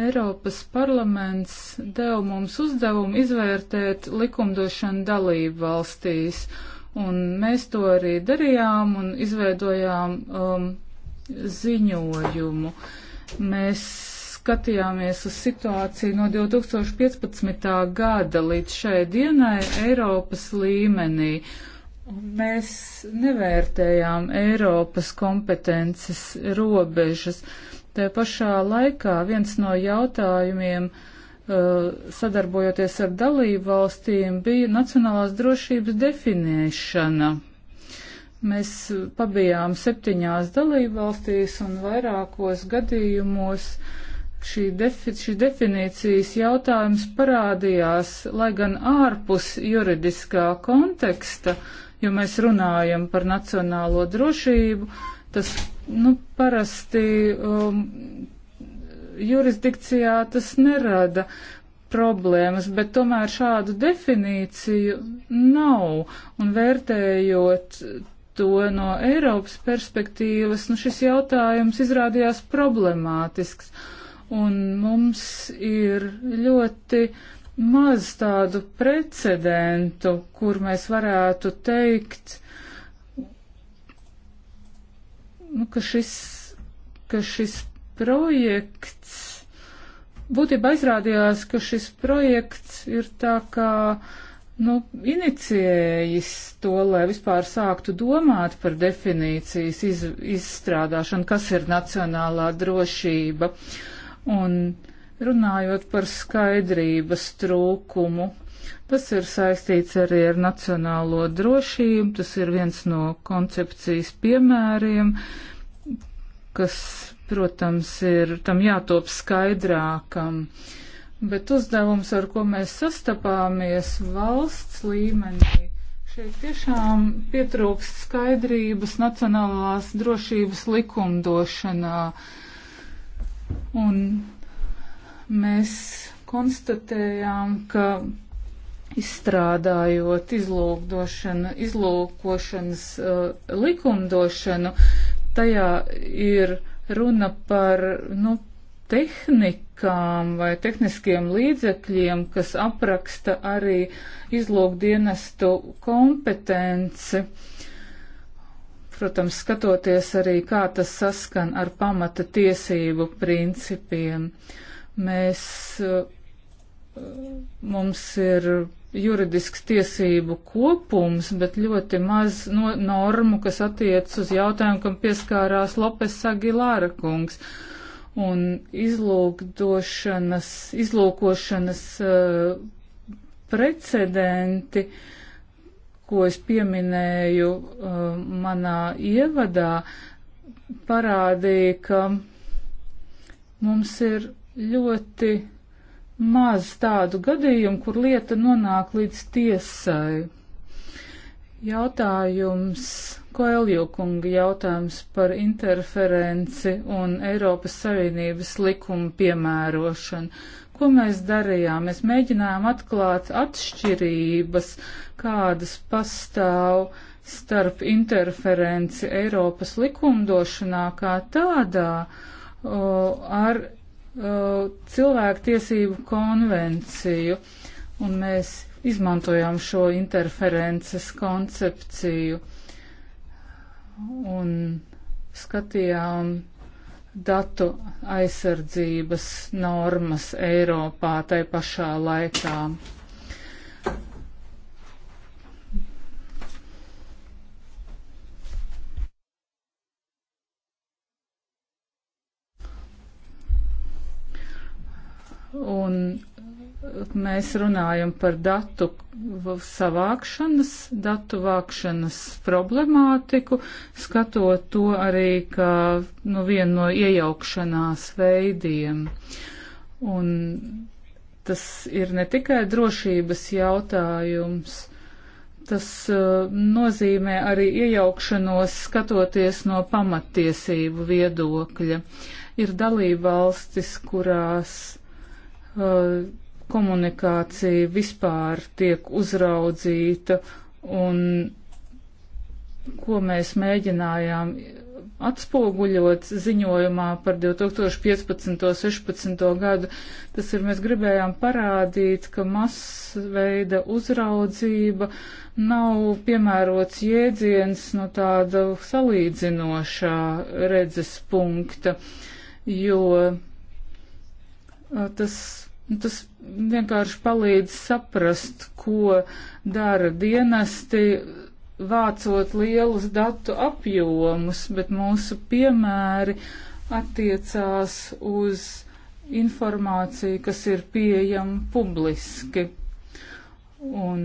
Eiropas parlaments deva mums uzdevumu izvērtēt likumdošanu dalību valstīs, un mēs to arī darījām un izveidojām um, ziņojumu. Mēs skatījāmies uz situāciju no 2015. gada līdz šai dienai Eiropas līmenī. Mēs nevērtējām Eiropas kompetences robežas. Uh, Te eh, pašā laikā viens no jautājumiem, eh, sadarbojoties ar dalību valstīm, bija nacionālās drošības definēšana. Mēs eh, pabijām septiņās dalību valstīs un vairākos gadījumos šī, defi šī definīcijas jautājums parādījās, lai gan ārpus juridiskā konteksta, jo mēs runājam par nacionālo drošību, tas Nu, parasti um, jurisdikcijā tas nerada problēmas, bet tomēr šādu definīciju nav. Un vērtējot to no Eiropas perspektīvas, nu, šis jautājums izrādījās problemātisks. Un mums ir ļoti maz tādu precedentu, kur mēs varētu teikt, nu, ka, šis, ka šis projekts būtībā izrādījās, ka šis projekts ir tā kā nu, inicijējis to, lai vispār sāktu domāt par definīcijas iz, izstrādāšanu, kas ir nacionālā drošība. Un runājot par skaidrības trūkumu Tas ir saistīts arī ar nacionālo drošību, tas ir viens no koncepcijas piemēriem, kas, protams, ir tam jātop skaidrākam. Bet uzdevums, ar ko mēs sastapāmies valsts līmenī, šeit tiešām pietrūkst skaidrības nacionālās drošības likumdošanā. Un mēs konstatējām, ka izstrādājot izlūkošanas uh, likumdošanu, tajā ir runa par nu, tehnikām vai tehniskiem līdzekļiem, kas apraksta arī izlūkdienestu kompetenci. Protams, skatoties arī, kā tas saskan ar pamata tiesību principiem. Mēs, uh, mums ir juridisks tiesību kopums, bet ļoti maz no normu, kas attiec uz jautājumu, kam pieskārās Lopes Agilāra kungs. Un izlūkdošanas, izlūkošanas uh, precedenti, ko es pieminēju uh, manā ievadā, parādīja, ka mums ir ļoti maz tādu gadījumu, kur lieta nonāk līdz tiesai. Jautājums, ko Eljokunga jautājums par interferenci un Eiropas Savienības likumu piemērošanu. Ko mēs darījām? Mēs mēģinājām atklāt atšķirības, kādas pastāv starp interferenci Eiropas likumdošanā kā tādā ar Uh, cilvēktiesību konvenciju, un mēs izmantojām šo interferences koncepciju un skatījām datu aizsardzības normas Eiropā tai pašā laikā. un mēs runājam par datu savākšanas, datu vākšanas problemātiku, skatot to arī kā nu, vienu no iejaukšanās veidiem. Un tas ir ne tikai drošības jautājums, tas uh, nozīmē arī iejaukšanos skatoties no pamatiesību viedokļa. Ir dalībvalstis, kurās Uh, komunikācija vispār tiek uzraudzīta un ko mēs mēģinājām atspoguļot ziņojumā par 2015-16 gadu, tas ir mēs gribējām parādīt, ka masveida uzraudzība nav piemērots jēdziens no tāda salīdzinošā redzes punkta, jo Tas, tas vienkārši palīdz saprast, ko dara dienesti, vācot lielus datu apjomus, bet mūsu piemēri attiecās uz informāciju, kas ir pieejama publiski. Un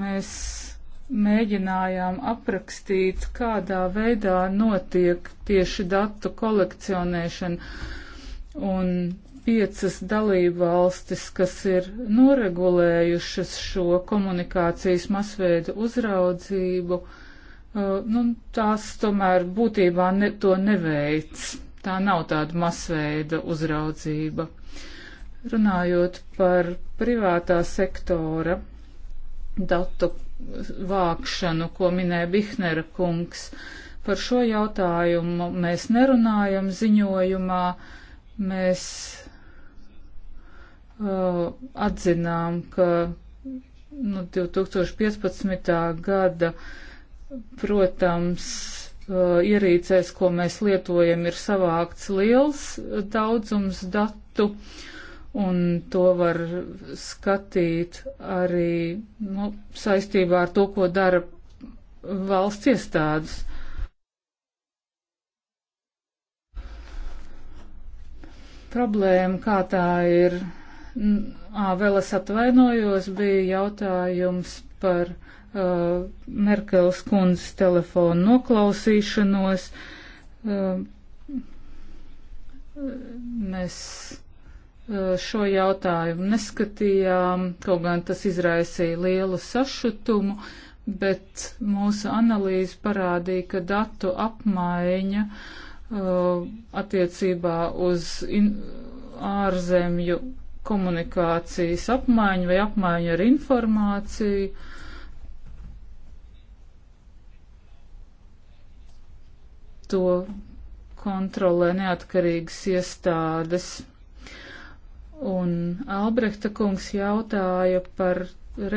mēs mēģinājām aprakstīt, kādā veidā notiek tieši datu kolekcionēšana un piecas dalībvalstis, kas ir noregulējušas šo komunikācijas masveida uzraudzību, uh, nu, tās tomēr būtībā ne, to neveic. Tā nav tāda masveida uzraudzība. Runājot par privātā sektora datu vākšanu, ko minēja Bihnera kungs, par šo jautājumu mēs nerunājam ziņojumā, uh, Mēs uh, atzinām, ka nu, 2015. gada, protams, uh, ierīcēs, ko mēs lietojam, ir savākts liels daudzums datu. Un to var skatīt arī nu, saistībā ar to, ko dara valsts iestādes. problēma, kā tā ir. Ā, vēl es atvainojos, bija jautājums par uh, Merkels kundzes telefonu noklausīšanos. Uh, mēs uh, šo jautājumu neskatījām, kaut gan tas izraisīja lielu sašutumu, bet mūsu analīze parādīja, ka datu apmaiņa uh, Uh, attiecībā uz in, ārzemju komunikācijas apmaiņu vai apmaiņu ar informāciju. To kontrolē neatkarīgas iestādes. Un Albrehta kungs jautāja par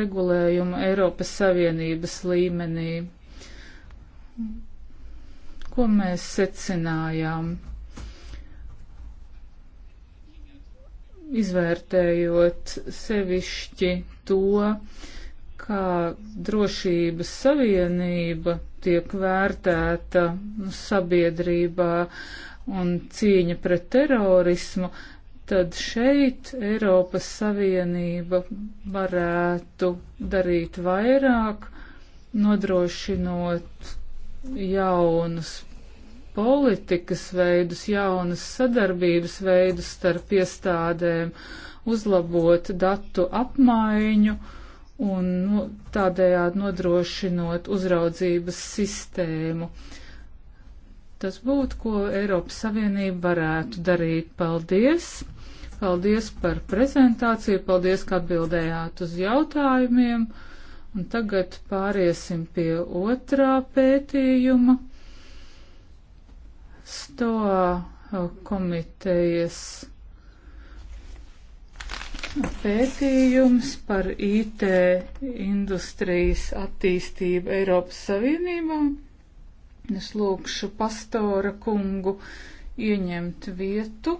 regulējumu Eiropas Savienības līmenī. Ko mēs secinājām? Izvērtējot sevišķi to, kā drošības savienība tiek vērtēta sabiedrībā un cīņa pret terorismu, tad šeit Eiropas Savienība varētu darīt vairāk, nodrošinot jaunus politikas veidus, jaunas sadarbības veidus starp iestādēm, uzlabot datu apmaiņu un nu, tādējādi nodrošinot uzraudzības sistēmu. Tas būtu, ko Eiropas Savienība varētu darīt. Paldies! Paldies par prezentāciju, paldies, ka atbildējāt uz jautājumiem! Un tagad pāriesim pie otrā pētījuma. Stoā komitejas pētījums par IT industrijas attīstību Eiropas Savienībā. Es lūkšu pastora kungu ieņemt vietu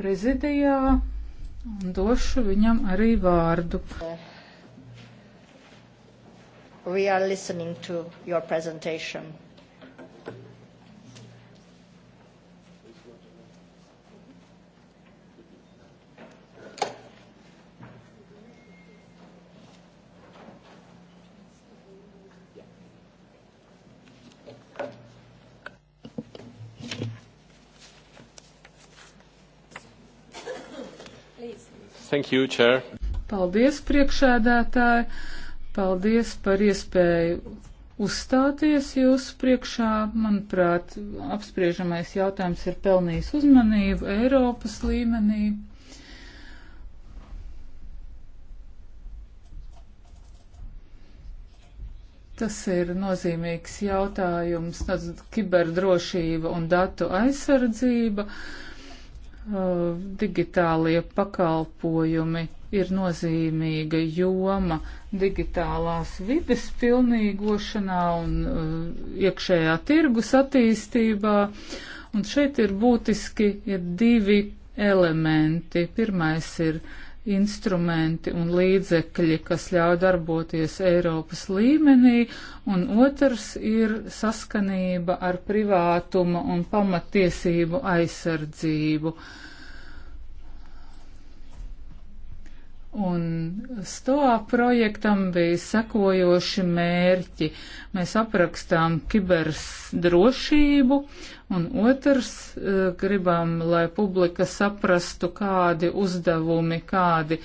prezidijā un došu viņam arī vārdu. Uh. We are listening to your presentation. Thank you, Chair. Paldies, priekšēdētāji. Paldies par iespēju uzstāties jūsu priekšā. Manuprāt, apspriežamais jautājums ir pelnījis uzmanību Eiropas līmenī. Tas ir nozīmīgs jautājums, tāds kiberdrošība un datu aizsardzība, uh, digitālie pakalpojumi ir nozīmīga joma digitālās vides pilnīgošanā un uh, iekšējā tirgus attīstībā. Un šeit ir būtiski ir divi elementi. Pirmais ir instrumenti un līdzekļi, kas ļauj darboties Eiropas līmenī, un otrs ir saskanība ar privātuma un pamatiesību aizsardzību. Uh, Un stoā projektam bija sekojoši mērķi. Mēs aprakstām kiberdrošību, un otrs e, gribam, lai publika saprastu, kādi uzdevumi, kādi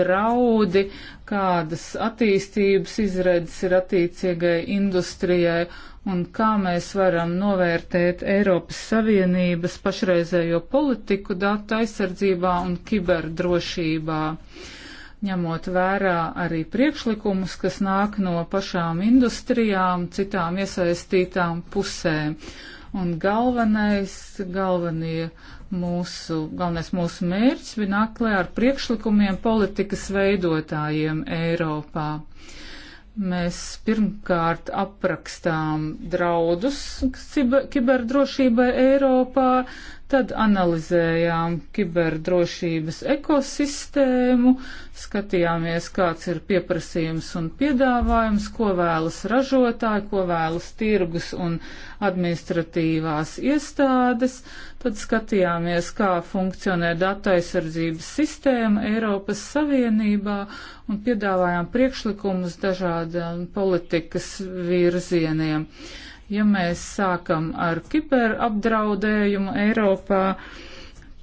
draudi, kādas attīstības izredzes ir attiecīgai industrijai, un kā mēs varam novērtēt Eiropas Savienības pašreizējo politiku datu aizsardzībā un kiberdrošībā. Uh, ņemot vērā arī priekšlikumus, kas nāk no pašām industrijām, citām iesaistītām pusēm. Un galvenais, galvenie mūsu, galvenais mūsu mērķis bija nākt klē ar priekšlikumiem politikas veidotājiem Eiropā. Mēs pirmkārt aprakstām draudus kiberdrošībai Eiropā, Tad analizējām kiberdrošības ekosistēmu, skatījāmies, kāds ir pieprasījums un piedāvājums, ko vēlas ražotāji, ko vēlas tirgus un administratīvās iestādes. Tad skatījāmies, kā funkcionē datu aizsardzības sistēma Eiropas Savienībā un piedāvājām priekšlikumus dažādām politikas virzieniem. Uh, ja mēs sākam ar kiberapdraudējumu Eiropā,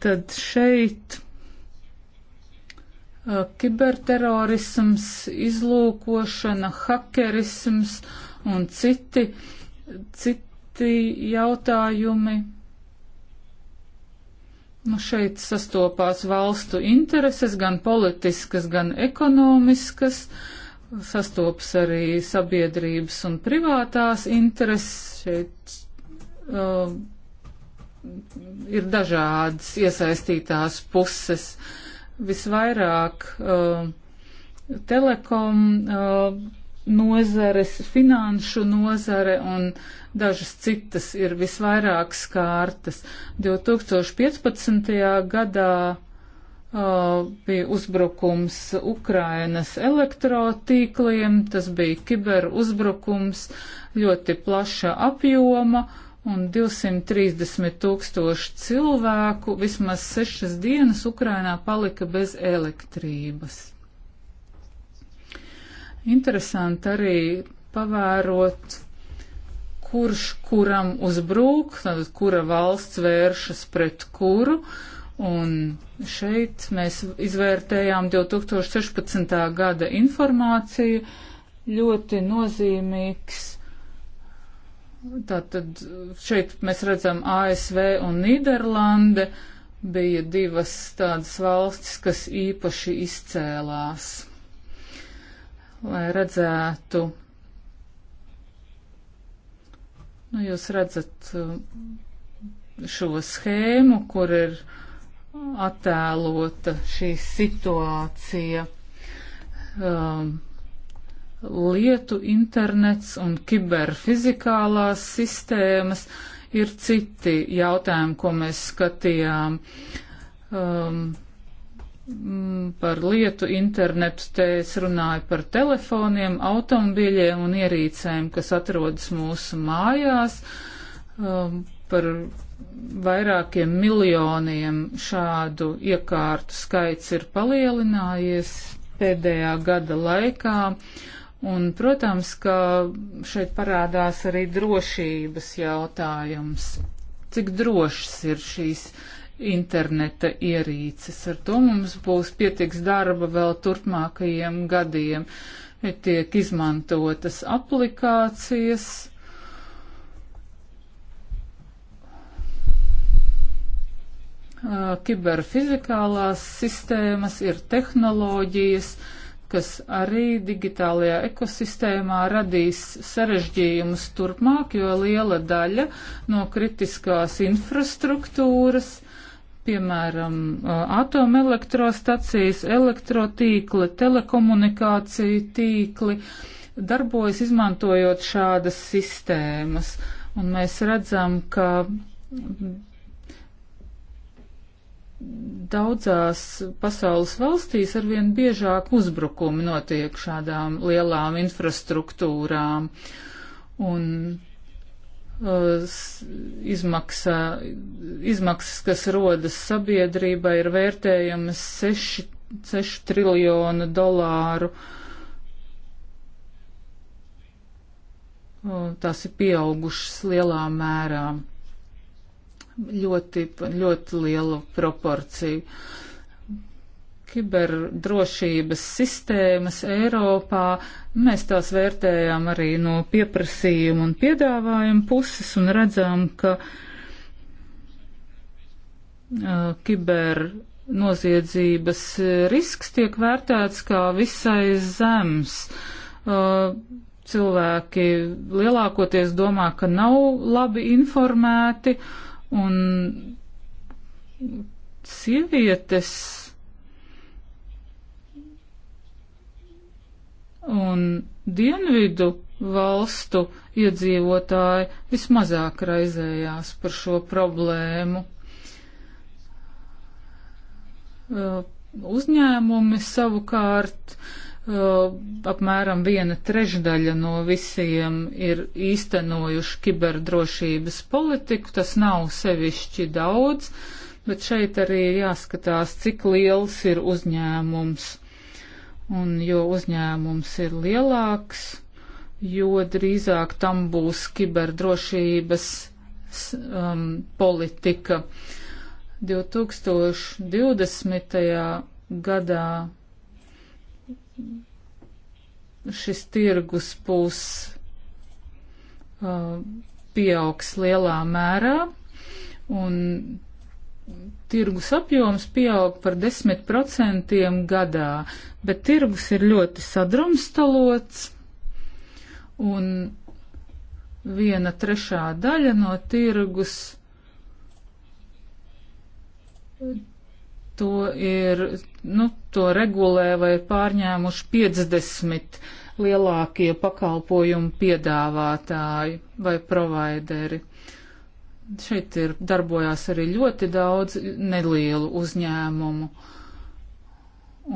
tad šeit uh, kiberterorisms, izlūkošana, hakerisms un citi, citi jautājumi. Nu, šeit sastopās valstu intereses, gan politiskas, gan ekonomiskas. Uh, sastopas arī sabiedrības un privātās intereses. Šeit uh, ir dažādas iesaistītās puses. Visvairāk uh, telekom uh, um, nozares, finanšu nozare un dažas citas ir visvairāk skārtas. 2015. gadā Uh, bija uzbrukums Ukrainas elektrotīkliem, tas bija kiberuzbrukums ļoti plaša apjoma un 230 tūkstoši cilvēku vismaz sešas dienas Ukrainā palika bez elektrības. Interesanti arī pavērot, kurš kuram uzbrūk, tad kura valsts vēršas pret kuru. Uh, Un šeit mēs izvērtējām 2016. gada informāciju ļoti nozīmīgs. Tātad šeit mēs redzam ASV un Nīderlande bija divas tādas valstis, kas īpaši izcēlās, lai redzētu. Nu, jūs redzat uh, šo schēmu, kur ir uh, attēlota šī situācija. Um, lietu internets un kiberfizikālās sistēmas ir citi jautājumi, ko mēs skatījām. Um, par lietu internetu te es runāju par telefoniem, automobīļiem un ierīcēm, kas atrodas mūsu mājās. Um, par vairākiem miljoniem šādu iekārtu skaits ir palielinājies pēdējā gada laikā. Un, protams, ka šeit parādās arī drošības jautājums. Cik drošas ir šīs interneta ierīces? Ar to mums būs pietiks darba vēl turpmākajiem gadiem. Tiek izmantotas aplikācijas, Kiberfizikālās sistēmas ir tehnoloģijas, kas arī digitālajā ekosistēmā radīs sarežģījumus turpmāk, jo liela daļa no kritiskās infrastruktūras, piemēram, atomelektrostacijas, elektrotīkli, telekomunikāciju tīkli, darbojas izmantojot šādas sistēmas. Un mēs redzam, ka daudzās pasaules valstīs arvien biežāk uzbrukumi notiek šādām lielām infrastruktūrām un uh, izmaksā, izmaksas, kas rodas sabiedrībai, ir vērtējamas 6, 6 triljonu dolāru. Uh, tās ir pieaugušas lielā mērā ļoti, ļoti lielu proporciju. Kiberdrošības sistēmas Eiropā mēs tās vērtējām arī no pieprasījuma un piedāvājuma puses un redzam, ka uh, kiber noziedzības risks tiek vērtēts kā visai zems. Uh, cilvēki lielākoties domā, ka nav labi informēti Un sievietes un dienvidu valstu iedzīvotāji vismazāk raizējās par šo problēmu. Uzņēmumi savukārt uh, Uh, apmēram viena trešdaļa no visiem ir īstenojuši kiberdrošības politiku. Tas nav sevišķi daudz, bet šeit arī ir jāskatās, cik liels ir uzņēmums. Un jo uzņēmums ir lielāks, jo drīzāk tam būs kiberdrošības um, politika. 2020. gadā šis tirgus būs uh, pieaugs lielā mērā un tirgus apjoms pieaug par 10% gadā, bet tirgus ir ļoti sadrumstalots un viena trešā daļa no tirgus to ir nu, to regulē vai ir pārņēmuši 50 lielākie pakalpojumu piedāvātāji vai provideri. Šeit ir darbojās arī ļoti daudz nelielu uzņēmumu.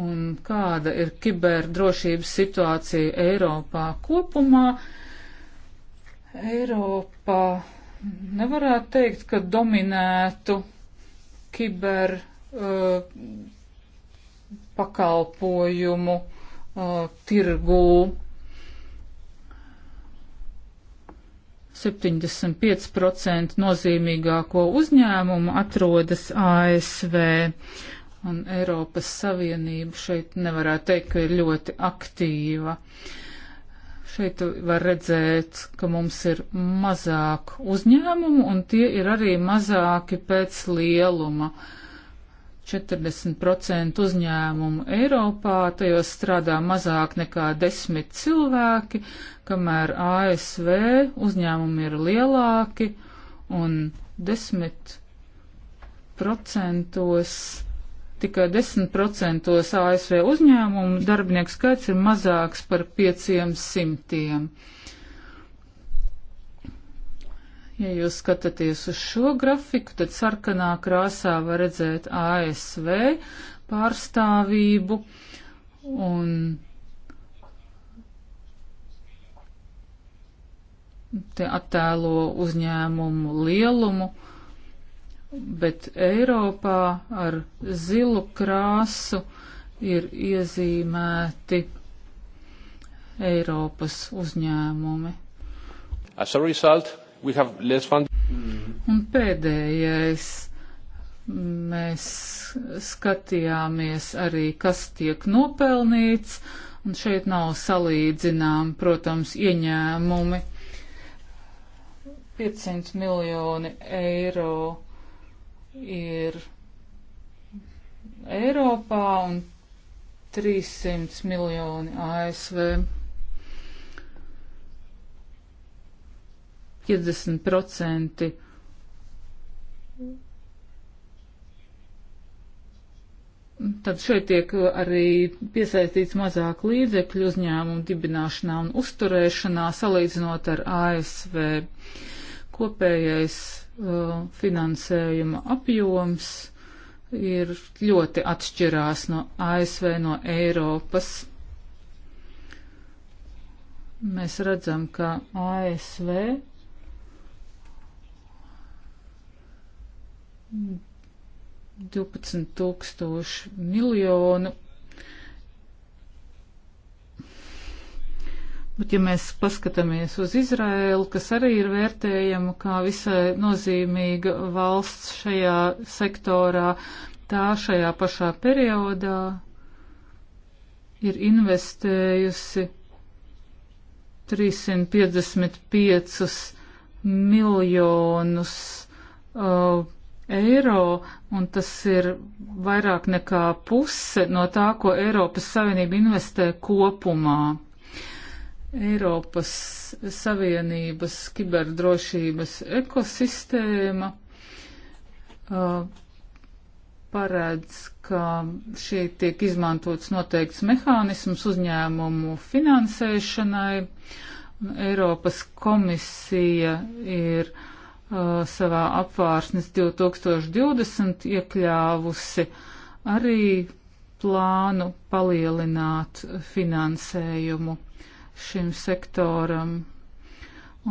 Un kāda ir kiberdrošības situācija Eiropā kopumā? Eiropā nevarētu teikt, ka dominētu kiber uh, pakalpojumu uh, tirgū. 75% nozīmīgāko uzņēmumu atrodas ASV, un Eiropas Savienība šeit nevarētu teikt, ka ir ļoti aktīva. Šeit var redzēt, ka mums ir mazāk uzņēmumu, un tie ir arī mazāki pēc lieluma. Uh, 40% uzņēmumu Eiropā, tajos strādā mazāk nekā desmit cilvēki, kamēr ASV uzņēmumi ir lielāki un 10% tikai 10% ASV uzņēmumu darbinieku skaits ir mazāks par 500. Ja jūs skatāties uz šo grafiku, tad sarkanā krāsā var redzēt ASV pārstāvību un te attēlo uzņēmumu lielumu, bet Eiropā ar zilu krāsu ir iezīmēti Eiropas uzņēmumi. As a result, Mm. Un pēdējais. Mēs skatījāmies arī, kas tiek nopelnīts, un šeit nav salīdzinām, protams, ieņēmumi. 500 miljoni eiro ir Eiropā un 300 miljoni ASV. 50% Tad šeit tiek arī piesaistīts mazāk līdzekļu uzņēmumu dibināšanā un uzturēšanā, salīdzinot ar ASV kopējais uh, finansējuma apjoms ir ļoti atšķirās no ASV, no Eiropas. Mēs redzam, ka ASV 12 tūkstoši miljonu. Bet ja mēs paskatāmies uz Izraēlu, kas arī ir vērtējama kā visai nozīmīga valsts šajā sektorā, tā šajā pašā periodā ir investējusi 355 miljonus uh, eiro, un tas ir vairāk nekā puse no tā, ko Eiropas Savienība investē kopumā. Eiropas Savienības kiberdrošības ekosistēma uh, paredz, ka šeit tiek izmantots noteikts mehānisms uzņēmumu finansēšanai. Eiropas komisija ir uh, uh, savā apvārsnes 2020 iekļāvusi arī plānu palielināt finansējumu šim sektoram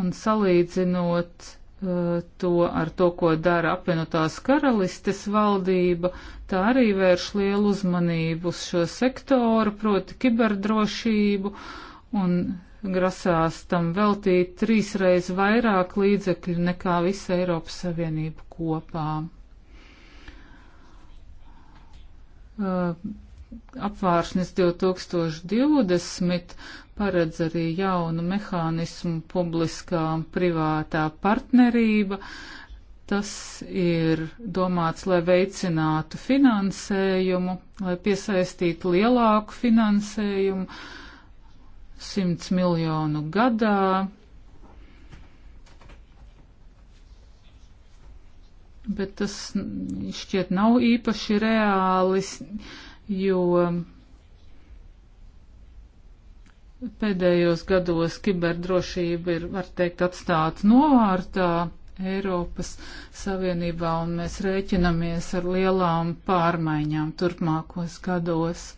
un salīdzinot uh, to ar to, ko dara apvienotās karalistes valdība, tā arī vērš lielu uzmanību uz šo sektoru, proti kiberdrošību un grasās tam veltīt trīsreiz vairāk līdzekļu nekā visa Eiropas Savienība kopā. Uh, apvāršanas 2020 paredz arī jaunu mehānismu publiskā un privātā partnerība. Tas ir domāts, lai veicinātu finansējumu, lai piesaistītu lielāku finansējumu 100 miljonu gadā. Bet tas šķiet nav īpaši reālis, jo pēdējos gados kiberdrošība ir, var teikt, atstāta novārtā Eiropas Savienībā, un mēs rēķinamies ar lielām pārmaiņām turpmākos gados.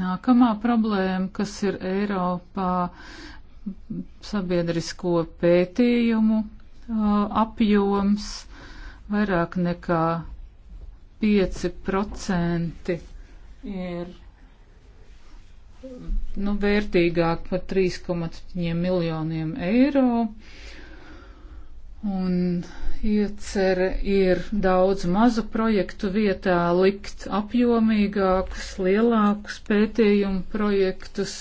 Nākamā problēma, kas ir Eiropā sabiedrisko pētījumu apjoms vairāk nekā 5% ir nu, vērtīgāk par 3,5 miljoniem eiro. Uh, Un iecer ir daudz mazu projektu vietā likt apjomīgākus, lielākus pētījumu projektus.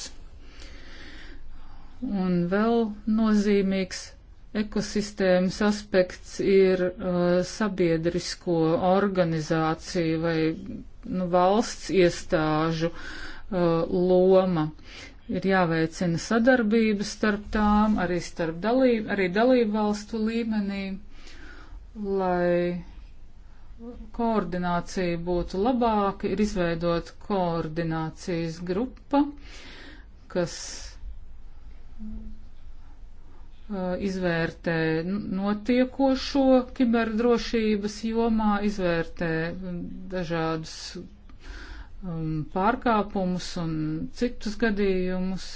Un vēl nozīmīgs ekosistēmas aspekts ir uh, sabiedrisko organizāciju vai nu, valsts iestāžu uh, loma. Uh, ir jāveicina sadarbība starp tām, arī, starp dalību, arī dalību valstu līmenī, lai koordinācija būtu labāka, ir izveidot koordinācijas grupa, kas uh, izvērtē notiekošo kiberdrošības jomā, izvērtē dažādus um, pārkāpumus un citus gadījumus.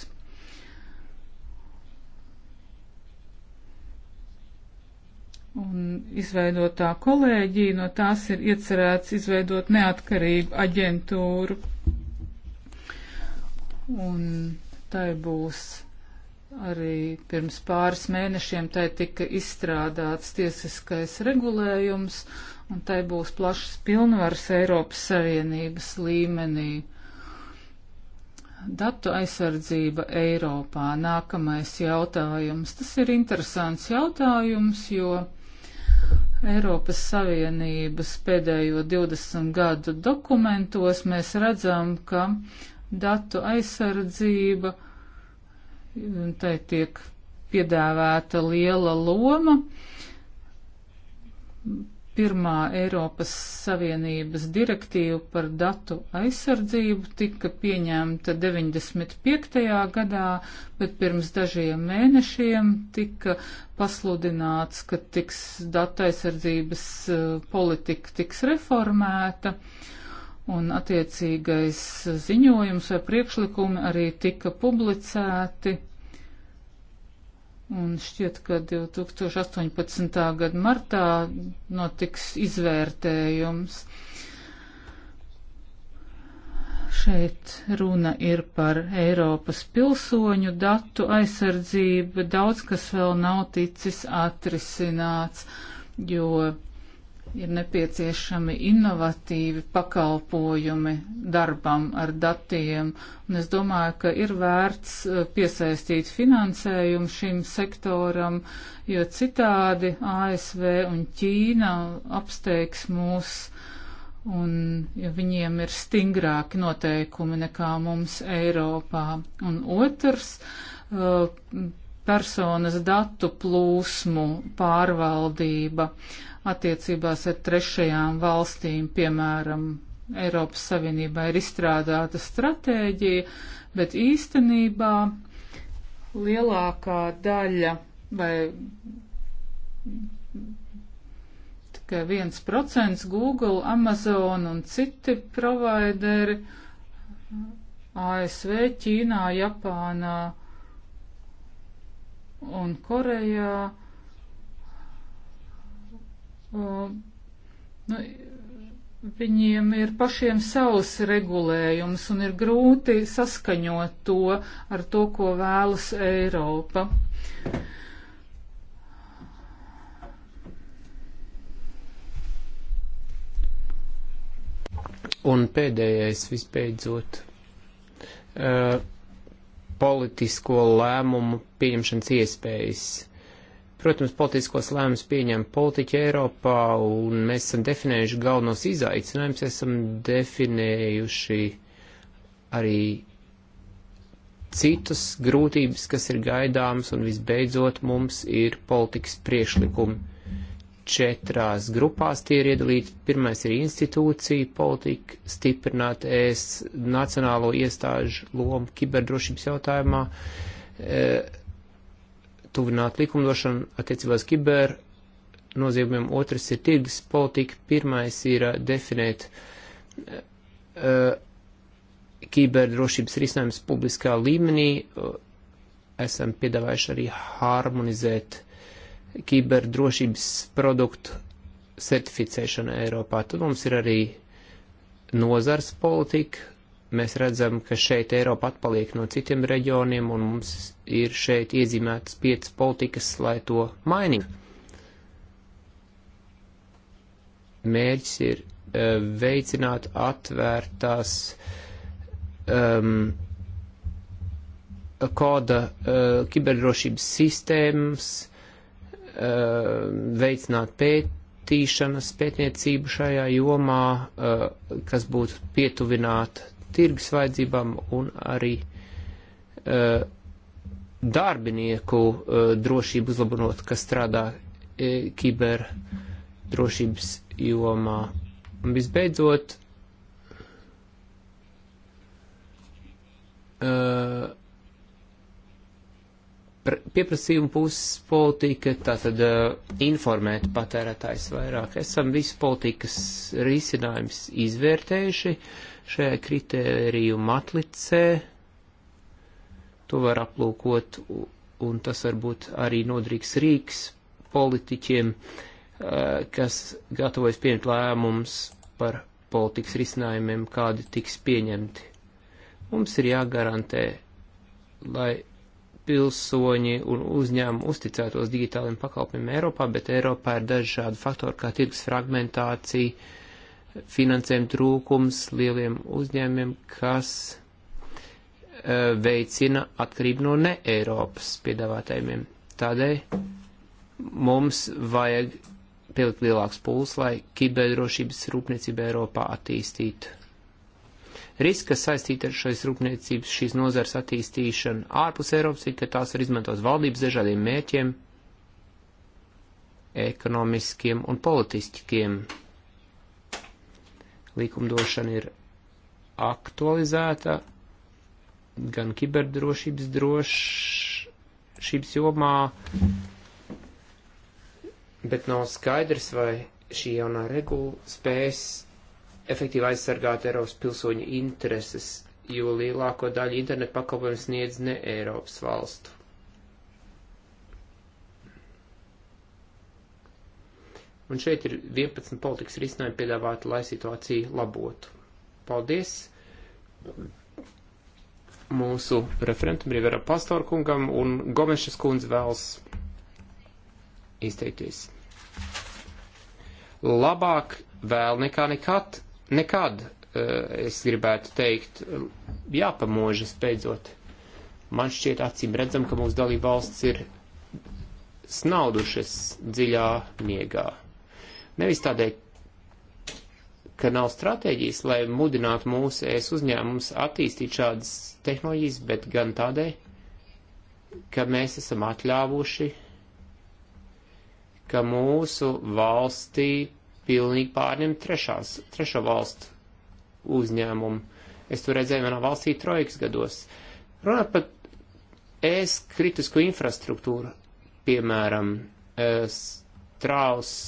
Un izveidotā kolēģija no tās ir iecerēts izveidot neatkarīgu aģentūru. Un tai būs arī pirms pāris mēnešiem tai tika izstrādāts tiesiskais regulējums. Uh, un tai būs plašas pilnvaras Eiropas Savienības līmenī. Datu aizsardzība Eiropā. Nākamais jautājums. Tas ir interesants jautājums, jo Eiropas Savienības pēdējo 20 gadu dokumentos mēs redzam, ka datu aizsardzība, tai tiek piedāvāta liela loma, pirmā Eiropas Savienības direktīva par datu aizsardzību tika pieņemta 95. gadā, bet pirms dažiem mēnešiem tika pasludināts, ka tiks datu aizsardzības eh, politika tiks reformēta. Un attiecīgais ziņojums vai priekšlikumi arī tika publicēti Un šķiet, ka 2018. gada martā notiks izvērtējums. Šeit runa ir par Eiropas pilsoņu datu aizsardzību. Daudz kas vēl nav ticis atrisināts, jo ir nepieciešami innovatīvi pakalpojumi darbam ar datiem, un es domāju, ka ir vērts eh, piesaistīt finansējumu šim sektoram, jo citādi ASV un Ķīna apsteigs mūs, un ja viņiem ir stingrāki noteikumi nekā mums Eiropā. Un otrs, eh, personas datu plūsmu pārvaldība. Uh, attiecībās ar trešajām valstīm, piemēram, Eiropas Savienībā ir izstrādāta stratēģija, bet īstenībā lielākā daļa vai tikai viens procents Google, Amazon un citi provideri ASV, Ķīnā, Japānā un Korejā Un, nu, viņiem ir pašiem savs regulējums un ir grūti saskaņot to ar to, ko vēlas Eiropa. Un pēdējais visbeidzot uh, politisko lēmumu pieņemšanas iespējas. Protams, politiskos lēmumus pieņem politiķi Eiropā, un mēs esam definējuši galvenos izaicinājumus, esam definējuši arī citus grūtības, kas ir gaidāmas, un visbeidzot mums ir politikas priešlikumi. Četrās grupās tie ir iedalīti. Pirmais ir institūcija, politika, stiprināt ēst nacionālo iestāžu lomu kiberdrošības jautājumā. E, tuvināt likumdošanu attiecībās kiber noziegumiem, otrs ir tirgus politika, pirmais ir uh, definēt uh, uh kiberdrošības risinājums publiskā līmenī. Uh, esam piedāvājuši arī harmonizēt kiberdrošības produktu certificēšanu Eiropā. Tad mums ir arī nozars politika, mēs redzam, ka šeit Eiropa atpaliek no citiem reģioniem, un mums ir šeit iezīmētas piecas politikas, lai to mainītu. Mērķis ir uh, veicināt atvērtās um, koda uh, kiberdrošības sistēmas, uh, veicināt pēt, pētīšanas, pētniecību šajā jomā, eh, kas būtu pietuvināta tirgus vajadzībām un arī uh, darbinieku uh, drošību uzlabot, kas strādā uh, kiber drošības jomā. Un visbeidzot, uh, pieprasījuma puses politika, tātad uh, informēt patērētājs vairāk. Esam visu politikas risinājums izvērtējuši. Uh, šajā kritēriju matlicē. To var aplūkot, un tas varbūt arī nodrīgs rīks politiķiem, kas gatavojas pieņemt lēmums par politikas risinājumiem, kādi tiks pieņemti. Mums ir jāgarantē, lai pilsoņi un uzņēmumi uzticētos digitāliem pakalpojumiem Eiropā, bet Eiropā ir dažādi faktori, kā tirgus fragmentācija, finansējuma trūkums lieliem uzņēmiem, kas e, veicina atkarību no ne Eiropas piedāvātājiem. Tādēļ mums vajag pielikt lielāks pūls, lai kiberdrošības rūpniecība Eiropā attīstītu. Riski, kas saistīti ar šais rūpniecības šīs nozars attīstīšanu ārpus Eiropas, ir, ka tās var izmantot valdības dažādiem mērķiem, ekonomiskiem un politiskiem likumdošana ir aktualizēta gan kiberdrošības drošības jomā, bet nav skaidrs, vai šī jaunā regula spēs efektīvi aizsargāt Eiropas pilsoņu intereses, jo lielāko daļu internetu pakalpojumu sniedz ne Eiropas valstu. Un šeit ir 11 politikas risinājumi piedāvāti, lai situāciju labotu. Paldies mūsu referentam Rivera Pastorkungam un Gomešas kundze vēlas izteikties. Labāk vēl nekā nekad, nekad eh, es gribētu teikt, jāpamožas beidzot. Man šķiet acīm redzam, ka mūsu dalība valsts ir snaudušas dziļā miegā. Nevis tādēļ, ka nav stratēģijas, lai mudinātu mūsu ES uzņēmumus attīstīt šādas tehnoloģijas, bet gan tādēļ, ka mēs esam atļāvuši, ka mūsu valstī pilnīgi pārņem trešās, trešo valstu uzņēmumu. Es to redzēju manā valstī trojikas gados. Runāt par ES kritisku infrastruktūru, piemēram, eh, strauss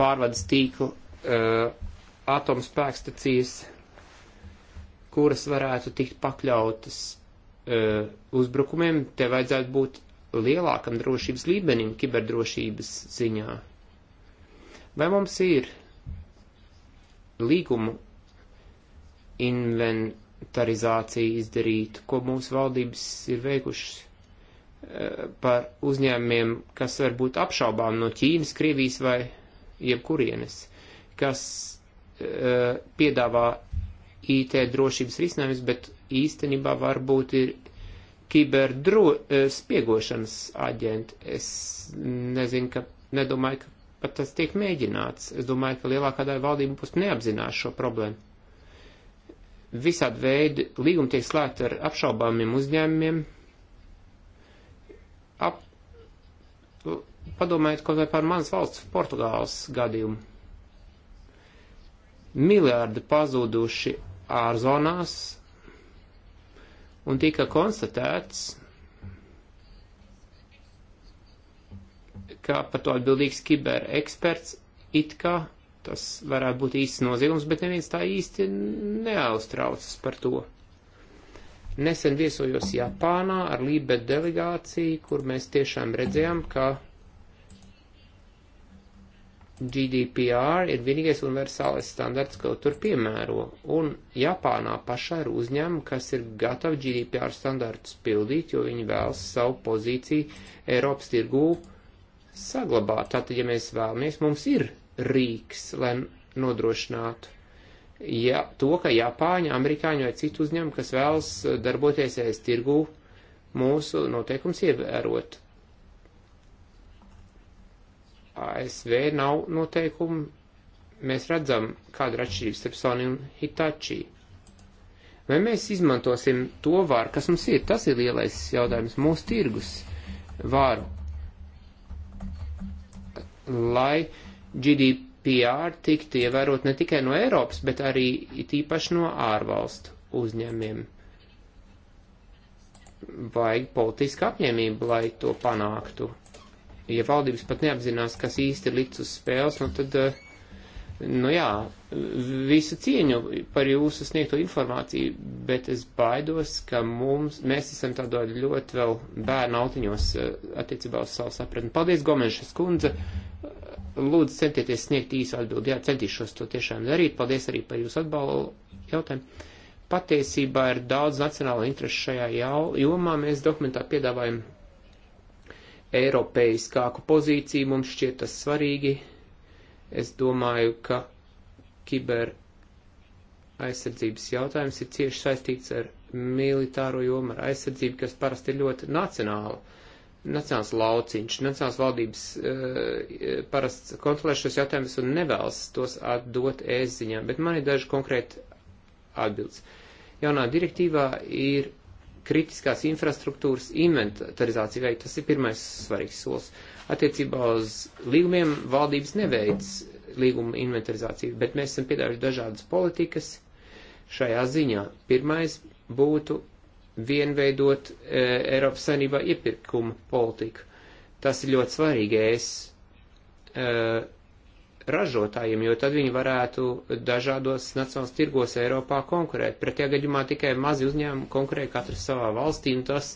pārvades tīklu uh, atomspēkstacijas, kuras varētu tikt pakļautas uh, uzbrukumiem, te vajadzētu būt lielākam drošības līmenim kiberdrošības ziņā. Vai mums ir līgumu inventarizācija izdarīta, ko mūsu valdības ir veikušas? Uh, par uzņēmumiem, kas var būt apšaubām no Ķīnas, Krievijas vai jebkurienes, kas uh, piedāvā IT drošības risinājumus, bet īstenībā varbūt ir kiberdro, uh, spiegošanas aģenti. Es nezinu, ka nedomāju, ka pat tas tiek mēģināts. Es domāju, ka lielākā daļa valdību pus neapzinās šo problēmu. Visādi veidi līgumi tiek slēgti ar apšaubāmiem uzņēmumiem, ap, padomājiet kaut vai par manas valsts Portugāles gadījumu. Miliardi pazuduši ārzonās un tika konstatēts, ka par to atbildīgs kibereksperts it kā tas varētu būt īsts noziegums, bet neviens tā īsti neaustraucas par to. Nesen viesojos Japānā ar Lībet delegāciju, kur mēs tiešām redzējām, ka GDPR ir vienīgais universālais standarts, ko tur piemēro, un Japānā pašā ir uzņēmumi, kas ir gatavi GDPR standartus pildīt, jo viņi vēlas savu pozīciju Eiropas tirgū saglabāt. Tātad, ja mēs vēlamies, mums ir rīks, lai nodrošinātu ja, to, ka Japāņi, Amerikāņi vai citu uzņēmumu, kas vēlas darboties ēst tirgū, mūsu noteikums ievērot. ASV nav noteikumu. Mēs redzam, kāda ir atšķirība starp Sony un Hitachi. Vai mēs izmantosim to vāru, kas mums ir? Tas ir lielais jautājums. Mūsu tirgus vāru. Lai GDPR tiktu ievērot ne tikai no Eiropas, bet arī tīpaši no ārvalstu uzņēmiem vajag politiska apņēmība, lai to panāktu ja valdības pat neapzinās, kas īsti ir likts uz spēles, nu tad, eh, nu jā, visu cieņu par jūsu sniegto informāciju, bet es baidos, ka mums, mēs esam tādā ļoti vēl bērnu autiņos eh, attiecībā uz savu sapratni. Paldies, Gomešas kundze! Lūdzu, centieties sniegt īsu atbildi. Jā, centīšos to tiešām darīt. Paldies arī par jūsu atbalstu jautājumu. Patiesībā ir daudz nacionāla interešu šajā jau, jomā. Mēs dokumentā piedāvājam eiropeiskāku pozīciju, mums šķiet tas svarīgi. Es domāju, ka kiber aizsardzības jautājums ir cieši saistīts ar militāro jomu, ar aizsardzību, kas parasti ir ļoti nacionāla. Nacionāls lauciņš, nacionāls valdības e, eh, parasti kontrolē šos jautājumus un nevēlas tos atdot ēziņām, bet man ir daži konkrēti atbildes. Jaunā direktīvā ir kritiskās infrastruktūras inventarizāciju veikt. Tas ir pirmais svarīgs solis. Attiecībā uz līgumiem valdības neveic līguma inventarizāciju, bet mēs esam piedāvājuši dažādas politikas šajā ziņā. Pirmais būtu vienveidot e, Eiropas saimnībā iepirkuma politiku. Tas ir ļoti svarīgi. Es, e, ražotājiem, jo tad viņi varētu dažādos nacionālos tirgos Eiropā konkurēt. Pretējā gadījumā tikai mazi uzņēmumi konkurē katrs savā valstī, un tas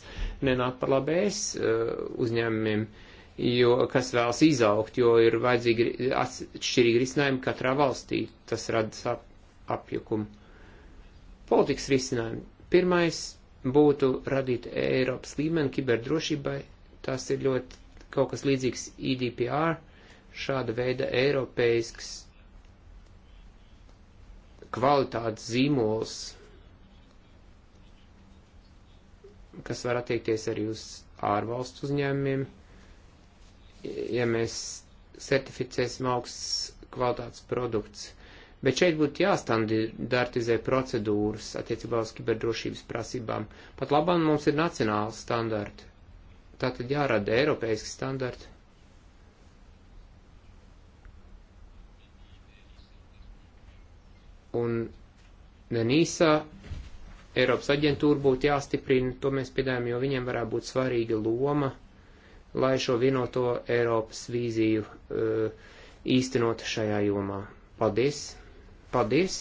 nenāk par labu es uh, uzņēmumiem, jo, kas vēlas izaugt, jo ir vajadzīgi atšķirīgi risinājumi katrā valstī. Tas rada ap, apjukumu. Politikas risinājumi. Pirmais būtu radīt Eiropas līmeni kiberdrošībai. Tas ir ļoti kaut kas līdzīgs EDPR šāda veida eiropeisks kvalitātes zīmols, kas var attiekties arī uz ārvalstu uzņēmumiem. Ja mēs certificēsim augsts kvalitātes produkts, Bet šeit būtu jāstandartizē procedūras attiecībā uz kiberdrošības prasībām. Pat labāk mums ir nacionāli standarti. Tātad jārada eiropeiski standarti. un Nenīsā Eiropas aģentūra būtu jāstiprina, to mēs piedājam, jo viņiem varētu būt svarīga loma, lai šo vienoto Eiropas vīziju uh, eh, īstenot šajā jomā. Paldies! Paldies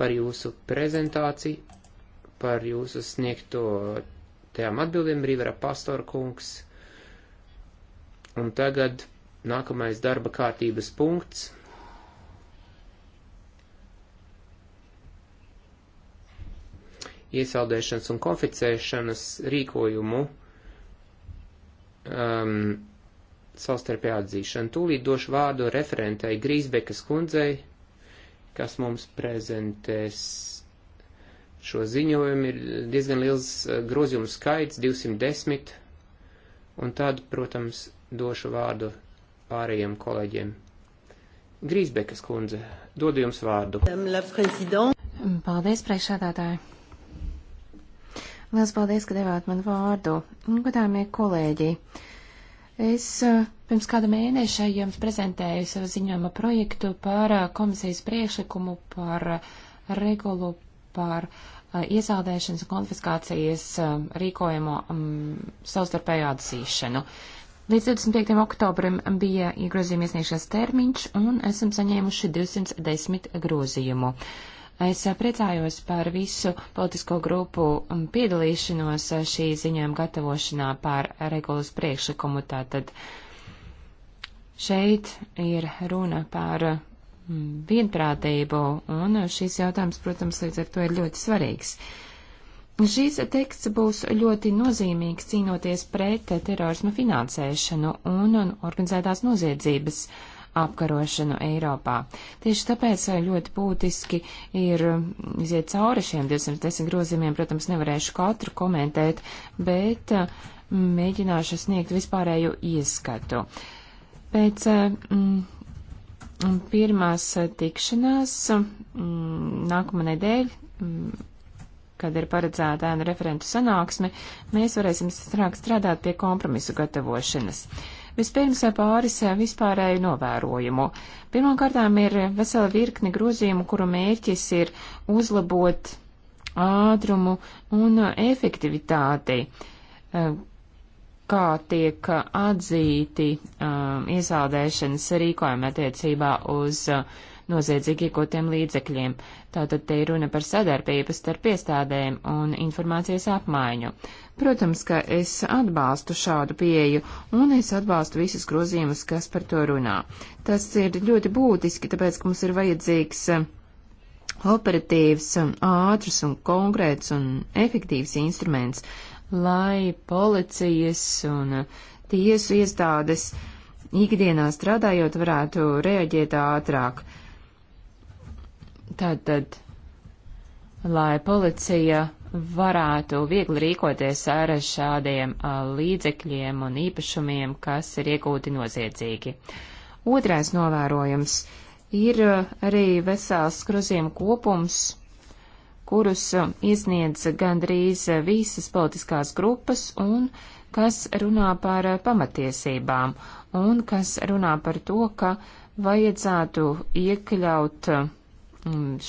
par jūsu prezentāciju, par jūsu sniegto tajām atbildēm, Rīvera Pastora kungs. Un tagad nākamais darba kārtības punkts. iesaldēšanas un konficēšanas rīkojumu um, savstarpējā atzīšana. Tūlīt došu vārdu referentei Grīsbekas kundzei, kas mums prezentēs šo ziņojumu. Ir diezgan liels uh, grozījums skaits - 210, un tad, protams, došu vārdu pārējiem kolēģiem. Grīsbekas kundze, dodu jums vārdu. Paldies, priekšādātāji! Lielas paldies, ka devāt man vārdu. Godāmie kolēģi, es eh, pirms kāda mēneša jums prezentēju savu ziņojuma projektu par eh, komisijas priekšlikumu par eh, regulu par iesaldēšanas un konfiskācijas rīkojumu mm, savstarpēju atzīšanu. Līdz 25. oktobrim bija grozījuma iesniegšanas termiņš, un esam saņēmuši 210 grozījumu. Es priecājos par visu politisko grupu um, piedalīšanos uh, šī ziņojuma gatavošanā par regulas priekšlikumu. Tātad šeit ir runa par um, vienprātību, un šīs jautājums, protams, līdz ar to ir ļoti svarīgs. Šīs teksts būs ļoti nozīmīgs cīnoties pret terorismu finansēšanu un, un organizētās noziedzības uh, apkarošanu Eiropā. Tieši tāpēc eh, ļoti būtiski ir mm, iziet cauri šiem 210 grozījumiem. Protams, nevarēšu katru komentēt, bet eh, mēģināšu sniegt vispārēju ieskatu. Pēc eh, mm, pirmās tikšanās mm, nākamā nedēļa mm, kad ir paredzēta ēnu referentu sanāksme, mēs varēsim strādāt pie kompromisu gatavošanas. Uh, Vispirms pāris vispārēju novērojumu. Pirmkārtām ir vesela virkni grozījumu, kuru mērķis ir uzlabot ātrumu un efektivitāti, kā tiek atzīti um, iesaldēšanas rīkojumi attiecībā uz uh, noziedzīgi iegūtiem līdzekļiem. Tātad te ir runa par sadarbības starp iestādēm un informācijas apmaiņu. Protams, ka es atbalstu šādu pieeju, un es atbalstu visus grozījumus, kas par to runā. Tas ir ļoti būtiski, tāpēc, ka mums ir vajadzīgs eh, operatīvs, eh, ātrs un konkrēts un efektīvs instruments, lai policijas un eh, tiesu iestādes ikdienā strādājot varētu reaģēt ātrāk. Tātad, lai policija varētu viegli rīkoties ar šādiem līdzekļiem un īpašumiem, kas ir iegūti noziedzīgi. Otrais novērojums ir arī vesels grozījumu kopums, kurus iesniedz gandrīz visas politiskās grupas un kas runā par pamatiesībām un kas runā par to, ka vajadzētu iekļaut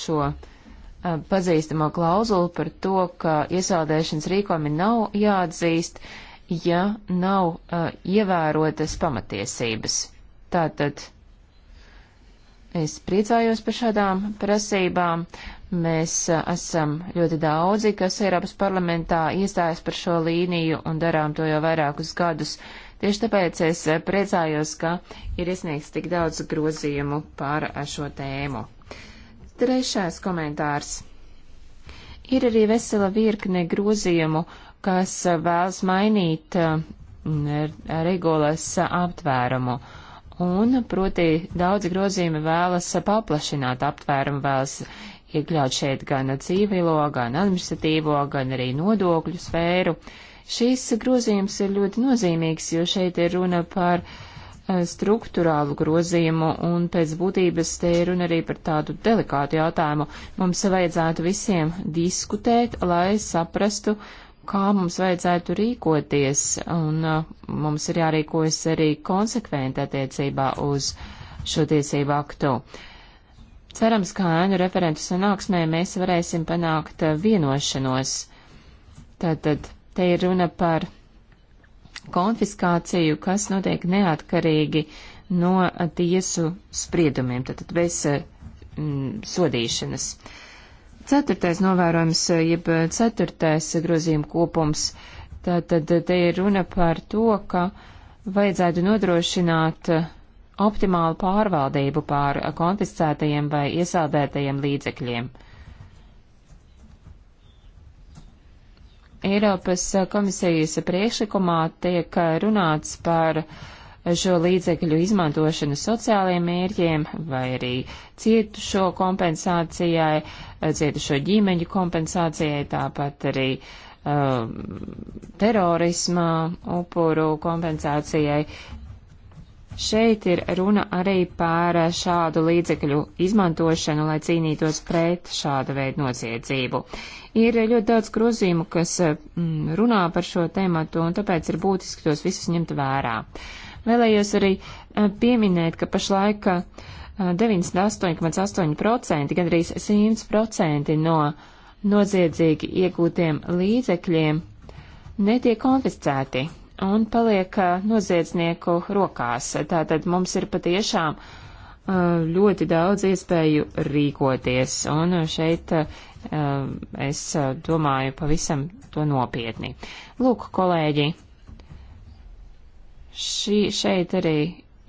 šo pazīstamo klauzulu par to, ka iesaldēšanas rīkojumi nav jāatzīst, ja nav uh, ievērotas pamatiesības. Tātad es priecājos par šādām prasībām. Mēs uh, esam ļoti daudzi, kas Eiropas parlamentā iestājas par šo līniju un darām to jau vairākus gadus. Tieši tāpēc es priecājos, ka ir iesniegts tik daudz grozījumu par šo tēmu. Trešais komentārs. Ir arī vesela virkne grozījumu, kas uh, vēlas mainīt uh, regulas uh, aptvērumu. Un, proti, daudzi grozījumi vēlas paplašināt aptvērumu, vēlas iekļaut šeit gan civilo, gan administratīvo, gan arī nodokļu sfēru. Šīs grozījums ir ļoti nozīmīgs, jo šeit ir runa par uh, Eh, struktūrālu grozījumu, un pēc būtības te ir runa arī par tādu delikātu jautājumu. Mums vajadzētu visiem diskutēt, lai saprastu, kā mums vajadzētu rīkoties, un eh, mums ir jārīkojas arī konsekventi attiecībā uz šo tiesību aktu. Cerams, ka ēnu referentu sanāksmē mēs varēsim panākt eh, vienošanos. Tātad te ir runa par konfiskāciju, kas notiek neatkarīgi no tiesu spriedumiem, tad bez mm, sodīšanas. Ceturtais novērojums, eh, jeb ceturtais grozījuma kopums, tātad eh, te ir runa par to, ka vajadzētu nodrošināt optimālu pārvaldību pār konfiscētajiem vai iesaldētajiem līdzekļiem. Uh, Eiropas komisijas priekšlikumā tiek runāts par šo līdzekļu izmantošanu sociālajiem mērķiem vai arī cietušo kompensācijai, cietušo ģimeņu kompensācijai, tāpat arī uh, terorisma upuru kompensācijai. Šeit ir runa arī par šādu līdzekļu izmantošanu, lai cīnītos pret šādu veidu nociedzību. Ir ļoti daudz grozījumu, kas mm, runā par šo tēmatu, un tāpēc ir būtiski tos visus ņemt vērā. Vēlējos arī eh, pieminēt, ka pašlaik 98,8% eh, gandrīz 100% no noziedzīgi iegūtiem līdzekļiem netiek konfiscēti un paliek noziedznieku rokās. Tātad mums ir patiešām ļoti daudz iespēju rīkoties, un šeit es domāju pavisam to nopietni. Lūk, kolēģi, šī, šeit arī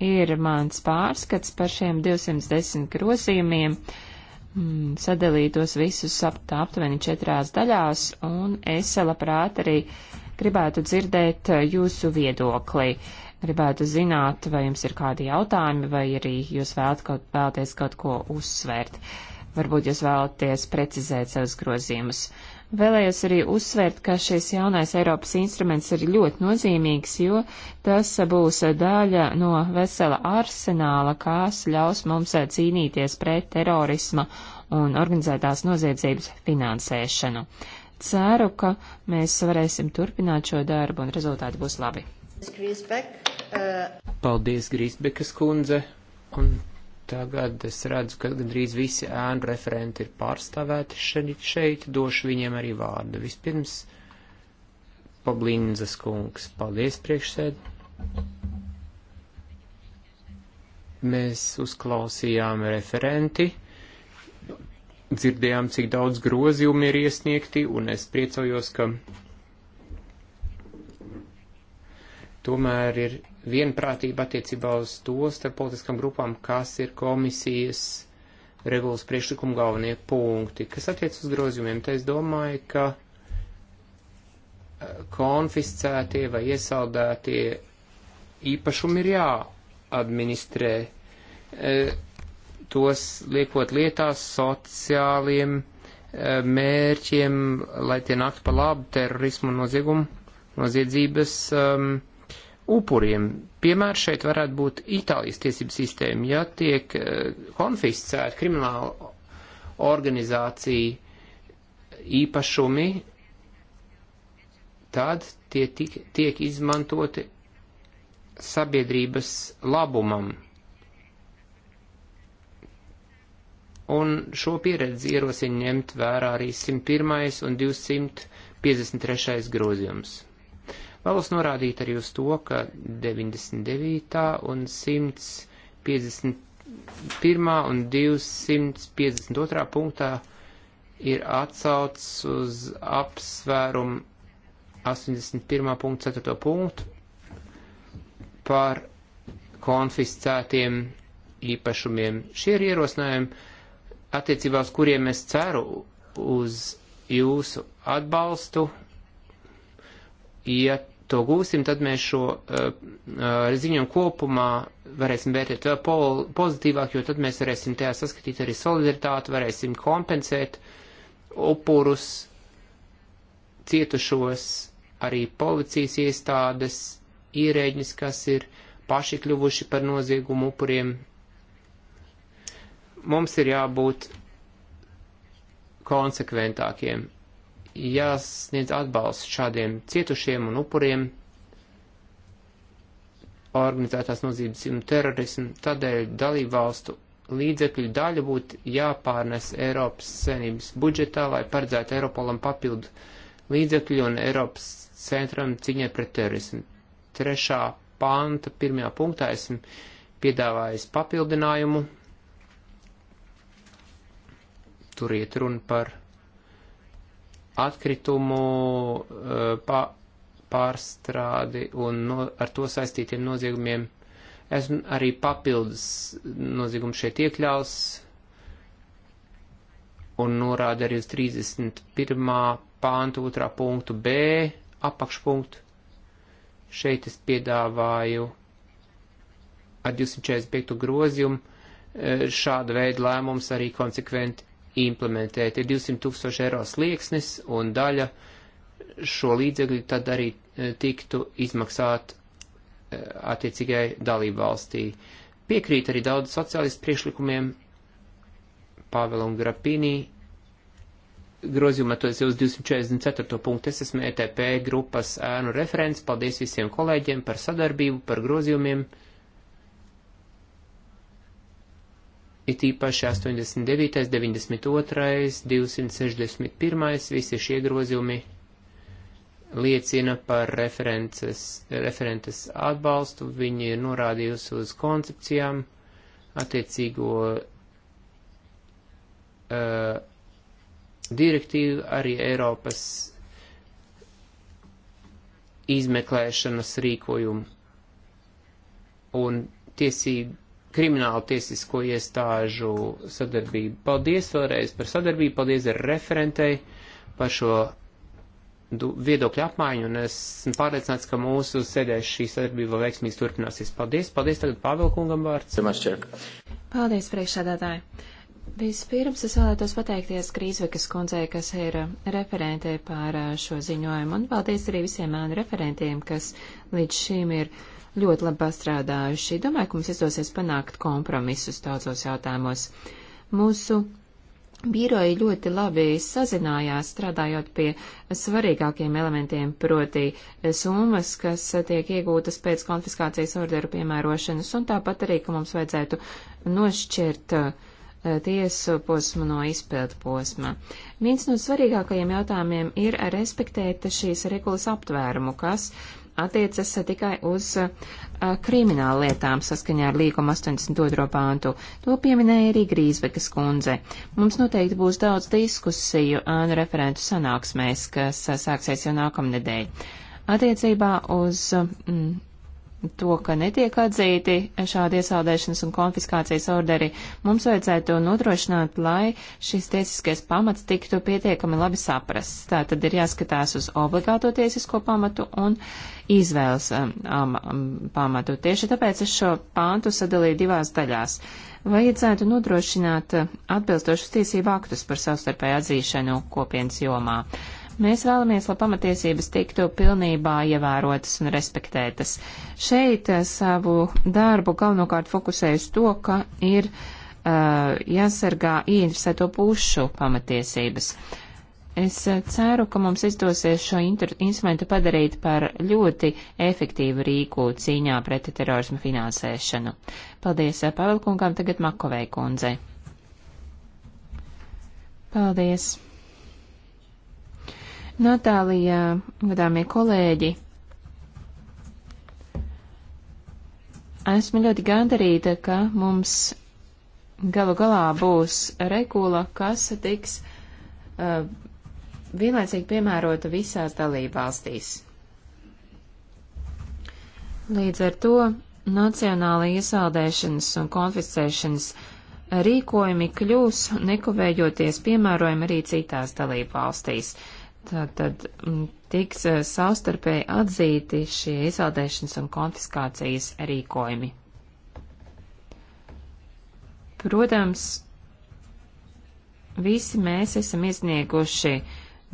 ir mans pārskats par šiem 210 grozījumiem mm, sadalītos visus apt, aptuveni četrās daļās, un es labprāt arī Gribētu dzirdēt eh, jūsu viedokli. Gribētu zināt, vai jums ir kādi jautājumi, vai arī jūs vēlat kaut, vēlaties kaut ko uzsvērt. Varbūt jūs vēlaties precizēt savus grozījumus. Vēlējos arī uzsvērt, ka šis jaunais Eiropas instruments ir ļoti nozīmīgs, jo tas būs daļa no vesela arsenāla, kas ļaus mums cīnīties pret terorisma un organizētās noziedzības finansēšanu ceru, ka mēs varēsim turpināt šo darbu un rezultāti būs labi. Paldies, Grīsbekas kundze. Un tagad es redzu, ka gandrīz visi ēnu referenti ir pārstāvēti šeit, šeit. Došu viņiem arī vārdu. Vispirms Pablinzas kungs. Paldies, priekšsēd. Mēs uzklausījām referenti dzirdējām, cik daudz grozījumi ir iesniegti, un es priecājos, ka tomēr ir vienprātība attiecībā uz to starp politiskām grupām, kas ir komisijas regulas priekšlikuma galvenie punkti. Kas attiec uz grozījumiem, tad es domāju, ka eh, konfiscētie vai iesaldētie īpašumi ir jāadministrē. E, tos liekot lietā sociāliem eh, mērķiem, lai tie nāktu pa labu terorismu un noziegumu, noziedzības um, upuriem. Piemērs šeit varētu būt Itālijas tiesību sistēma. Ja tiek uh, konfiscēta krimināla organizācija īpašumi, tad tie tik, tiek izmantoti sabiedrības labumam. un šo pieredzi ierosina ņemt vērā arī 101. un 253. grozījums. Vēlos norādīt arī uz to, ka 99. un 151. un 252. punktā ir atsauc uz apsvērumu 81.4. punktu par konfiscētiem īpašumiem. Šie ir ierosinājumi attiecībā uz kuriem es ceru uz jūsu atbalstu. Ja to gūsim, tad mēs šo uh, uh, ziņojumu kopumā varēsim vērtēt vēl po pozitīvāk, jo tad mēs varēsim tajā saskatīt arī solidaritāti, varēsim kompensēt upurus, cietušos, arī policijas iestādes, ierēģis, kas ir paši kļuvuši par noziegumu upuriem, mums ir jābūt konsekventākiem, jāsniedz atbalsts šādiem cietušiem un upuriem organizētās nozīmes un terorismu, tādēļ dalībvalstu līdzekļu daļa būtu jāpārnes Eiropas Savienības budžetā, lai paredzētu Eiropolam papildu līdzekļu un Eiropas centram ciņai pret terorismu. Trešā panta pirmajā punktā esmu piedāvājis papildinājumu Tur iet runa par atkritumu eh, pārstrādi un no, ar to saistītiem noziegumiem. Esmu arī papildus noziegumu šeit iekļaus un norāda arī uz 31. pāntu 2. punktu B apakšpunktu. Šeit es piedāvāju ar 245. grozījumu eh, šāda veida lēmums arī konsekventi implementēt. Ir 200 tūkstoši eiro slieksnis un daļa šo līdzekļu tad arī e, tiktu izmaksāt e, attiecīgai dalību valstī. Piekrīt arī daudz sociālistu priešlikumiem Pāvela un Grapīnī grozījumā to es jau uz 244. punktu. Es esmu ETP grupas ēnu referents. Paldies visiem kolēģiem par sadarbību, par grozījumiem. Uh, it īpaši 89., 92., 261. visi šie grozījumi liecina par referentes atbalstu, viņi ir norādījusi uz koncepcijām, attiecīgo uh, direktīvu, arī Eiropas izmeklēšanas rīkojumu un tiesību kriminālu tiesisko iestāžu sadarbību. Paldies vēlreiz par sadarbību, paldies referentei par šo viedokļu apmaiņu, un es esmu pārliecināts, ka mūsu sēdēs šī sadarbība veiksmīgi turpināsies. Paldies, paldies tagad Pāvilkungam vārds. Paldies, priekšsēdētāji. Vispirms es vēlētos pateikties Krīzvekas kundzei, kas ir referente pār uh, šo ziņojumu, un paldies arī visiem mēnu referentiem, kas līdz šim ir ļoti labi pastrādājuši. Domāju, ka mums izdosies panākt kompromisus daudzos jautājumos. Mūsu biroji ļoti labi sazinājās, strādājot pie svarīgākiem elementiem, proti e, summas, kas tiek iegūtas pēc konfiskācijas orderu piemērošanas, un tāpat arī, ka mums vajadzētu nošķirt e, tiesu posmu no izpildu posma. Viens no svarīgākajiem jautājumiem ir respektēt šīs regulas aptvērumu, kas uh, attiecas tikai uz uh, krimināla lietām saskaņā ar līguma 82. pāntu. To pieminēja arī Grīsbekas kundze. Mums noteikti būs daudz diskusiju un referentu sanāksmēs, kas uh, sāksies jau nākamnedēļ. Attiecībā uz mm, to, ka netiek atzīti šādi iesaldēšanas un konfiskācijas orderi, mums vajadzētu nodrošināt, lai šis tiesiskais pamats tiktu pietiekami labi saprasts. Tā tad ir jāskatās uz obligāto tiesisko pamatu un izvēles um, um, um pamatu. Tieši tāpēc es šo pāntu sadalīju divās daļās. Vajadzētu nodrošināt atbilstošus tiesību aktus par savstarpēju atzīšanu kopienas jomā. Uh, Mēs vēlamies, lai pamatiesības tiktu pilnībā ievērotas un respektētas. Šeit eh, savu darbu galvenokārt fokusēju uz to, ka ir uh, jāsargā ieinteresēto pušu pamatiesības. Es eh, ceru, ka mums izdosies šo instrumentu padarīt par ļoti efektīvu rīku cīņā pret terorismu finansēšanu. Paldies Pavelkungam, tagad Makovei kundzei. Paldies! Natālijā, gadāmie kolēģi, esmu ļoti gandarīta, ka mums galu galā būs regula, kas tiks uh, vienlaicīgi piemērota visās dalībvalstīs. Līdz ar to nacionāla iesaldēšanas un konfiscēšanas rīkojumi kļūs nekavējoties piemērojami arī citās dalībvalstīs. valstīs Tātad mm, tiks eh, savstarpēji atzīti šie izaldēšanas un konfiskācijas rīkojumi. Protams, visi mēs esam iesnieguši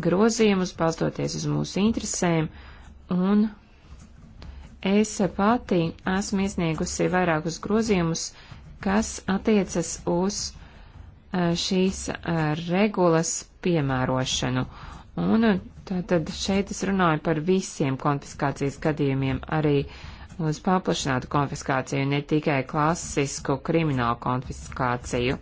grozījumus, balstoties uz mūsu interesēm, un es pati esmu iesniegusi vairākus grozījumus, kas attiecas uz eh, šīs eh, regulas piemērošanu. Uh, Un uh, tātad šeit es runāju par visiem konfiskācijas gadījumiem, arī uz paplašinātu konfiskāciju, ne tikai klasisku kriminālu konfiskāciju.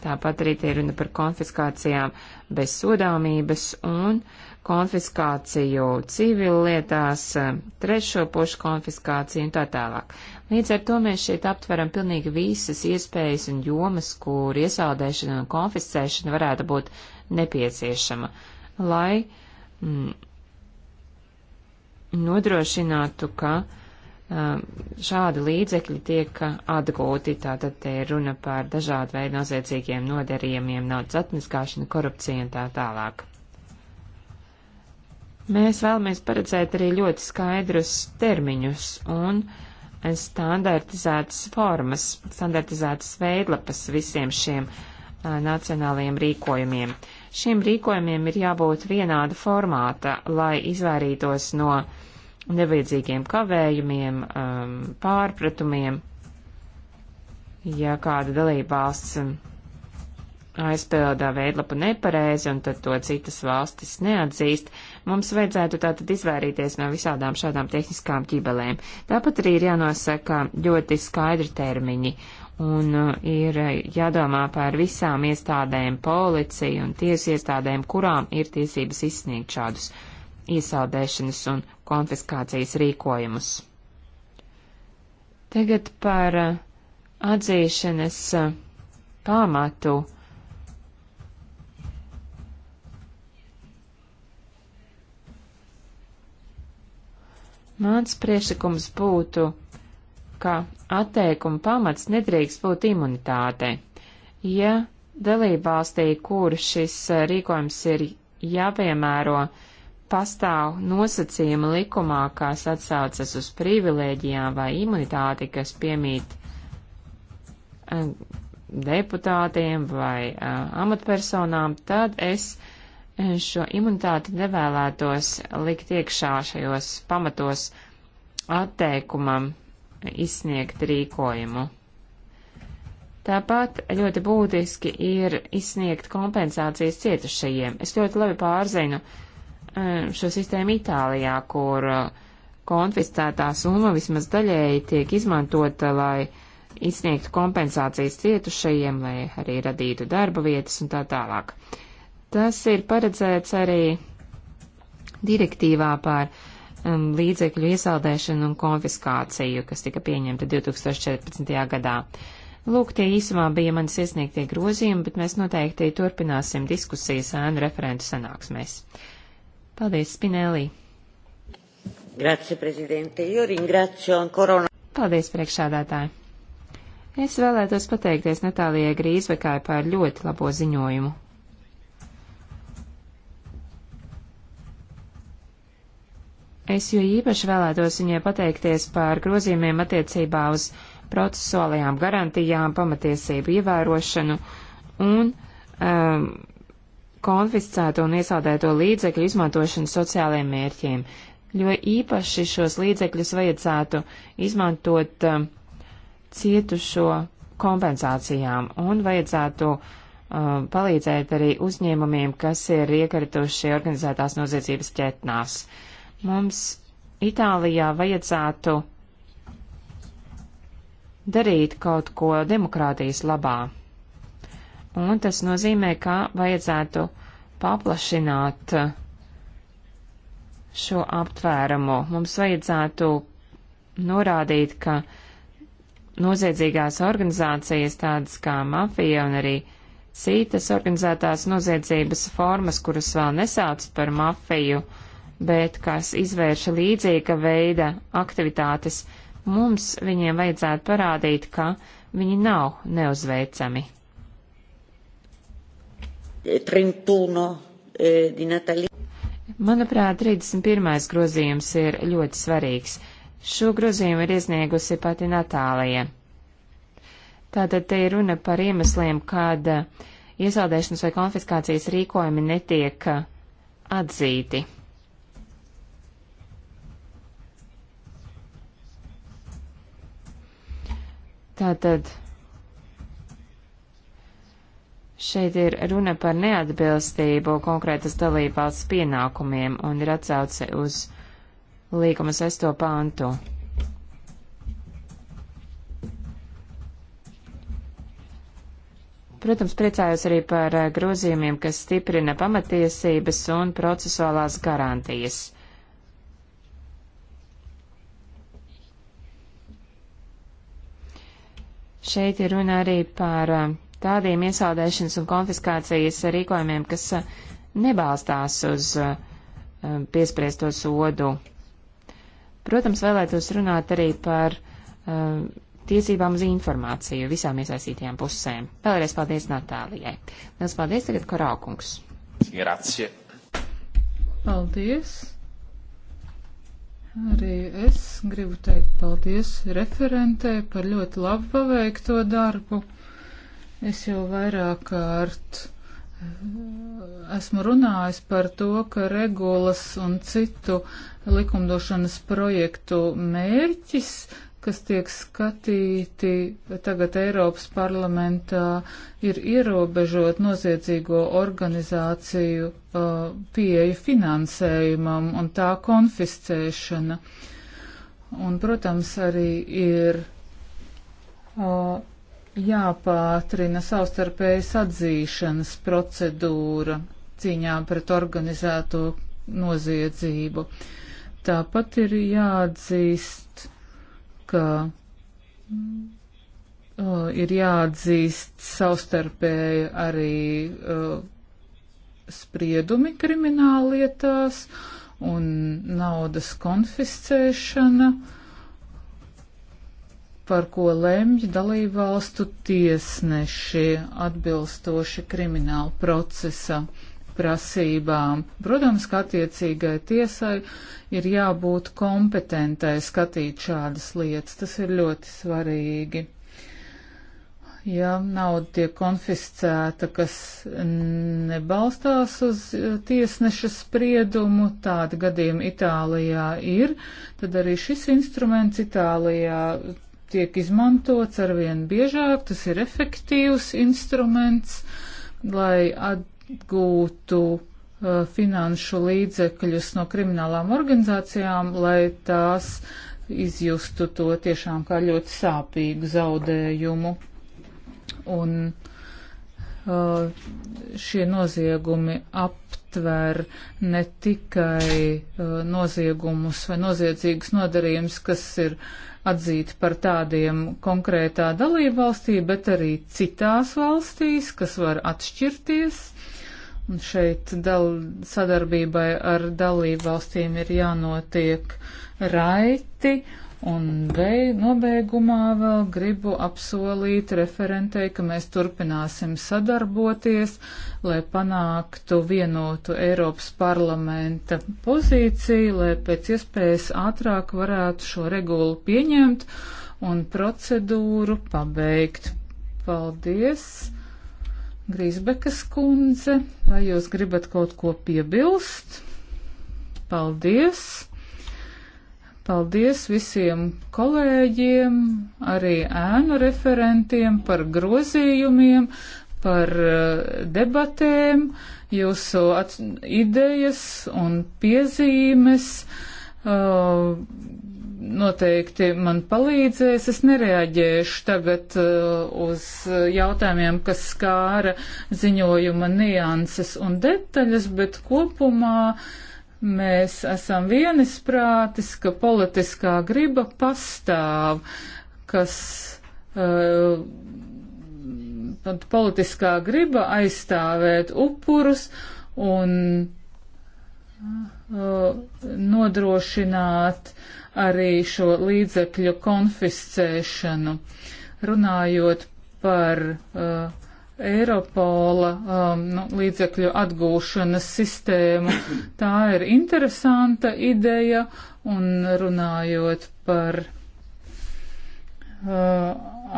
Tāpat arī te runa par konfiskācijām bez sodāmības un konfiskāciju civillietās, uh, trešo pušu konfiskāciju un tā tālāk. Līdz ar to mēs šeit aptveram pilnīgi visas iespējas un jomas, kur iesaldēšana un konfiscēšana varētu būt nepieciešama lai mm, nodrošinātu, ka šādi līdzekļi tiek atgūti. Tātad te ir runa par dažādu veidu noziedzīgiem nodarījumiem, naudas atmaskāšanu, korupciju un tā tālāk. Mēs vēlamies paredzēt arī ļoti skaidrus termiņus un standartizētas formas, standartizētas veidlapas visiem šiem a, nacionālajiem rīkojumiem. Šiem rīkojumiem ir jābūt vienāda formāta, lai izvairītos no nevajadzīgiem kavējumiem, um, pārpratumiem, ja kāda dalībvalsts um, aizpildā veidlapu nepareizi un tad to citas valstis neatzīst, mums vajadzētu tātad izvairīties no visādām šādām tehniskām ķibelēm. Tāpat arī ir jānosaka ļoti skaidri termiņi un uh, ir uh, jādomā par visām iestādēm, policiju un tiesu iestādēm, kurām ir tiesības izsniegt šādus iesaldēšanas un konfiskācijas rīkojumus. Tagad par uh, atzīšanas pamatu. Mans priešakums būtu, ka atteikuma pamats nedrīkst būt imunitāte. Ja dalībvalstī, kur šis eh, rīkojums ir jāpiemēro, pastāv nosacījumi likumā, kas atsaucas uz privilēģijām vai imunitāti, kas piemīt eh, deputātiem vai eh, amatpersonām, tad es šo imunitāti nevēlētos likt iekšā šajos pamatos atteikumam izsniegt rīkojumu. Tāpat ļoti būtiski ir izsniegt kompensācijas cietušajiem. Es ļoti labi pārzinu eh, šo sistēmu Itālijā, kur eh, konfiscētā summa vismaz daļēji tiek izmantota, lai izsniegtu kompensācijas cietušajiem, lai arī radītu darba vietas un tā tālāk. Tas ir paredzēts arī direktīvā par uh, um, līdzekļu iesaldēšanu un konfiskāciju, kas tika pieņemta 2014. gadā. Lūk, tie īsumā bija manis iesniegtie grozījumi, bet mēs noteikti turpināsim diskusijas ēnu referentu sanāksmēs. Paldies, Spinelī! Grazie, prezidente. Jo ringrazio ancora una. Paldies, priekšādātāji. Es vēlētos pateikties Natālijai Grīzvekai par ļoti labo ziņojumu. Es jo īpaši vēlētos viņai pateikties par grozījumiem attiecībā uz procesuālajām garantijām, pamatiesību ievērošanu un um, konfiscēto un iesaldēto līdzekļu izmantošanu sociālajiem mērķiem. Jo īpaši šos līdzekļus vajadzētu izmantot um, cietušo kompensācijām un vajadzētu um, palīdzēt arī uzņēmumiem, kas ir iekarituši organizētās noziedzības ķetnās. Uh, Mums Itālijā vajadzētu darīt kaut ko demokrātijas labā. Un tas nozīmē, ka vajadzētu paplašināt šo aptvērumu. Mums vajadzētu norādīt, ka noziedzīgās organizācijas, tādas kā mafija un arī citas organizētās noziedzības formas, kuras vēl nesauc par mafiju, uh, bet kas izvērša līdzīga veida aktivitātes, mums viņiem vajadzētu parādīt, ka viņi nav neuzveicami. 31. Eh, di Natalija. Manuprāt, 31. grozījums ir ļoti svarīgs. Šo grozījumu ir iesniegusi pati Natālija. Tātad te ir runa par iemesliem, kad iesaldēšanas vai konfiskācijas rīkojumi netiek eh, atzīti. Tātad šeit ir runa par neatbilstību konkrētas dalībvalsts pienākumiem un ir atsauce uz līguma sesto pāntu. Protams, priecājos arī par eh, grozījumiem, kas stiprina pamatiesības un procesuālās garantijas. Šeit ir runa arī par eh, tādiem iesaldēšanas un konfiskācijas rīkojumiem, kas eh, nebalstās uz eh, piespriesto sodu. Protams, vēlētos runāt arī par tiesībām uz informāciju visām iesaistītajām pusēm. Vēlreiz paldies Natālijai. Liels paldies tagad Koraukungs. Grazie. Paldies. Arī es gribu teikt paldies referentē par ļoti labu paveikto darbu. Es jau vairāk kārt eh, esmu runājis par to, ka regulas un citu likumdošanas projektu mērķis, kas tiek skatīti tagad Eiropas parlamentā, ir ierobežot noziedzīgo organizāciju uh, pieeju finansējumam un tā konfiscēšana. Uh, Un, protams, arī ir uh, jāpātrina savstarpējas atzīšanas procedūra cīņā pret organizēto noziedzību. Tāpat ir jāatzīst, ka uh, ir jāatzīst savstarpēji arī uh, spriedumi krimināllietās. lietās un naudas konfiscēšana, par ko lemj dalībvalstu tiesneši atbilstoši krimināla procesa prasībām. Protams, ka attiecīgai tiesai ir jābūt kompetentai skatīt šādas lietas. Tas ir ļoti svarīgi ja nauda tiek konfiscēta, kas nebalstās uz eh, tiesneša spriedumu, tāda gadījuma Itālijā ir, tad arī šis instruments Itālijā tiek izmantots arvien biežāk, tas ir efektīvs instruments, lai atgūtu uh, finanšu līdzekļus no kriminālām organizācijām, lai tās izjustu to tiešām kā ļoti sāpīgu zaudējumu. Un uh, šie noziegumi aptver ne tikai uh, noziegumus vai noziedzīgus nodarījumus, kas ir atzīti par tādiem konkrētā dalībvalstī, bet arī citās valstīs, kas var atšķirties. Un šeit dal, sadarbībai ar dalībvalstīm ir jānotiek raiti. Uh, Un bei, nobeigumā vēl gribu apsolīt referentei, ka mēs turpināsim sadarboties, lai panāktu vienotu Eiropas parlamenta pozīciju, lai pēc iespējas ātrāk varētu šo regulu pieņemt un procedūru pabeigt. Paldies! Grīsbekas kundze, vai jūs gribat kaut ko piebilst? Paldies! Paldies visiem kolēģiem, arī ēnu referentiem par grozījumiem, par eh, debatēm, jūsu idejas un piezīmes. Uh, noteikti man palīdzēs. Es nereaģēšu tagad uh, uz jautājumiem, kas skāra ziņojuma nianses un detaļas, bet kopumā uh, mēs esam vienisprātis, ka politiskā griba pastāv, kas uh, eh, tad politiskā griba aizstāvēt upurus un uh, nodrošināt arī šo līdzekļu konfiscēšanu. Runājot par uh, Eiropola um, nu, līdzekļu atgūšanas sistēmu. Tā ir interesanta ideja un runājot par uh,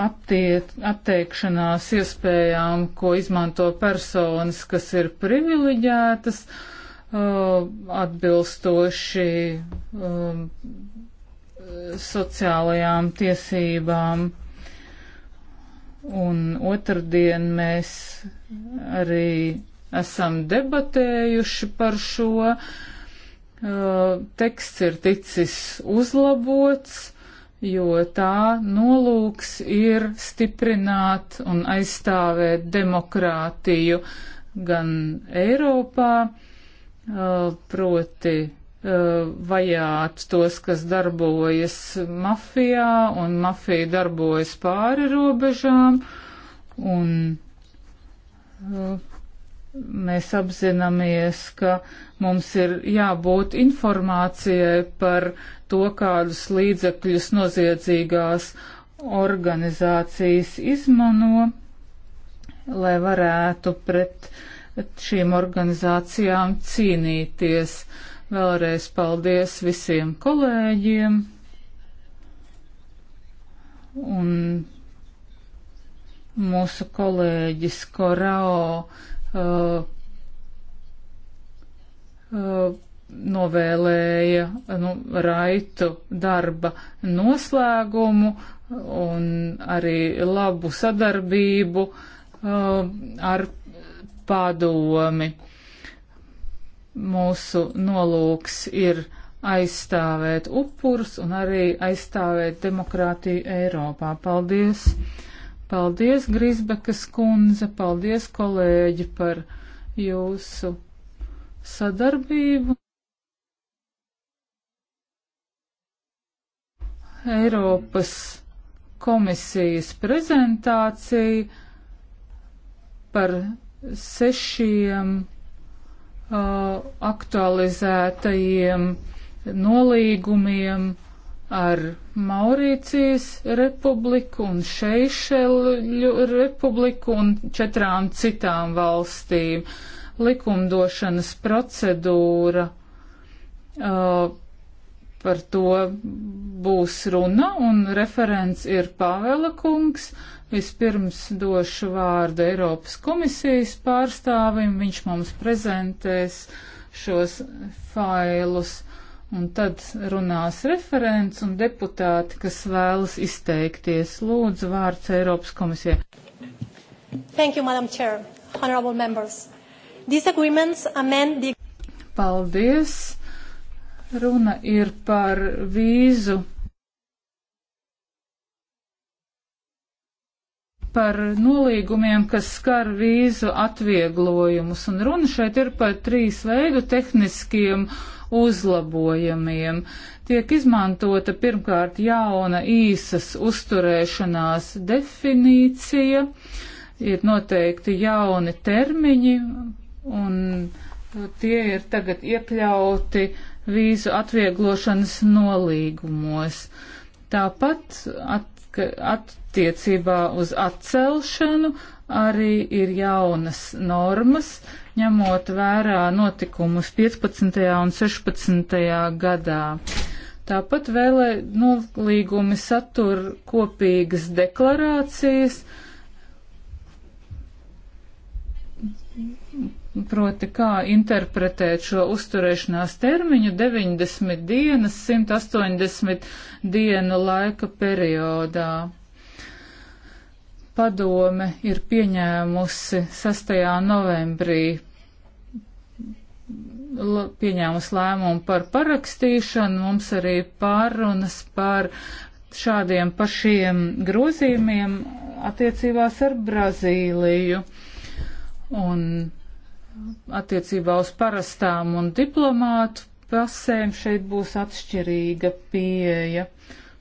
aptiet, atteikšanās iespējām, ko izmanto personas, kas ir privileģētas, uh, atbilstoši um, sociālajām tiesībām. Un otrdien mēs arī esam debatējuši par šo. Uh, teksts ir ticis uzlabots, jo tā nolūks ir stiprināt un aizstāvēt demokrātiju gan Eiropā, uh, proti Uh, vajāt tos, kas darbojas mafijā, un mafija darbojas pāri robežām, un uh, mēs apzināmies, ka mums ir jābūt informācijai par to, kādus līdzekļus noziedzīgās organizācijas izmano, lai varētu pret šīm organizācijām cīnīties. Uh, Vēlreiz paldies visiem kolēģiem un mūsu kolēģis Korao uh, uh, novēlēja nu, raitu darba noslēgumu un arī labu sadarbību uh, ar padomi mūsu nolūks ir aizstāvēt upurus un arī aizstāvēt demokrātiju Eiropā. Paldies! Paldies, Grisbekas kundze, paldies, kolēģi, par jūsu sadarbību. Eiropas komisijas prezentācija par sešiem Uh, aktualizētajiem nolīgumiem ar Maurīcijas republiku un Šeišeļu republiku un četrām citām valstīm. Likumdošanas procedūra uh, par to būs runa, un referents ir Pāvela kungs. Vispirms došu vārdu Eiropas komisijas pārstāvim, viņš mums prezentēs šos failus, un tad runās referents un deputāti, kas vēlas izteikties. Lūdzu, vārds Eiropas komisijai. Thank you, Madam Chair, honorable members. These agreements amend the. Paldies. Runa ir par vīzu, par nolīgumiem, kas skar vīzu atvieglojumus. Un runa šeit ir par trīs veidu tehniskiem uzlabojumiem. Tiek izmantota pirmkārt jauna īsas uzturēšanās definīcija, ir noteikti jauni termiņi un tie ir tagad iekļauti vīzu atvieglošanas nolīgumos. Tāpat at, attiecībā uz atcelšanu arī ir jaunas normas, ņemot vērā notikumus 15. un 16. gadā. Tāpat vēlē nolīgumi satur kopīgas deklarācijas proti kā interpretēt šo uzturēšanās termiņu 90 dienas 180 dienu laika periodā. Padome ir pieņēmusi 6. novembrī pieņēmusi lēmumu par parakstīšanu, mums arī pārunas par šādiem pašiem grozījumiem attiecībās ar Brazīliju. Un attiecībā uz parastām un diplomātu pasēm šeit būs atšķirīga pieeja.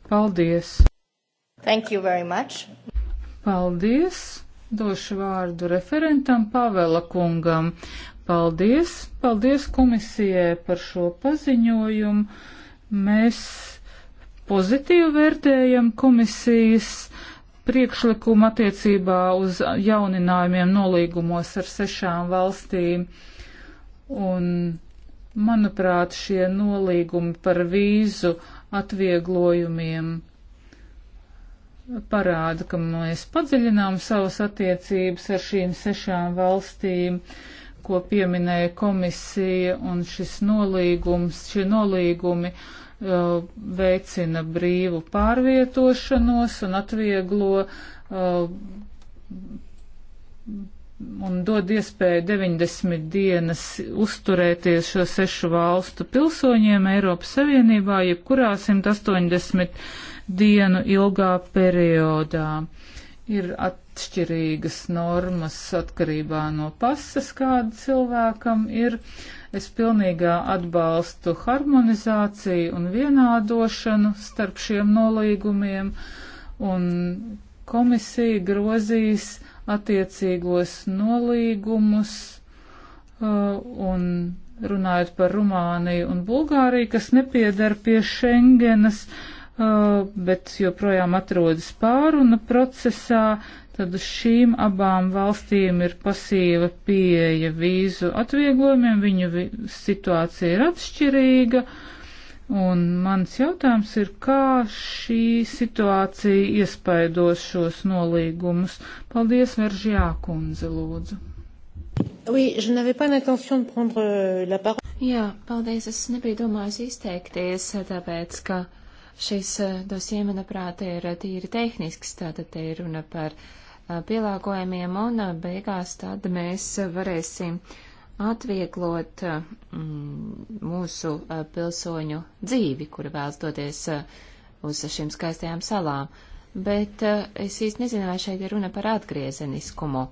Paldies! Thank you very much! Paldies! Došu vārdu referentam Pavela kungam. Paldies! Paldies komisijai par šo paziņojumu. Mēs pozitīvi vērtējam komisijas uh, priekšlikumu attiecībā uz jauninājumiem nolīgumos ar sešām valstīm. Un, manuprāt, šie nolīgumi par vīzu atvieglojumiem parāda, ka mēs padziļinām savas attiecības ar šīm sešām valstīm, ko pieminēja komisija un šis nolīgums, šie nolīgumi veicina brīvu pārvietošanos un atvieglo uh, un dod iespēju 90 dienas uzturēties šo sešu valstu pilsoņiem Eiropas Savienībā, jebkurā 180 dienu ilgā periodā. Ir at, atšķirīgas normas atkarībā no pasas, kāda cilvēkam ir. Es pilnīgā atbalstu harmonizāciju un vienādošanu starp šiem nolīgumiem, un komisija grozīs attiecīgos nolīgumus uh, un runājot par Rumāniju un Bulgāriju, kas nepiedara pie Schengenas, uh, bet joprojām atrodas pāruna procesā, tad uz šīm abām valstīm ir pasīva pieeja vīzu atvieglojumiem, viņu vi situācija ir atšķirīga, un mans jautājums ir, kā šī situācija iespaidos šos nolīgumus. Paldies, Veržjā kundze, lūdzu. Oui, je n'avais pas l'intention de prendre euh, la parole. Jā, paldies, es nebiju domājusi izteikties, tāpēc, ka šis euh, dosie, manuprāt, ir tīri tehnisks, tātad te ir runa par uh, pielāgojumiem, un uh, beigās tad mēs varēsim atvieglot uh, mm, mūsu uh, pilsoņu dzīvi, kuri vēlas doties uz šīm skaistajām salām. Bet es īsti nezinu, vai šeit ir runa par atgriezeniskumu.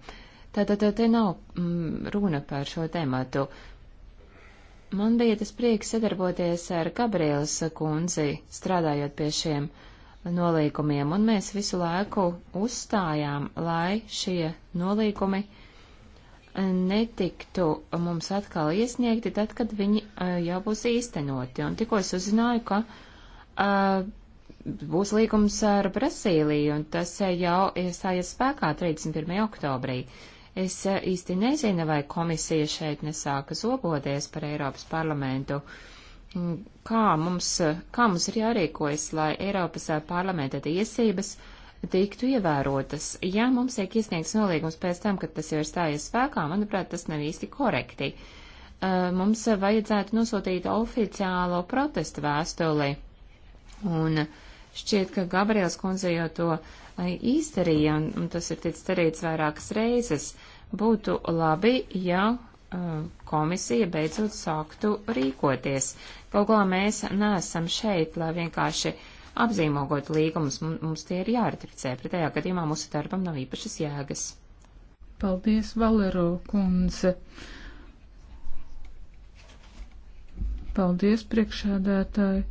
Tātad te nav mm, runa par šo tematu. Man bija tas prieks sadarboties ar Gabrielas kundzi, strādājot pie šiem uh, nolīkumiem, un mēs visu laiku uzstājām, lai šie nolīkumi netiktu mums atkal iesniegti tad, kad viņi eh, jau būs īstenoti. Un tikko es uzzināju, ka uh, būs līgums ar Brazīliju, un tas eh, jau iestājas spēkā 31. oktobrī. Es īsti nezinu, vai komisija šeit nesāka zoboties par Eiropas parlamentu. Uh, Mm, kā mums, kā mums ir jārīkojas, lai Eiropas parlamenta tiesības tiktu ievērotas. Ja mums tiek iesniegts nolīgums pēc tam, kad tas jau ir stājies spēkā, manuprāt, tas nav īsti korekti. Mums vajadzētu nosūtīt oficiālo protestu vēstuli. Un šķiet, ka Gabriels kundze jau to izdarīja, un, un tas ir ticis darīts vairākas reizes. Būtu labi, ja Uh, komisija beidzot sāktu rīkoties. Kaut kā mēs neesam šeit, lai vienkārši apzīmogot līgumus, mums tie ir jāratificē, pretējā gadījumā mūsu darbam nav īpašas jēgas. Paldies, Valero kundze. Paldies, priekšēdētāji.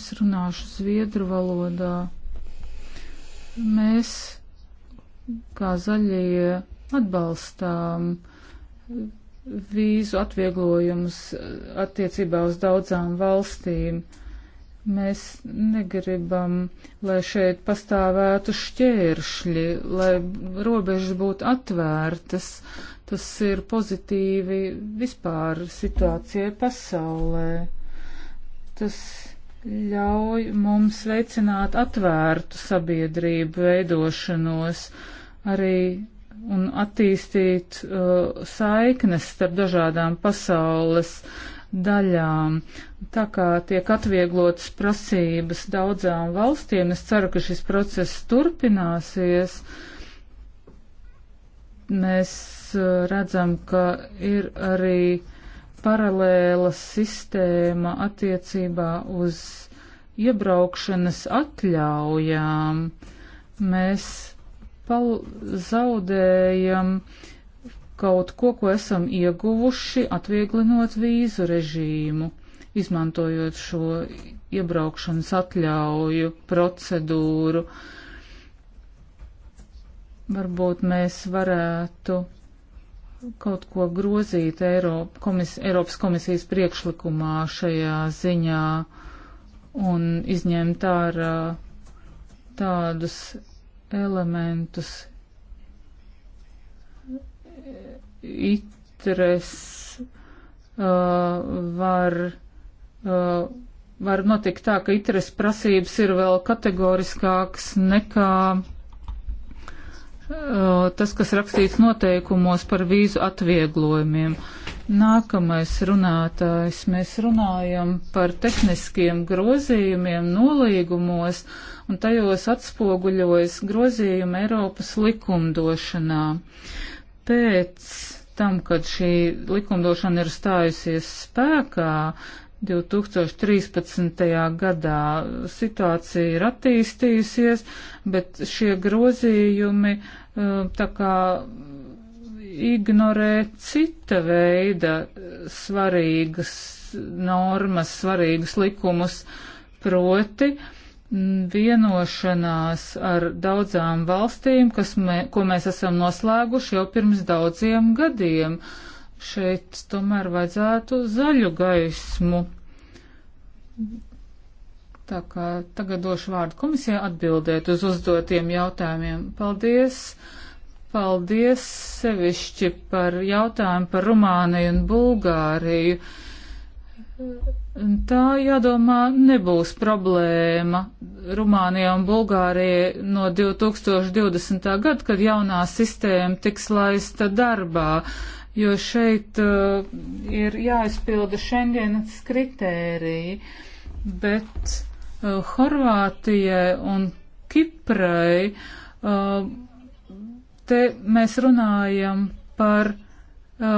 Es runāšu zviedru valodā. Mēs, kā zaļie, atbalstām uh, vīzu atvieglojumus eh, attiecībā uz daudzām valstīm. Mēs negribam, lai šeit pastāvētu šķēršļi, lai robežas būtu atvērtas. Tas ir pozitīvi vispār situācijai pasaulē. Tas ļauj mums veicināt atvērtu sabiedrību veidošanos, arī un attīstīt uh, saiknes starp dažādām pasaules daļām. Tā kā tiek atvieglotas prasības daudzām valstīm, es ceru, ka šis process turpināsies. Mēs uh, redzam, ka ir arī paralēla sistēma attiecībā uz iebraukšanas atļaujām. Mēs zaudējam kaut ko, ko esam ieguvuši, atvieglinot vīzu režīmu, izmantojot šo iebraukšanas atļauju procedūru. Varbūt mēs varētu kaut ko grozīt Eiropa, komis, Eiropas komisijas priekšlikumā šajā ziņā un izņemt ārā tādus elementus. Itres uh, var, uh, var notikt tā, ka itres prasības ir vēl kategoriskāks nekā uh, tas, kas rakstīts noteikumos par vīzu atvieglojumiem. Nākamais runātājs. Mēs runājam par tehniskiem grozījumiem nolīgumos. Uh, un tajos atspoguļojas grozījumi Eiropas likumdošanā. Pēc tam, kad šī likumdošana ir stājusies spēkā, 2013. gadā situācija ir attīstījusies, bet šie grozījumi eh, tā kā ignorē cita veida svarīgas normas, svarīgus likumus, proti uh, Mm, vienošanās ar daudzām valstīm, kas mē, ko mēs esam noslēguši jau pirms daudziem gadiem. Šeit tomēr vajadzētu zaļu gaismu. Tā kā tagad došu vārdu komisijai atbildēt uz uzdotiem jautājumiem. Paldies! Paldies sevišķi par jautājumu par Rumāniju un Bulgāriju. Uh, Tā jādomā nebūs problēma Rumānijai un Bulgārijai no 2020. gada, kad jaunā sistēma tiks laista darbā, jo šeit uh, ir jāizpilda Schengenas kritēriji, bet uh, Horvātijai un Kiprai uh, te mēs runājam par uh,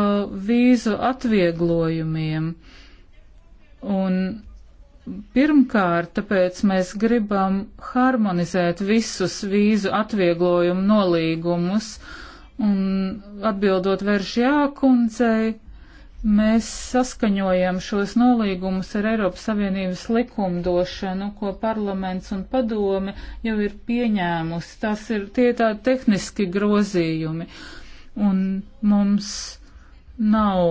vīzu atvieglojumiem. Uh, Un pirmkārt, tāpēc mēs gribam harmonizēt visus vīzu atvieglojumu nolīgumus. Un atbildot vēršjā kundzei, mēs saskaņojam šos nolīgumus ar Eiropas Savienības likumdošanu, ko parlaments un padome jau ir pieņēmusi. Tas ir tie tādi tehniski grozījumi. Un mums nav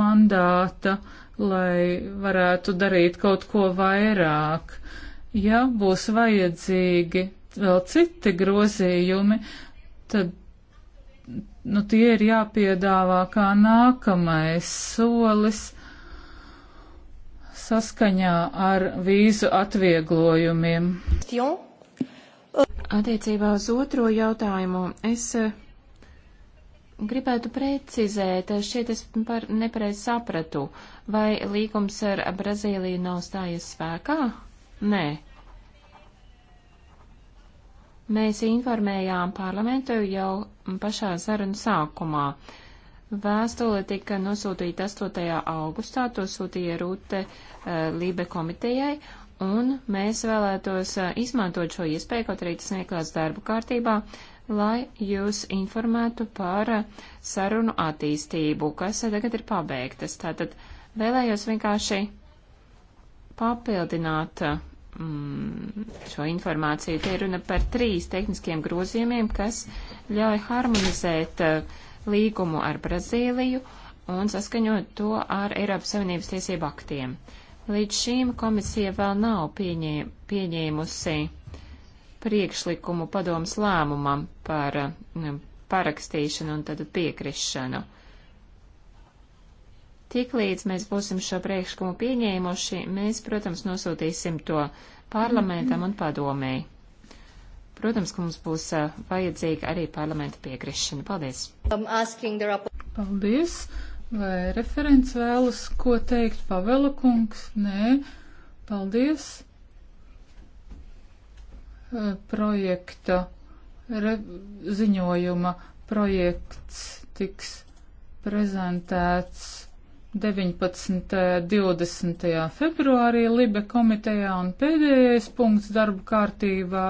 mandāta uh, lai varētu darīt kaut ko vairāk. Ja būs vajadzīgi vēl citi grozījumi, tad nu, tie ir jāpiedāvā kā nākamais solis saskaņā ar vīzu atvieglojumiem. Attiecībā uz otro jautājumu es Gribētu precizēt, šeit es par nepareiz sapratu, vai līgums ar Brazīliju nav stājies spēkā? Nē. Mēs informējām parlamentu jau pašā sarunu sākumā. Vēstule tika nosūtīta 8. augustā, to sūtīja Rūte uh, Lībe komitejai, un mēs vēlētos uh, izmantot šo iespēju, kaut arī tas neklās darba kārtībā, uh, lai jūs informētu par sarunu attīstību, kas tagad ir pabeigtas. Tātad vēlējos vienkārši papildināt mm, šo informāciju. Te ir runa par trīs tehniskiem grozījumiem, kas ļauj harmonizēt eh, līgumu ar Brazīliju un saskaņot to ar Eiropas Savienības tiesību aktiem. Līdz šīm komisija vēl nav pieņē, pieņēmusi priekšlikumu padomas lēmumam par nu, parakstīšanu un tad piekrišanu. Tiklīdz mēs būsim šo priekšlikumu pieņēmuši, mēs, protams, nosūtīsim to parlamentam un padomēji. Protams, ka mums būs vajadzīga arī parlamenta piekrišana. Paldies! Paldies! Vai referents vēlas ko teikt Pavela kungs? Nē. Paldies! projekta re, ziņojuma projekts tiks prezentēts 19. 20. februārī Libe komitejā un pēdējais punkts darba kārtībā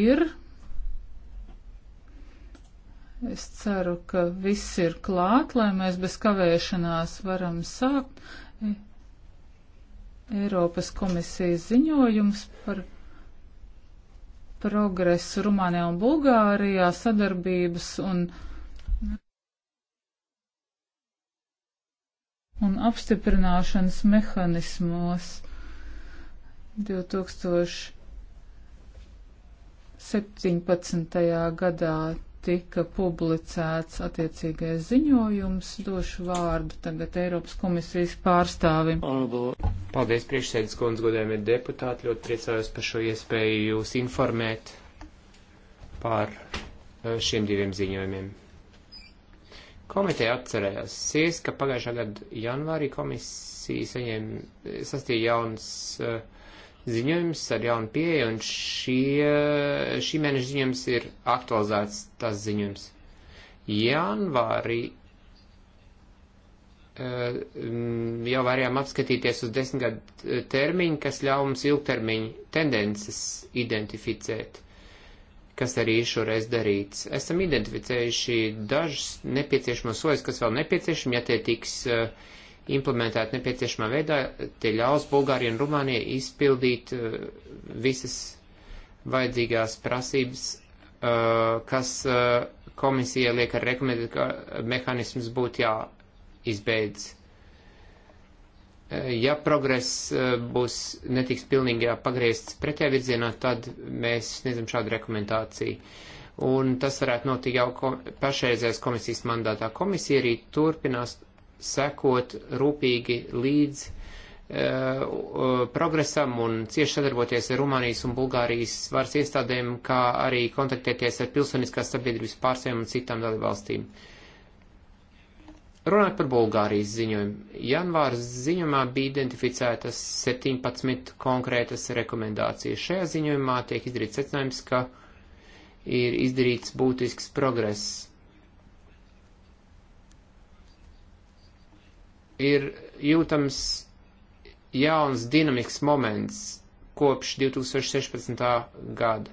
ir. Es ceru, ka viss ir klāt, lai mēs bez kavēšanās varam sākt. Eiropas komisijas ziņojums par progresu Rumānijā un Bulgārijā sadarbības un, un apstiprināšanas mehanismos 2017. gadā tika publicēts attiecīgais ziņojums. Došu vārdu tagad Eiropas komisijas pārstāvim. Paldies, priekšsēdus kundze, godējumie deputāti. Ļoti priecājos par šo iespēju jūs informēt par eh, šiem diviem ziņojumiem. Komiteja atcerējās, ka pagājušā gada janvārī komisija saņēma eh, sastīja jauns uh, ziņojums ar jaunu pieeju, un šie, šī mēneša ziņojums ir aktualizēts tas ziņojums. Janvārī eh, jau varējām apskatīties uz desmitgadu eh, termiņu, kas ļauj mums ilgtermiņu tendences identificēt, kas arī šoreiz darīts. Esam identificējuši dažus nepieciešamos soļus, kas vēl nepieciešami, ja tie tiks uh, implementēti nepieciešamā veidā, tie ļaus Bulgārijai un Rumānijai izpildīt uh, visas vajadzīgās prasības, uh, kas uh, komisija liek ar rekomendēt, ka mehānisms būtu jāizbeidz. Ja progress būs netiks pilnīgi pagriezts pretējā virzienā, tad mēs sniedzam šādu rekomendāciju. Un tas varētu notikt jau pašreizējais komisijas mandātā. Komisija arī turpinās sekot rūpīgi līdz uh, progresam un cieši sadarboties ar Rumānijas un Bulgārijas varas iestādēm, kā arī kontaktēties ar pilsoniskās sabiedrības pārstāvjiem un citām dalībvalstīm. Runājot par Bulgārijas ziņojumu, janvāra ziņojumā bija identificētas 17 konkrētas rekomendācijas. Šajā ziņojumā tiek izdarīts secinājums, ka ir izdarīts būtisks progress ir jūtams jauns dinamikas moments kopš 2016. gada.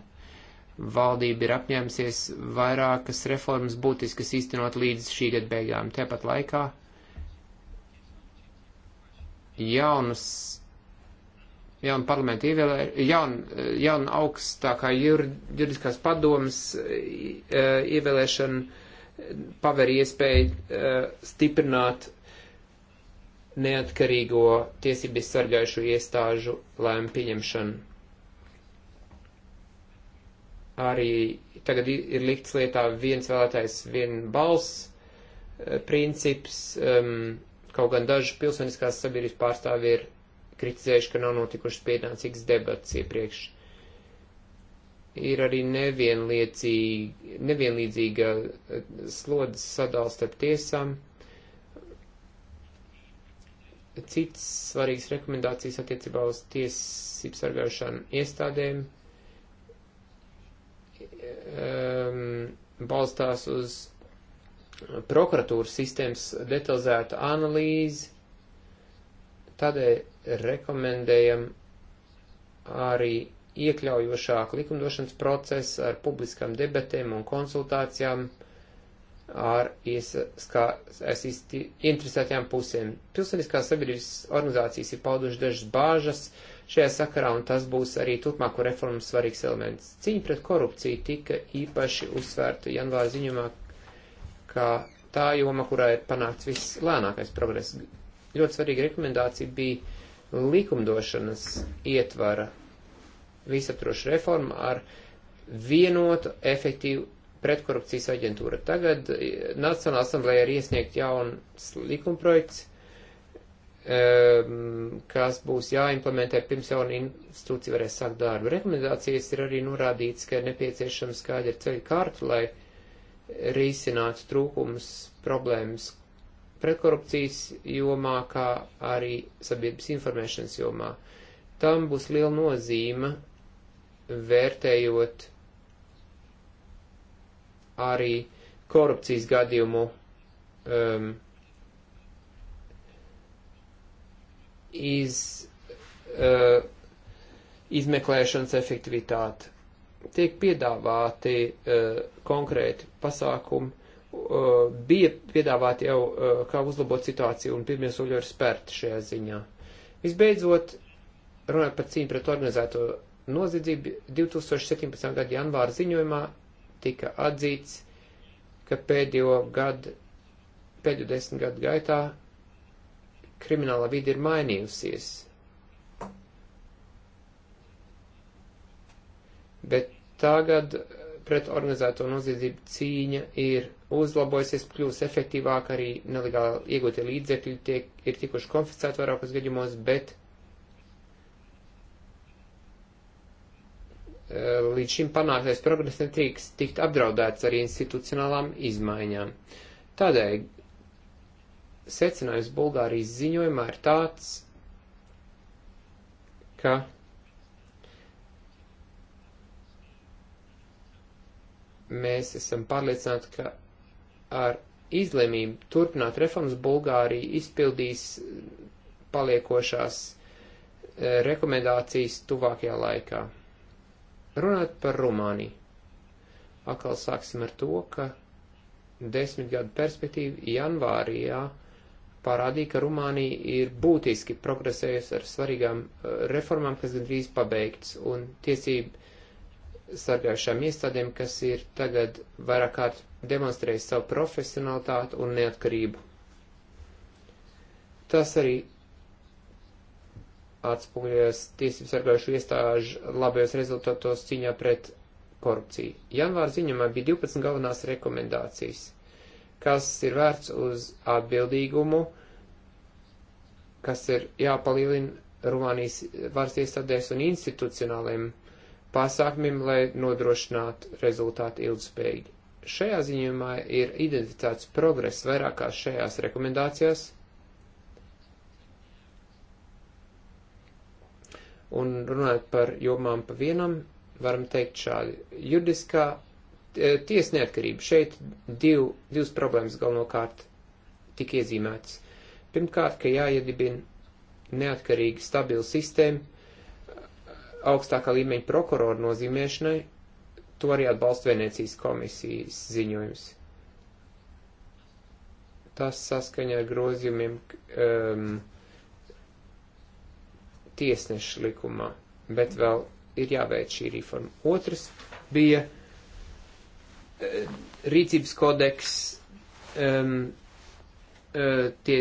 Valdība ir apņēmusies vairākas reformas būtiskas īstenot līdz šī gada beigām. Tāpat laikā jaunus, jaunu parlamentu ievēlē, jaunu, jaunu augstākā juridiskās padomas e, ievēlēšana paver iespēju e, stiprināt neatkarīgo tiesību sargājušu iestāžu lēmu pieņemšanu. Arī tagad ir likts lietā viens vēlētājs, viena balss eh, princips, um, kaut gan daži pilsoniskās sabiedrības pārstāvi ir kritizējuši, ka nav notikušas pienācīgas debats iepriekš. Ir arī nevienlīdzīga eh, slodzes sadalsta tiesām. tiesām Cits svarīgs rekomendācijas attiecībā uz tiesību sargājušām iestādēm um, balstās uz prokuratūras sistēmas detalizēta analīze, tādēļ rekomendējam arī iekļaujošāku likumdošanas procesu ar publiskām debatēm un konsultācijām ar ieinteresētajām pusēm. Pilsoniskās sabiedrības organizācijas ir pauduši dažas bāžas šajā sakarā, un tas būs arī turpmāko reformu svarīgs elements. Cīņa pret korupciju tika īpaši uzsvērta janvāra ziņumā, kā tā joma, kurā ir panākts viss lēnākais progress. Ļoti svarīga rekomendācija bija likumdošanas ietvara visaptroša reforma ar vienotu, efektīvu pretkorupcijas aģentūra. Tagad e, Nacionāla asamblēja ir iesniegt jauns likumprojekts, kas būs jāimplementē pirms jauna institūcija varēs sākt darbu. Rekomendācijas ir arī norādīts, ka ir nepieciešams skaidri ceļu kārtu, lai risinātu trūkums, problēmas pretkorupcijas jomā, kā arī sabiedrības informēšanas jomā. Tam būs liela nozīme vērtējot arī korupcijas gadījumu um, iz, uh, izmeklēšanas efektivitāti. Tiek piedāvāti uh, konkrēti pasākumi, uh, bija piedāvāti jau, uh, kā uzlabot situāciju, un pirmie soļi ir spērti šajā ziņā. Visbeidzot, runājot par cīņu pret organizēto noziedzību, 2017. gada janvāra ziņojumā tika atzīts, ka pēdējo gadu, pēdējo desmit gadu gaitā krimināla vide ir mainījusies. Bet tagad pret organizēto noziedzību cīņa ir uzlabojusies, kļūst efektīvāk, arī nelegāli iegūtie līdzekļi tiek, ir tikuši konfiscēti vairākos gadījumos, bet Eh, līdz šim panāktais progress netrīkst tikt apdraudēts ar institucionālām izmaiņām. Tādēļ secinājums Bulgārijas ziņojumā ir tāds, ka mēs esam pārliecināti, ka ar izlēmību turpināt reformas Bulgārija izpildīs paliekošās eh, rekomendācijas tuvākajā laikā. Runājot par Rumāniju, atkal sāksim ar to, ka desmit gadu perspektīva janvārijā parādīja, ka Rumānija ir būtiski progresējusi ar svarīgām eh, reformām, kas gandrīz pabeigts, un tiesību sargājušām iestādēm, kas ir tagad vairāk kārt demonstrējis savu profesionalitāti un neatkarību. Tas arī atspoguļojas tiesību sargājušu iestāžu labajos rezultātos cīņā pret korupciju. Janvāra ziņamā bija 12 galvenās rekomendācijas, kas ir vērts uz atbildīgumu, kas ir jāpalielina Rumānijas varas iestādēs un institucionāliem pasākumiem, lai nodrošinātu rezultātu ilgspējīgi. Šajā ziņojumā ir identificēts progress vairākās šajās rekomendācijās Un runājot par jomām pa vienam, varam teikt šādi. Juridiskā tiesa neatkarība. Šeit div, divas problēmas galvenokārt tika iezīmētas. Pirmkārt, ka jāiedibina neatkarīga stabila sistēma augstākā līmeņa prokuroru nozīmēšanai, to arī atbalsta Venecijas komisijas ziņojums. Tas saskaņā ar grozījumiem um, tiesnešu likumā, bet vēl ir jāveic šī reforma. Otrs bija eh, rīcības kodeks, um, tie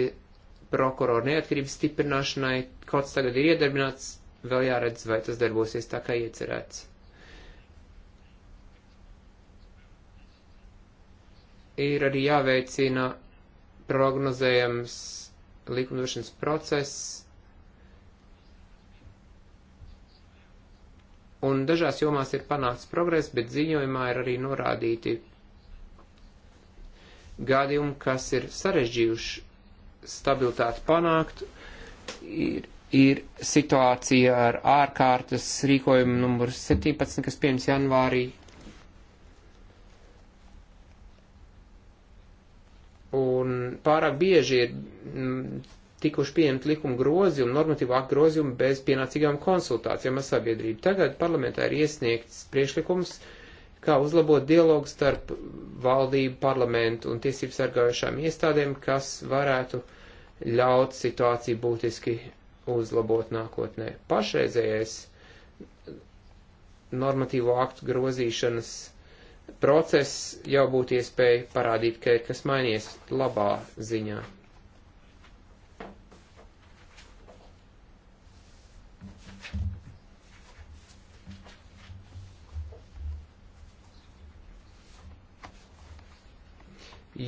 prokuroru neatkarības stiprināšanai, kaut kas tagad ir iedarbināts, vēl jāredz, vai tas darbosies tā kā iecerēts. Ir arī jāveicina prognozējams likumdošanas process, un dažās jomās ir panākts progress, bet ziņojumā ir arī norādīti gadījumi, kas ir sarežģījuši stabilitāti panākt, ir, ir situācija ar ārkārtas rīkojumu numur 17, kas pieņems janvārī. Un pārāk bieži ir mm, tikuši pieņemti likuma grozījumi, normatīvā grozījumi bez pienācīgām konsultācijām ar sabiedrību. Tagad parlamentā ir iesniegts priešlikums, kā uzlabot dialogu starp valdību, parlamentu un tiesību sargājušām iestādēm, kas varētu ļaut situāciju būtiski uzlabot nākotnē. Pašreizējais normatīvo aktu grozīšanas process jau būtu iespēja parādīt, ka ir kas mainījies labā ziņā.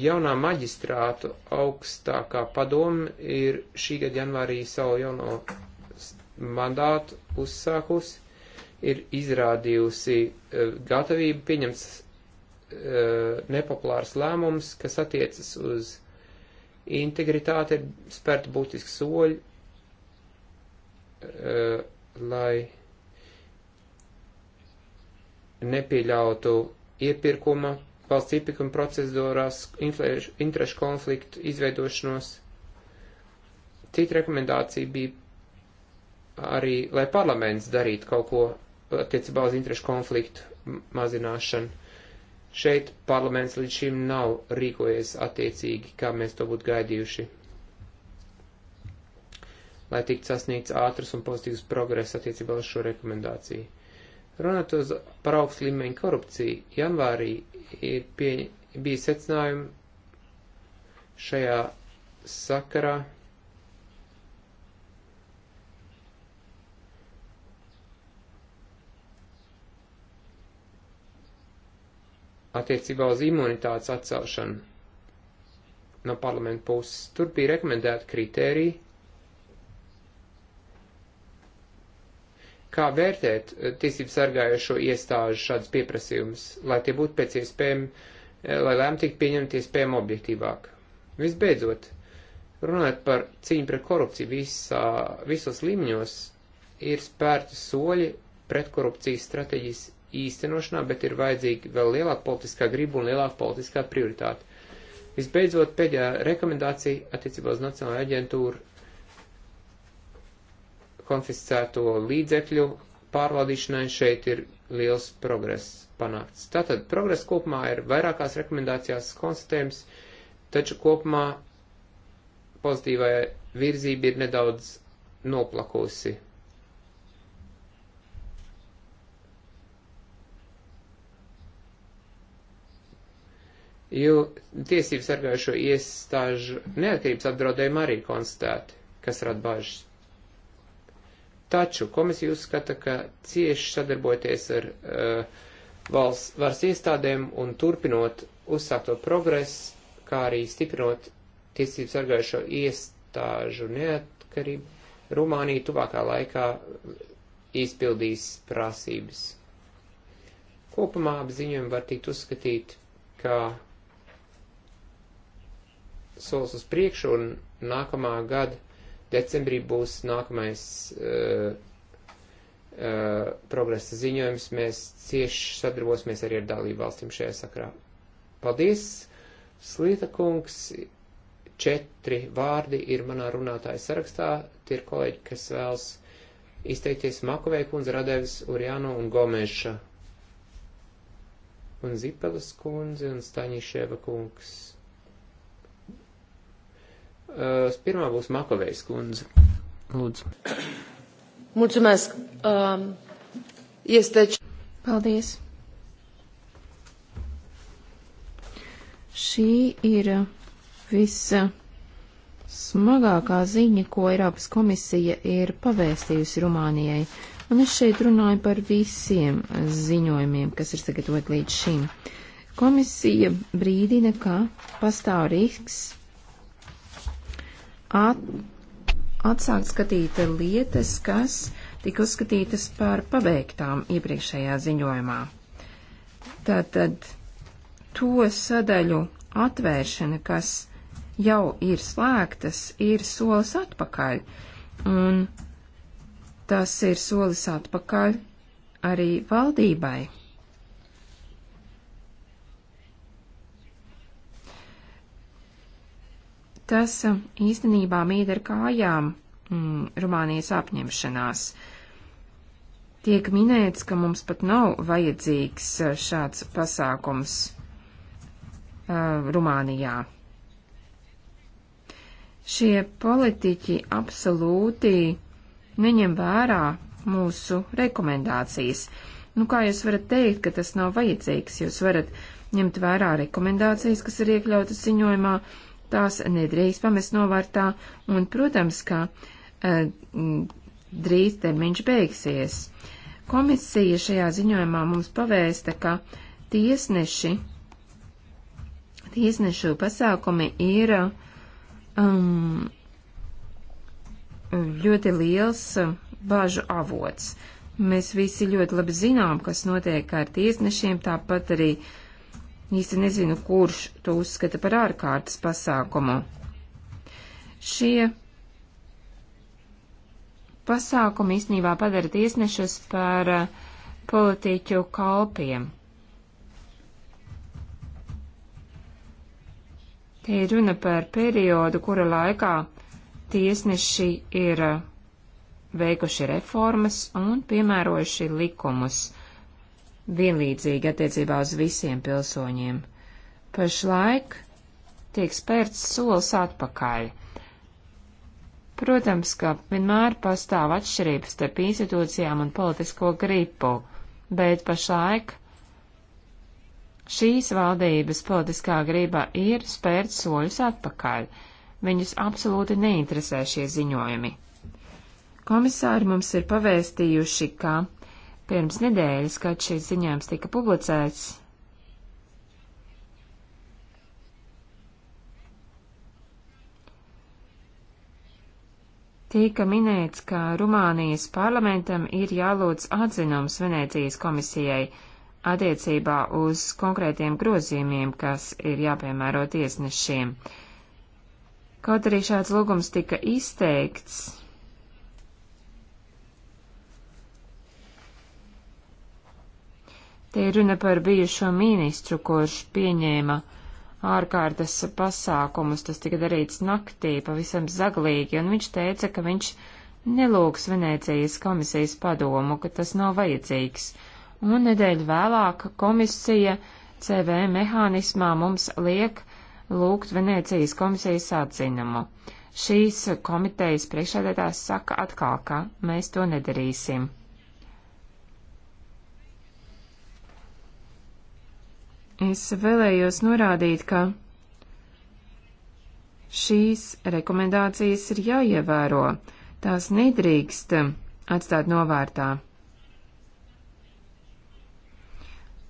Jaunā maģistrātu augstākā padoma ir šī gada janvārī savu jauno mandātu uzsākusi, ir izrādījusi e, gatavību pieņemt e, nepopulārs lēmums, kas attiecas uz integritāti, ir spērta būtiski soļi, e, lai nepieļautu iepirkuma valsts iepirkuma procedūrās, interešu konfliktu izveidošanos. Cita rekomendācija bija arī, lai parlaments darītu kaut ko attiecībā uz interešu konfliktu mazināšanu. Šeit parlaments līdz šim nav rīkojies attiecīgi, kā mēs to būtu gaidījuši, lai tiktu sasniegts ātrs un pozitīvs progress attiecībā uz šo rekomendāciju. Runāt uz par augstu līmeņu korupciju, janvārī ir pie, bija secinājumi šajā sakarā. attiecībā uz imunitātes atcelšanu no parlamenta puses. Tur bija rekomendēta kritērija, Kā vērtēt eh, tiesību sargājošo iestāžu šādas pieprasījumus, lai tie būtu pēc iespējami, eh, lai lēmumi tiktu pieņemti iespējami objektīvāk? Visbeidzot, runājot par cīņu pret korupciju visā, visos līmeņos, ir spērti soļi pret korupcijas stratēģijas īstenošanā, bet ir vajadzīga vēl lielāka politiskā griba un lielāka politiskā prioritāte. Visbeidzot, pēdējā rekomendācija attiecībā uz Nacionālo aģentūru konfiscēto līdzekļu pārvaldīšanai šeit ir liels progress panākts. Tātad progress kopumā ir vairākās rekomendācijās konstatējums, taču kopumā pozitīvā virzība ir nedaudz noplakusi. Jo tiesību sargājušo iestāžu neatkarības apdraudējumi arī konstatēti, kas rada bažas. Taču komisija uzskata, ka cieši sadarboties ar uh, valsts varas iestādēm un turpinot uzsākto progresu, kā arī stiprinot tiesību sargājušo iestāžu neatkarību, Rumānija tuvākā laikā izpildīs prasības. Kopumā apziņojumi var tikt uzskatīt, kā solis uz priekšu un nākamā gada Decembrī būs nākamais uh, uh, progresa ziņojums. Mēs cieši sadarbosimies arī ar dalību valstīm šajā sakrā. Paldies, Slīta kungs. Četri vārdi ir manā runātāja sarakstā. Tie ir kolēģi, kas vēlas izteikties Makovei kundze, Radevis, Urjano un Gomeša. Un Zipelas kundze un Staņiševa kungs. Pirmā būs Makovejs kundze. Lūdzu. Mulțumesc. Este... Paldies. Šī ir visa smagākā ziņa, ko Eiropas komisija ir pavēstījusi Rumānijai. Un es šeit runāju par visiem ziņojumiem, kas ir sagatavot līdz šim. Komisija brīdina, ka pastāv risks at, atsākt skatīt lietas, kas tika uzskatītas par pabeigtām iepriekšējā ziņojumā. Tātad to sadaļu atvēršana, kas jau ir slēgtas, ir solis atpakaļ. Un tas ir solis atpakaļ arī valdībai. tas īstenībā mīd ar kājām mm, Rumānijas apņemšanās. Tiek minēts, ka mums pat nav vajadzīgs eh, šāds pasākums uh, Rumānijā. Šie politiķi absolūti neņem vērā mūsu rekomendācijas. Nu, kā jūs varat teikt, ka tas nav vajadzīgs? Jūs varat ņemt vērā rekomendācijas, kas ir iekļautas ziņojumā, tās nedrīkst pamest novārtā, un, protams, ka e, drīz termiņš beigsies. Komisija šajā ziņojumā mums pavēsta, ka tiesneši, tiesnešu pasākumi ir um, ļoti liels um, bāžu avots. Mēs visi ļoti labi zinām, kas notiek ar tiesnešiem, tāpat arī uh, Īsti nezinu, kurš to uzskata par ārkārtas pasākumu. Šie pasākumi īstenībā padara tiesnešus par eh, politiķu kalpiem. Te ir runa par periodu, kura laikā tiesneši ir eh, veikuši reformas un piemērojuši likumus vienlīdzīgi attiecībā uz visiem pilsoņiem. Pašlaik tiek spērts solis atpakaļ. Protams, ka vienmēr pastāv atšķirības starp institūcijām un politisko gripu, bet pašlaik šīs valdības politiskā griba ir spērt soļus atpakaļ. Viņus absolūti neinteresē šie ziņojumi. Komisāri mums ir pavēstījuši, ka pirms nedēļas, kad šīs ziņojums tika publicēts. Tika minēts, ka Rumānijas parlamentam ir jālūdz atzinums Venēcijas komisijai attiecībā uz konkrētiem grozījumiem, kas ir jāpiemēro tiesnešiem. Kaut arī šāds lūgums tika izteikts, Te ir runa par bijušo ministru, kurš pieņēma ārkārtas pasākumus, tas tika darīts naktī, pavisam zaglīgi, un viņš teica, ka viņš nelūgs Venēcijas komisijas padomu, ka tas nav vajadzīgs, un nedēļu vēlāk komisija CV mehānismā mums liek lūgt Venēcijas komisijas atzinumu. Šīs komitejas priekšādētājs saka atkal, ka mēs to nedarīsim. Es vēlējos norādīt, ka šīs rekomendācijas ir jāievēro, tās nedrīkst atstāt novārtā.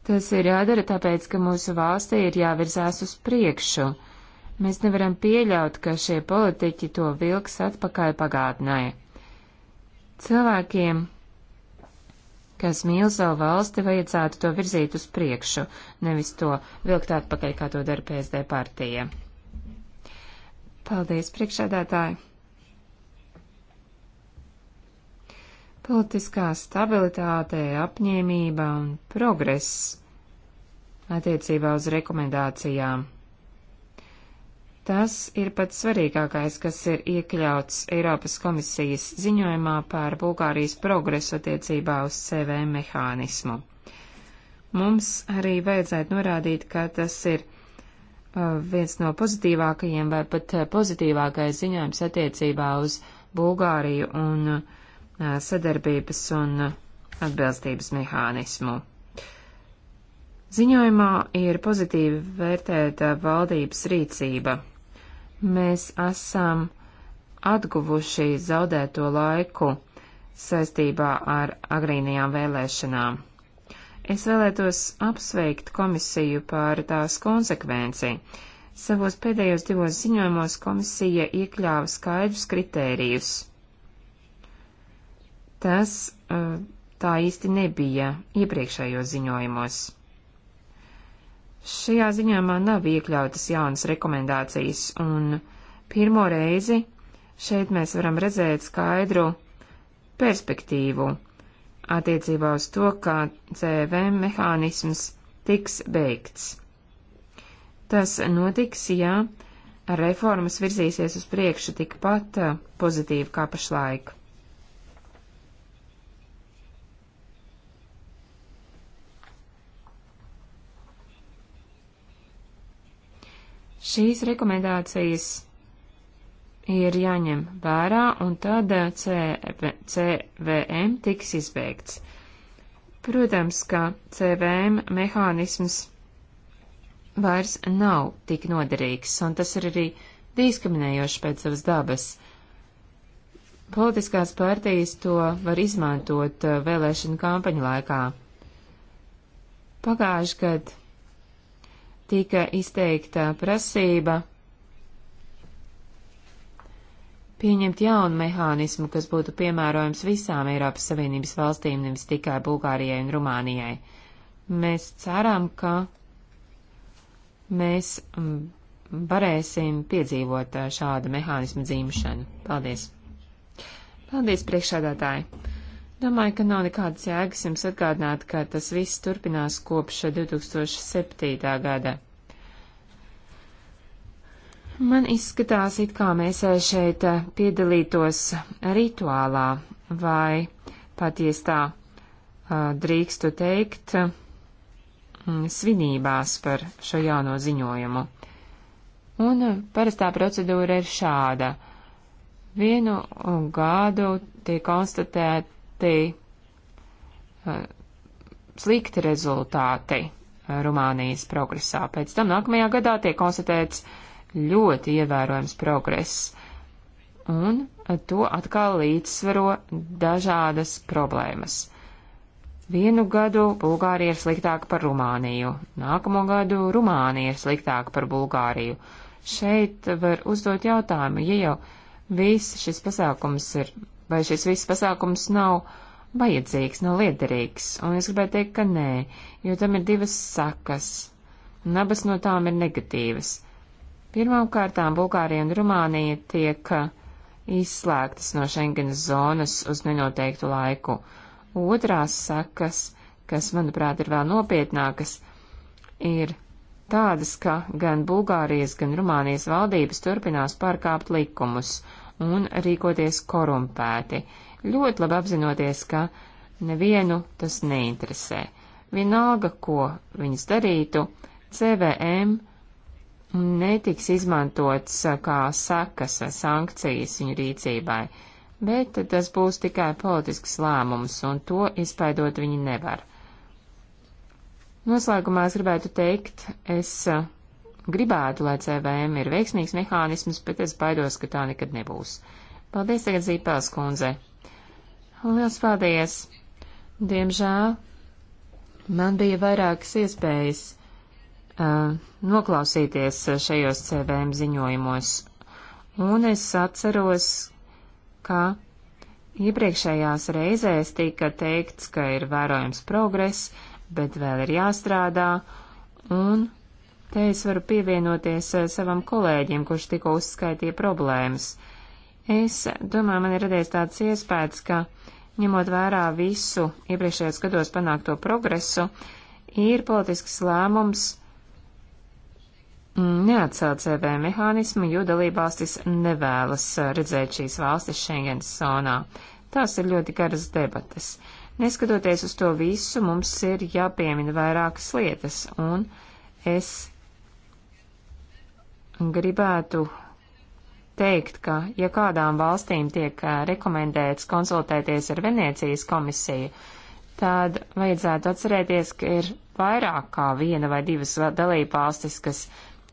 Tas ir jādara tāpēc, ka mūsu valstī ir jāvirzās uz priekšu. Mēs nevaram pieļaut, ka šie politiķi to vilks atpakaļ pagātnē. Cilvēkiem kas mīl savu valsti, vajadzētu to virzīt uz priekšu, nevis to vilkt atpakaļ, kā to dara PSD partija. Paldies, priekšādātāji! Politiskā stabilitāte, apņēmība un progress attiecībā uz rekomendācijām Tas ir pats svarīgākais, kas ir iekļauts Eiropas komisijas ziņojumā par Bulgārijas progresu attiecībā uz CVM mehānismu. Mums arī vajadzētu norādīt, ka tas ir uh, viens no pozitīvākajiem vai pat uh, pozitīvākais ziņojums attiecībā uz Bulgāriju un uh, sadarbības un atbilstības mehānismu. Ziņojumā ir pozitīvi vērtēta valdības rīcība mēs esam atguvuši zaudēto laiku saistībā ar agrīnajām vēlēšanām. Es vēlētos apsveikt komisiju par tās konsekvenci. Savos pēdējos divos ziņojumos komisija iekļāva skaidrus kritērijus. Tas eh, tā īsti nebija iepriekšējos ziņojumos. Šajā ziņāmā nav iekļautas jaunas rekomendācijas, un pirmo reizi šeit mēs varam redzēt skaidru perspektīvu attiecībā uz to, kā CVM mehānisms tiks beigts. Tas notiks, ja reformas virzīsies uz priekšu tikpat pozitīvi kā pašlaik. Šīs rekomendācijas ir jāņem vērā, un tad eh, CVM tiks izbeigts. Protams, ka CVM mehānisms vairs nav tik noderīgs, un tas ir arī diskriminējoši pēc savas dabas. Politiskās partijas to var izmantot eh, vēlēšanu kampaņu laikā. Pagājuši gadu tika izteikta prasība pieņemt jaunu mehānismu, kas būtu piemērojams visām Eiropas Savienības valstīm, nevis tikai Bulgārijai un Rumānijai. Mēs ceram, ka mēs mm, varēsim piedzīvot šādu mehānismu dzīmšanu. Paldies! Paldies, priekšādātāji! Domāju, ka nav nekādas jēgas jums atgādināt, ka tas viss turpinās kopš 2007. gada. Man izskatās, it kā mēs šeit piedalītos rituālā vai patiesi tā drīkstu teikt, mm, svinībās par šo jauno ziņojumu. Un parastā procedūra ir šāda. Vienu gadu tiek konstatēt, ļoti uh, slikti rezultāti Rumānijas progresā. Pēc tam nākamajā gadā tiek konstatēts ļoti ievērojams progress, un to atkal līdzsvaro dažādas problēmas. Vienu gadu Bulgārija ir sliktāka par Rumāniju, nākamo gadu Rumānija ir sliktāka par Bulgāriju. Šeit var uzdot jautājumu, ja jau viss šis pasākums ir vai šis viss pasākums nav vajadzīgs, nav liederīgs, un es gribēju teikt, ka nē, jo tam ir divas sakas, un abas no tām ir negatīvas. Pirmām kārtām Bulgārija un Rumānija tiek uh, izslēgtas no Schengenas zonas uz nenoteiktu laiku. Otrās sakas, kas, manuprāt, ir vēl nopietnākas, ir tādas, ka gan Bulgārijas, gan Rumānijas valdības turpinās pārkāpt likumus, un rīkoties korumpēti, ļoti labi apzinoties, ka nevienu tas neinteresē. Vienalga, ko viņas darītu, CVM netiks izmantots kā sakas vai sankcijas viņu rīcībai, bet tas būs tikai politisks lēmums, un to izpaidot viņi nevar. Noslēgumā es gribētu teikt, es gribētu, lai CVM ir veiksmīgs mehānisms, bet es baidos, ka tā nekad nebūs. Paldies tagad Zīpēls kundze. Liels paldies! Diemžēl man bija vairākas iespējas uh, noklausīties šajos CVM ziņojumos, un es atceros, ka iepriekšējās reizēs tika teikts, ka ir vērojams progress, bet vēl ir jāstrādā, un Te es varu pievienoties eh, savam kolēģim, kurš tikko uzskaitīja problēmas. Es domāju, man ir radies tāds iespējas, ka, ņemot vērā visu iepriekšējos gados panākto progresu, ir politisks lēmums mm, neatcelt CV mehānismu, jo dalībvalstis nevēlas eh, redzēt šīs valstis Schengens zonā. Tās ir ļoti garas debatas. Neskatoties uz to visu, mums ir jāpiemina vairākas lietas, un es gribētu teikt, ka ja kādām valstīm tiek rekomendēts konsultēties ar Venēcijas komisiju, tad vajadzētu atcerēties, ka ir vairāk kā viena vai divas dalībvalstis, kas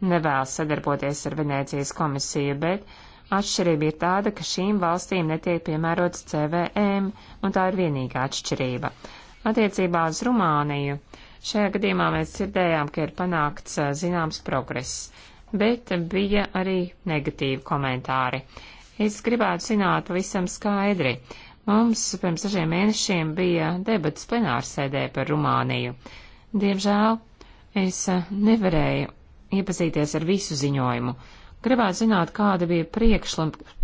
nevēlas sadarboties ar Venēcijas komisiju, bet atšķirība ir tāda, ka šīm valstīm netiek piemērots CVM, un tā ir vienīgā atšķirība. Attiecībā uz Rumāniju šajā gadījumā mēs dzirdējām, ka ir panākts zināms progress bet bija arī negatīvi komentāri. Es gribētu zināt pavisam skaidri. Mums pirms dažiem mēnešiem bija debats plenārsēdē par Rumāniju. Diemžēl es nevarēju iepazīties ar visu ziņojumu. Gribētu zināt, kāda bija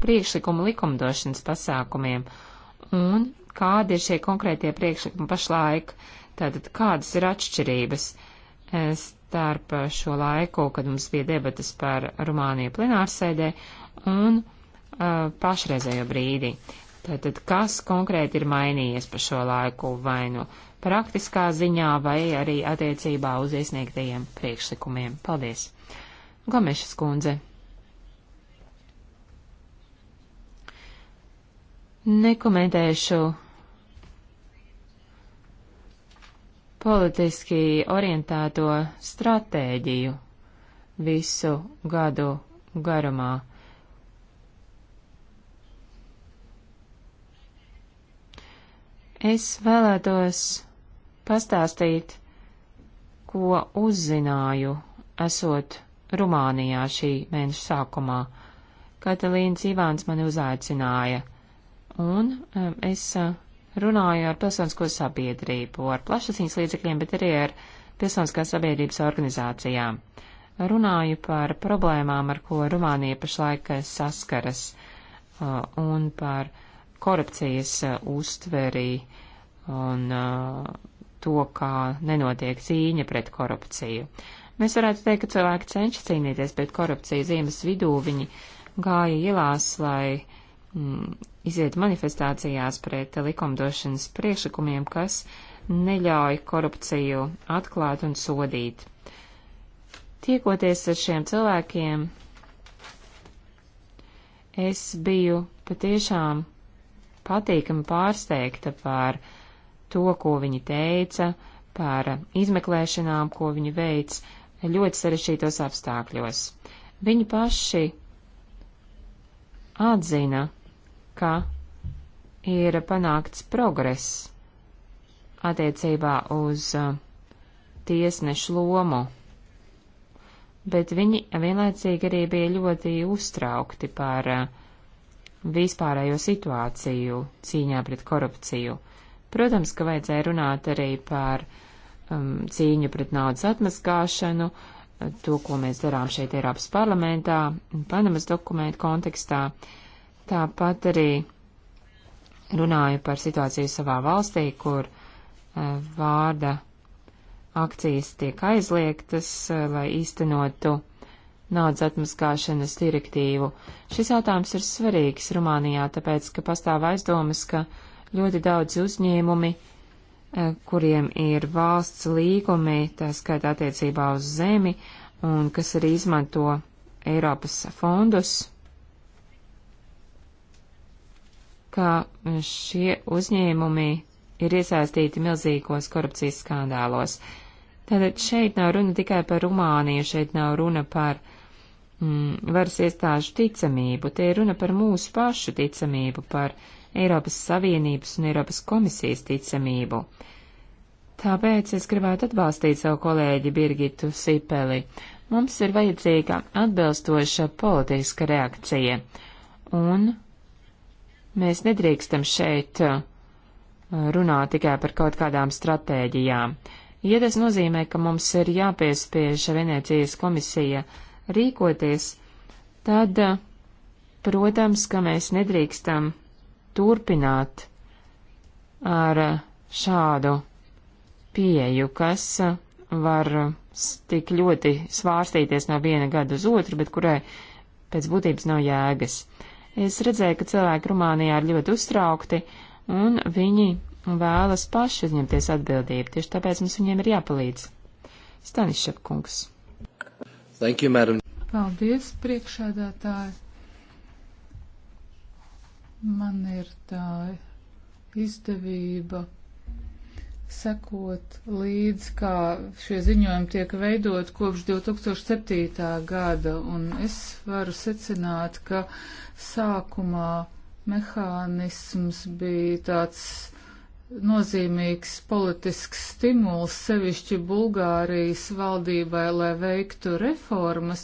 priekšlikuma likumdošanas pasākumiem un kādi ir šie konkrētie priekšlikumi pašlaik, tātad kādas ir atšķirības starp šo laiku, kad mums bija debatas par Rumāniju plenārsēdē un uh, pašreizējo brīdi. Tātad, kas konkrēti ir mainījies pa šo laiku vai nu praktiskā ziņā vai arī attiecībā uz iesniegtajiem priekšlikumiem? Paldies! Gomešas kundze. Nekomentēšu politiski orientēto stratēģiju visu gadu garumā. Es vēlētos pastāstīt, ko uzzināju, esot Rumānijā šī mēneša sākumā. Katalīns Ivāns mani uzaicināja, un um, es uh, runāju ar pilsonisko sabiedrību, ar plašsaziņas līdzekļiem, bet arī ar pilsoniskās sabiedrības organizācijām. Runāju par problēmām, ar ko Rumānija pašlaik saskaras, uh, un par korupcijas uh, uztveri un uh, to, kā nenotiek cīņa pret korupciju. Mēs varētu teikt, ka cilvēki cenšas cīnīties pret korupciju. Ziemas vidū viņi gāja ielās, lai Mm, iziet manifestācijās pret likumdošanas priekšlikumiem, kas neļauj korupciju atklāt un sodīt. Tiekoties ar šiem cilvēkiem, es biju patiešām patīkami pārsteigta par to, ko viņi teica, par izmeklēšanām, ko viņi veic ļoti sarežģītos apstākļos. Viņi paši atzina, ka ir panākts progress attiecībā uz uh, tiesnešu lomu, bet viņi vienlaicīgi arī bija ļoti uztraukti par uh, vispārējo situāciju cīņā pret korupciju. Protams, ka vajadzēja runāt arī par um, cīņu pret naudas atmaskāšanu, uh, to, ko mēs darām šeit Eiropas parlamentā, Panamas dokumentu kontekstā. Uh, Tāpat arī runāju par situāciju savā valstī, kur e, vārda akcijas tiek aizliegtas, e, lai īstenotu naudas atmaskāšanas direktīvu. Šis jautājums ir svarīgs Rumānijā, tāpēc, ka pastāv aizdomas, ka ļoti daudz uzņēmumi, e, kuriem ir valsts līgumi, tā skaitā attiecībā uz zemi, un kas arī izmanto Eiropas fondus, ka šie uzņēmumi ir iesaistīti milzīgos korupcijas skandālos. Tātad šeit nav runa tikai par Rumāniju, šeit nav runa par mm, varas iestāžu ticamību, te ir runa par mūsu pašu ticamību, par Eiropas Savienības un Eiropas komisijas ticamību. Tāpēc es gribētu atbalstīt savu kolēģi Birgitu Sipeli. Mums ir vajadzīga atbilstoša politiska reakcija, un Mēs nedrīkstam šeit uh, runāt tikai par kaut kādām stratēģijām. Ja tas nozīmē, ka mums ir jāpiespiež Venecijas komisija rīkoties, tad, uh, protams, ka mēs nedrīkstam turpināt ar uh, šādu pieju, kas var tik ļoti svārstīties no viena gada uz otru, bet kurai pēc būtības nav jēgas. Uh, Es redzēju, ka cilvēki Rumānijā ir ļoti uztraukti, un viņi vēlas paši uzņemties atbildību. Tieši tāpēc mums viņiem ir jāpalīdz. Stanišķep kungs. Thank you, madam. Paldies, priekšēdētāji. Man ir tā izdevība sekot līdz, kā šie ziņojumi tiek veidot kopš 2007. gada, un es varu secināt, ka sākumā mehānisms bija tāds nozīmīgs politisks stimuls sevišķi Bulgārijas valdībai, lai veiktu reformas,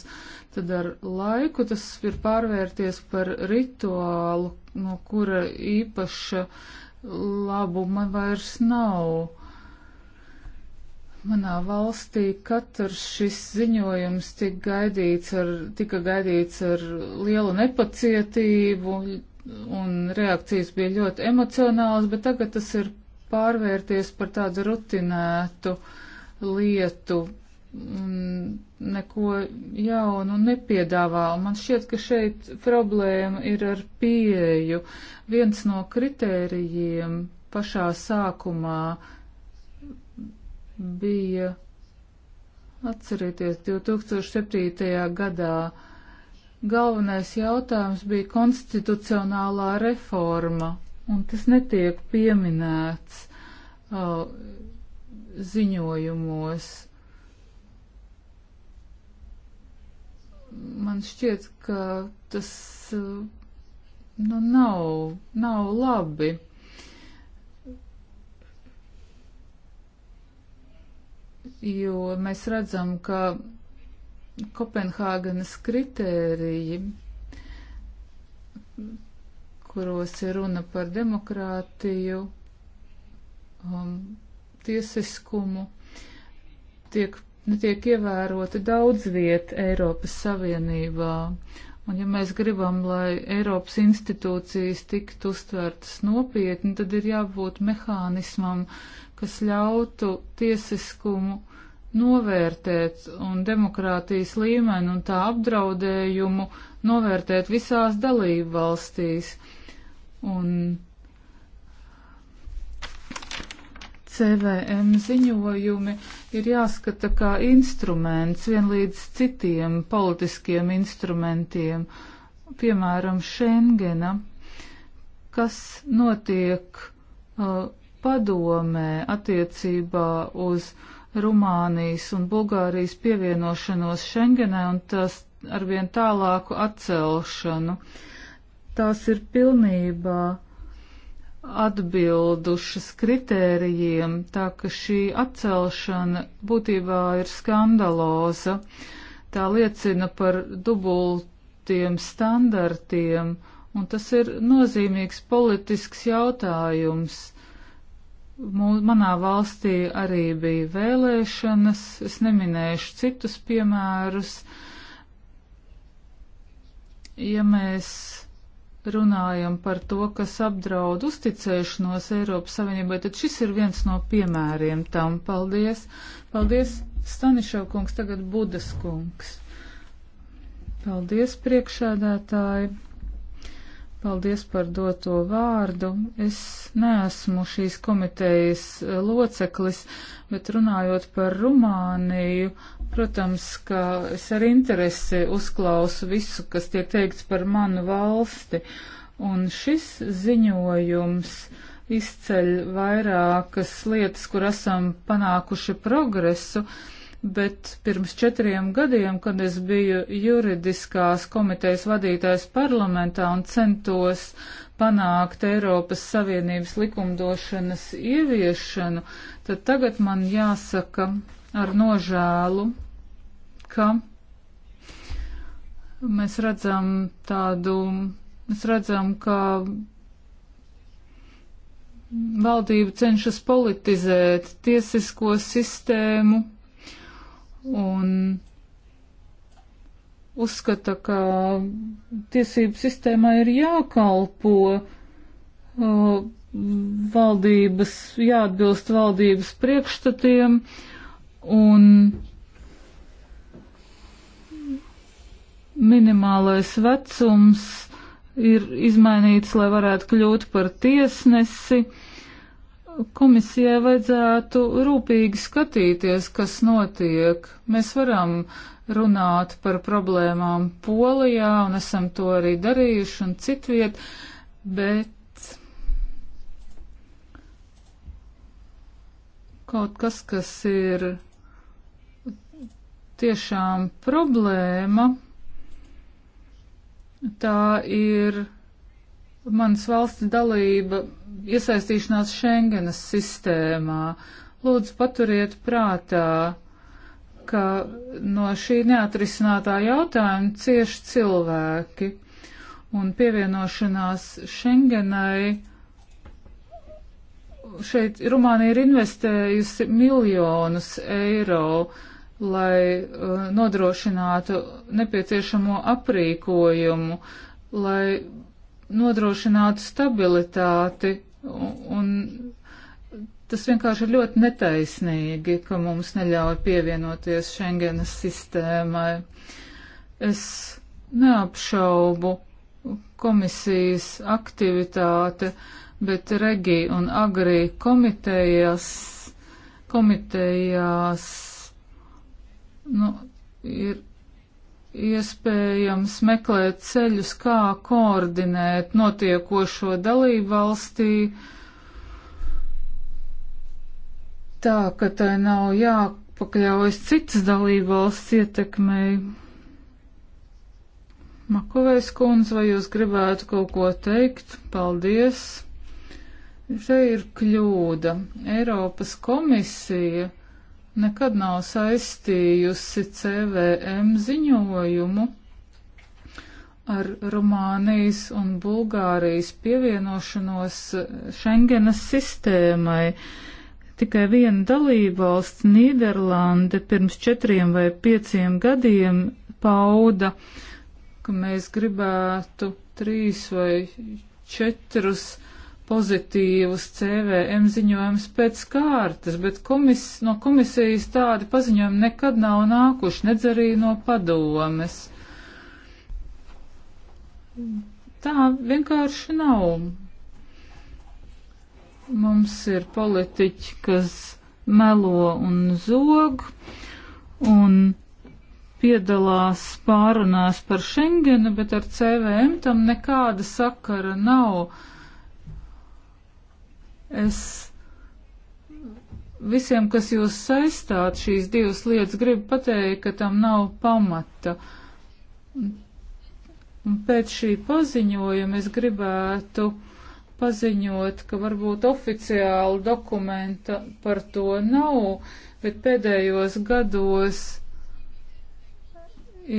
tad ar laiku tas ir pārvērties par rituālu, no kura īpaša uh, labuma vairs nav. Manā valstī katrs šis ziņojums tika gaidīts ar, tika gaidīts ar lielu nepacietību, un reakcijas bija ļoti emocionālas, bet tagad tas ir pārvērties par tādu rutinētu lietu Mm, neko jaunu nepiedāvā. Man šķiet, ka šeit problēma ir ar pieeju. Viens no kritērijiem pašā sākumā bija, atcerieties, 2007. gadā galvenais jautājums bija konstitucionālā reforma, un tas netiek pieminēts uh, ziņojumos man šķiet, ka tas eh, nu, nav, nav labi. Jo mēs redzam, ka Kopenhāgenes kritēriji, kuros ir runa par demokrātiju, um, tiesiskumu, tiek netiek ievērota daudz viet Eiropas Savienībā. Un ja mēs gribam, lai Eiropas institūcijas tiktu uztvērtas nopietni, tad ir jābūt mehānismam, kas ļautu tiesiskumu novērtēt un demokrātijas līmeni un tā apdraudējumu novērtēt visās dalību valstīs. Un CVM ziņojumi ir jāskata kā instruments vienlīdz citiem politiskiem instrumentiem, piemēram, Schengena, kas notiek uh, padomē attiecībā uz Rumānijas un Bulgārijas pievienošanos Schengenai un tās arvien tālāku atcelšanu. Tās ir pilnībā atbildušas kritērijiem, tā ka šī atcelšana būtībā ir skandaloza. Tā liecina par dubultiem standartiem, un tas ir nozīmīgs politisks jautājums. Manā valstī arī bija vēlēšanas, es neminēšu citus piemērus. Ja mēs runājam par to, kas apdraud uzticēšanos Eiropas Savienībai, tad šis ir viens no piemēriem tam. Paldies! Paldies, Stanišau kungs, tagad Budas kungs. Paldies, priekšēdētāji! Paldies par doto vārdu. Es neesmu šīs komitejas eh, loceklis, bet runājot par Rumāniju, protams, ka es ar interesi uzklausu visu, kas tiek teikts par manu valsti. Un šis ziņojums izceļ vairākas lietas, kur esam panākuši progresu, bet pirms četriem gadiem, kad es biju juridiskās komitejas vadītājs parlamentā un centos panākt Eiropas Savienības likumdošanas ieviešanu, tad tagad man jāsaka ar nožēlu, ka mēs redzam tādu, mēs redzam, ka valdība cenšas politizēt tiesisko sistēmu, un uzskata, ka tiesību sistēmai ir jākalpo uh, valdības, jāatbilst valdības priekšstatiem un minimālais vecums ir izmainīts, lai varētu kļūt par tiesnesi. Uh, komisijai vajadzētu rūpīgi skatīties, kas notiek. Mēs varam runāt par problēmām Polijā, un esam to arī darījuši un citviet, bet kaut kas, kas ir tiešām problēma, tā ir manas valsts dalība iesaistīšanās Schengenas sistēmā. Lūdzu, paturiet prātā, ka no šī neatrisinātā jautājuma cieši cilvēki un pievienošanās Schengenai. Šeit Rumānija ir investējusi miljonus eiro, lai uh, nodrošinātu nepieciešamo aprīkojumu, lai nodrošināt stabilitāti un tas vienkārši ir ļoti netaisnīgi, ka mums neļauj pievienoties Schengenas sistēmai. Es neapšaubu komisijas aktivitāte, bet Regi un Agri komitejas, komitejās nu, ir iespējams meklēt ceļus, kā koordinēt notiekošo dalību valstī, tā, ka tai nav jāpakļaujas citas dalību valsts ietekmei. Makovējs kundze, vai jūs gribētu kaut ko teikt? Paldies! Šeit ir kļūda. Eiropas komisija nekad nav saistījusi CVM ziņojumu ar Rumānijas un Bulgārijas pievienošanos Schengenas sistēmai. Tikai viena dalībvalsts, Nīderlande, pirms četriem vai pieciem gadiem pauda, ka mēs gribētu trīs vai četrus pozitīvus CVM ziņojumus pēc kārtas, bet komis, no komisijas tādi paziņojumi nekad nav nākuši, nedz arī no padomes. Tā vienkārši nav. Mums ir politiķi, kas melo un zog, un piedalās pārunās par Schengenu, bet ar CVM tam nekāda sakara nav. Es visiem, kas jūs saistāt šīs divas lietas, gribu pateikt, ka tam nav pamata. Un pēc šī paziņojuma es gribētu paziņot, ka varbūt oficiāla dokumenta par to nav, bet pēdējos gados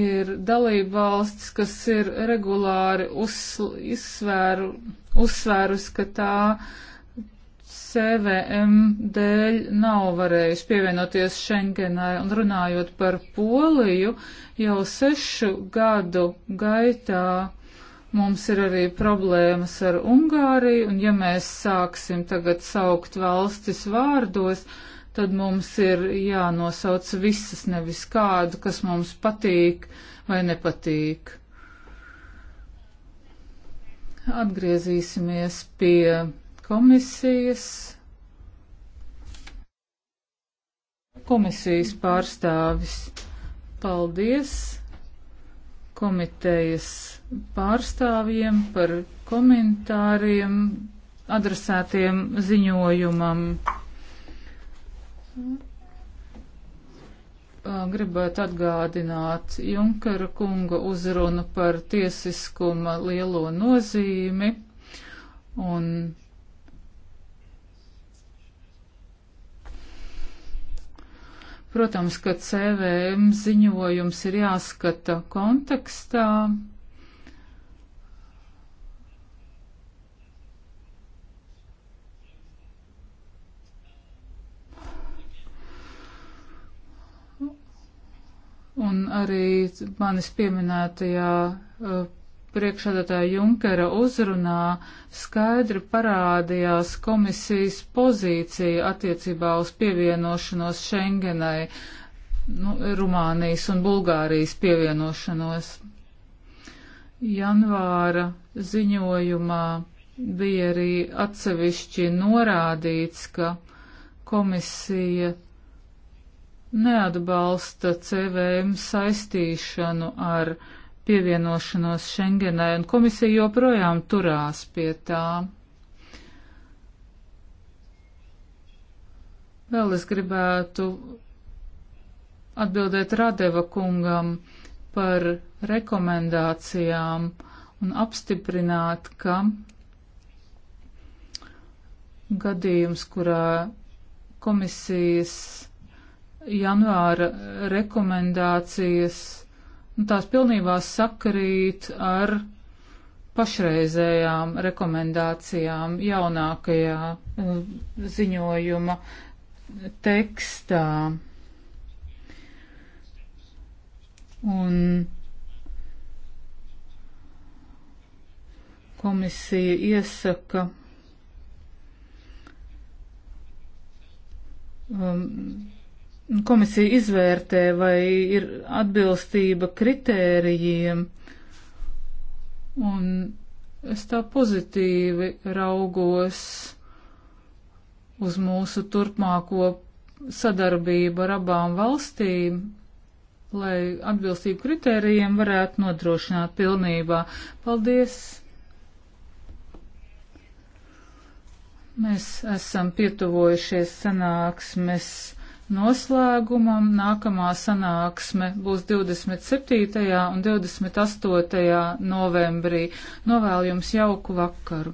ir dalība valsts, kas ir regulāri uzsvēru, uzsvērus, ka tā uh, CVM dēļ nav varējuši pievienoties Schengenai un runājot par Poliju, jau sešu gadu gaitā mums ir arī problēmas ar Ungāriju, un ja mēs sāksim tagad saukt valstis vārdos, tad mums ir jānosauc visas nevis kādu, kas mums patīk vai nepatīk. Atgriezīsimies pie komisijas. Komisijas pārstāvis. Paldies komitejas pārstāvjiem par komentāriem adresētiem ziņojumam. Gribētu atgādināt Junkara kunga uzrunu par tiesiskuma lielo nozīmi un Protams, ka CVM ziņojums ir jāskata kontekstā. Un arī manis pieminētajā uh, priekšādātāja Junkera uzrunā skaidri parādījās komisijas pozīcija attiecībā uz pievienošanos Schengenai, nu, Rumānijas un Bulgārijas pievienošanos. Janvāra ziņojumā bija arī atsevišķi norādīts, ka komisija neatbalsta CVM saistīšanu ar pievienošanos Schengenai, un komisija joprojām turās pie tā. Vēl es gribētu atbildēt Radeva kungam par rekomendācijām un apstiprināt, ka gadījums, kurā komisijas janvāra rekomendācijas un nu, tās pilnībā sakarīt ar pašreizējām rekomendācijām jaunākajā uh, ziņojuma tekstā. Un komisija iesaka um, komisija izvērtē, vai ir atbilstība kritērijiem, un es tā pozitīvi raugos uz mūsu turpmāko sadarbību ar abām valstīm, lai atbilstību kritērijiem varētu nodrošināt pilnībā. Paldies! Mēs esam pietuvojušies sanāksmes Noslēgumam nākamā sanāksme būs 27. un 28. novembrī. Novēlu jums jauku vakaru!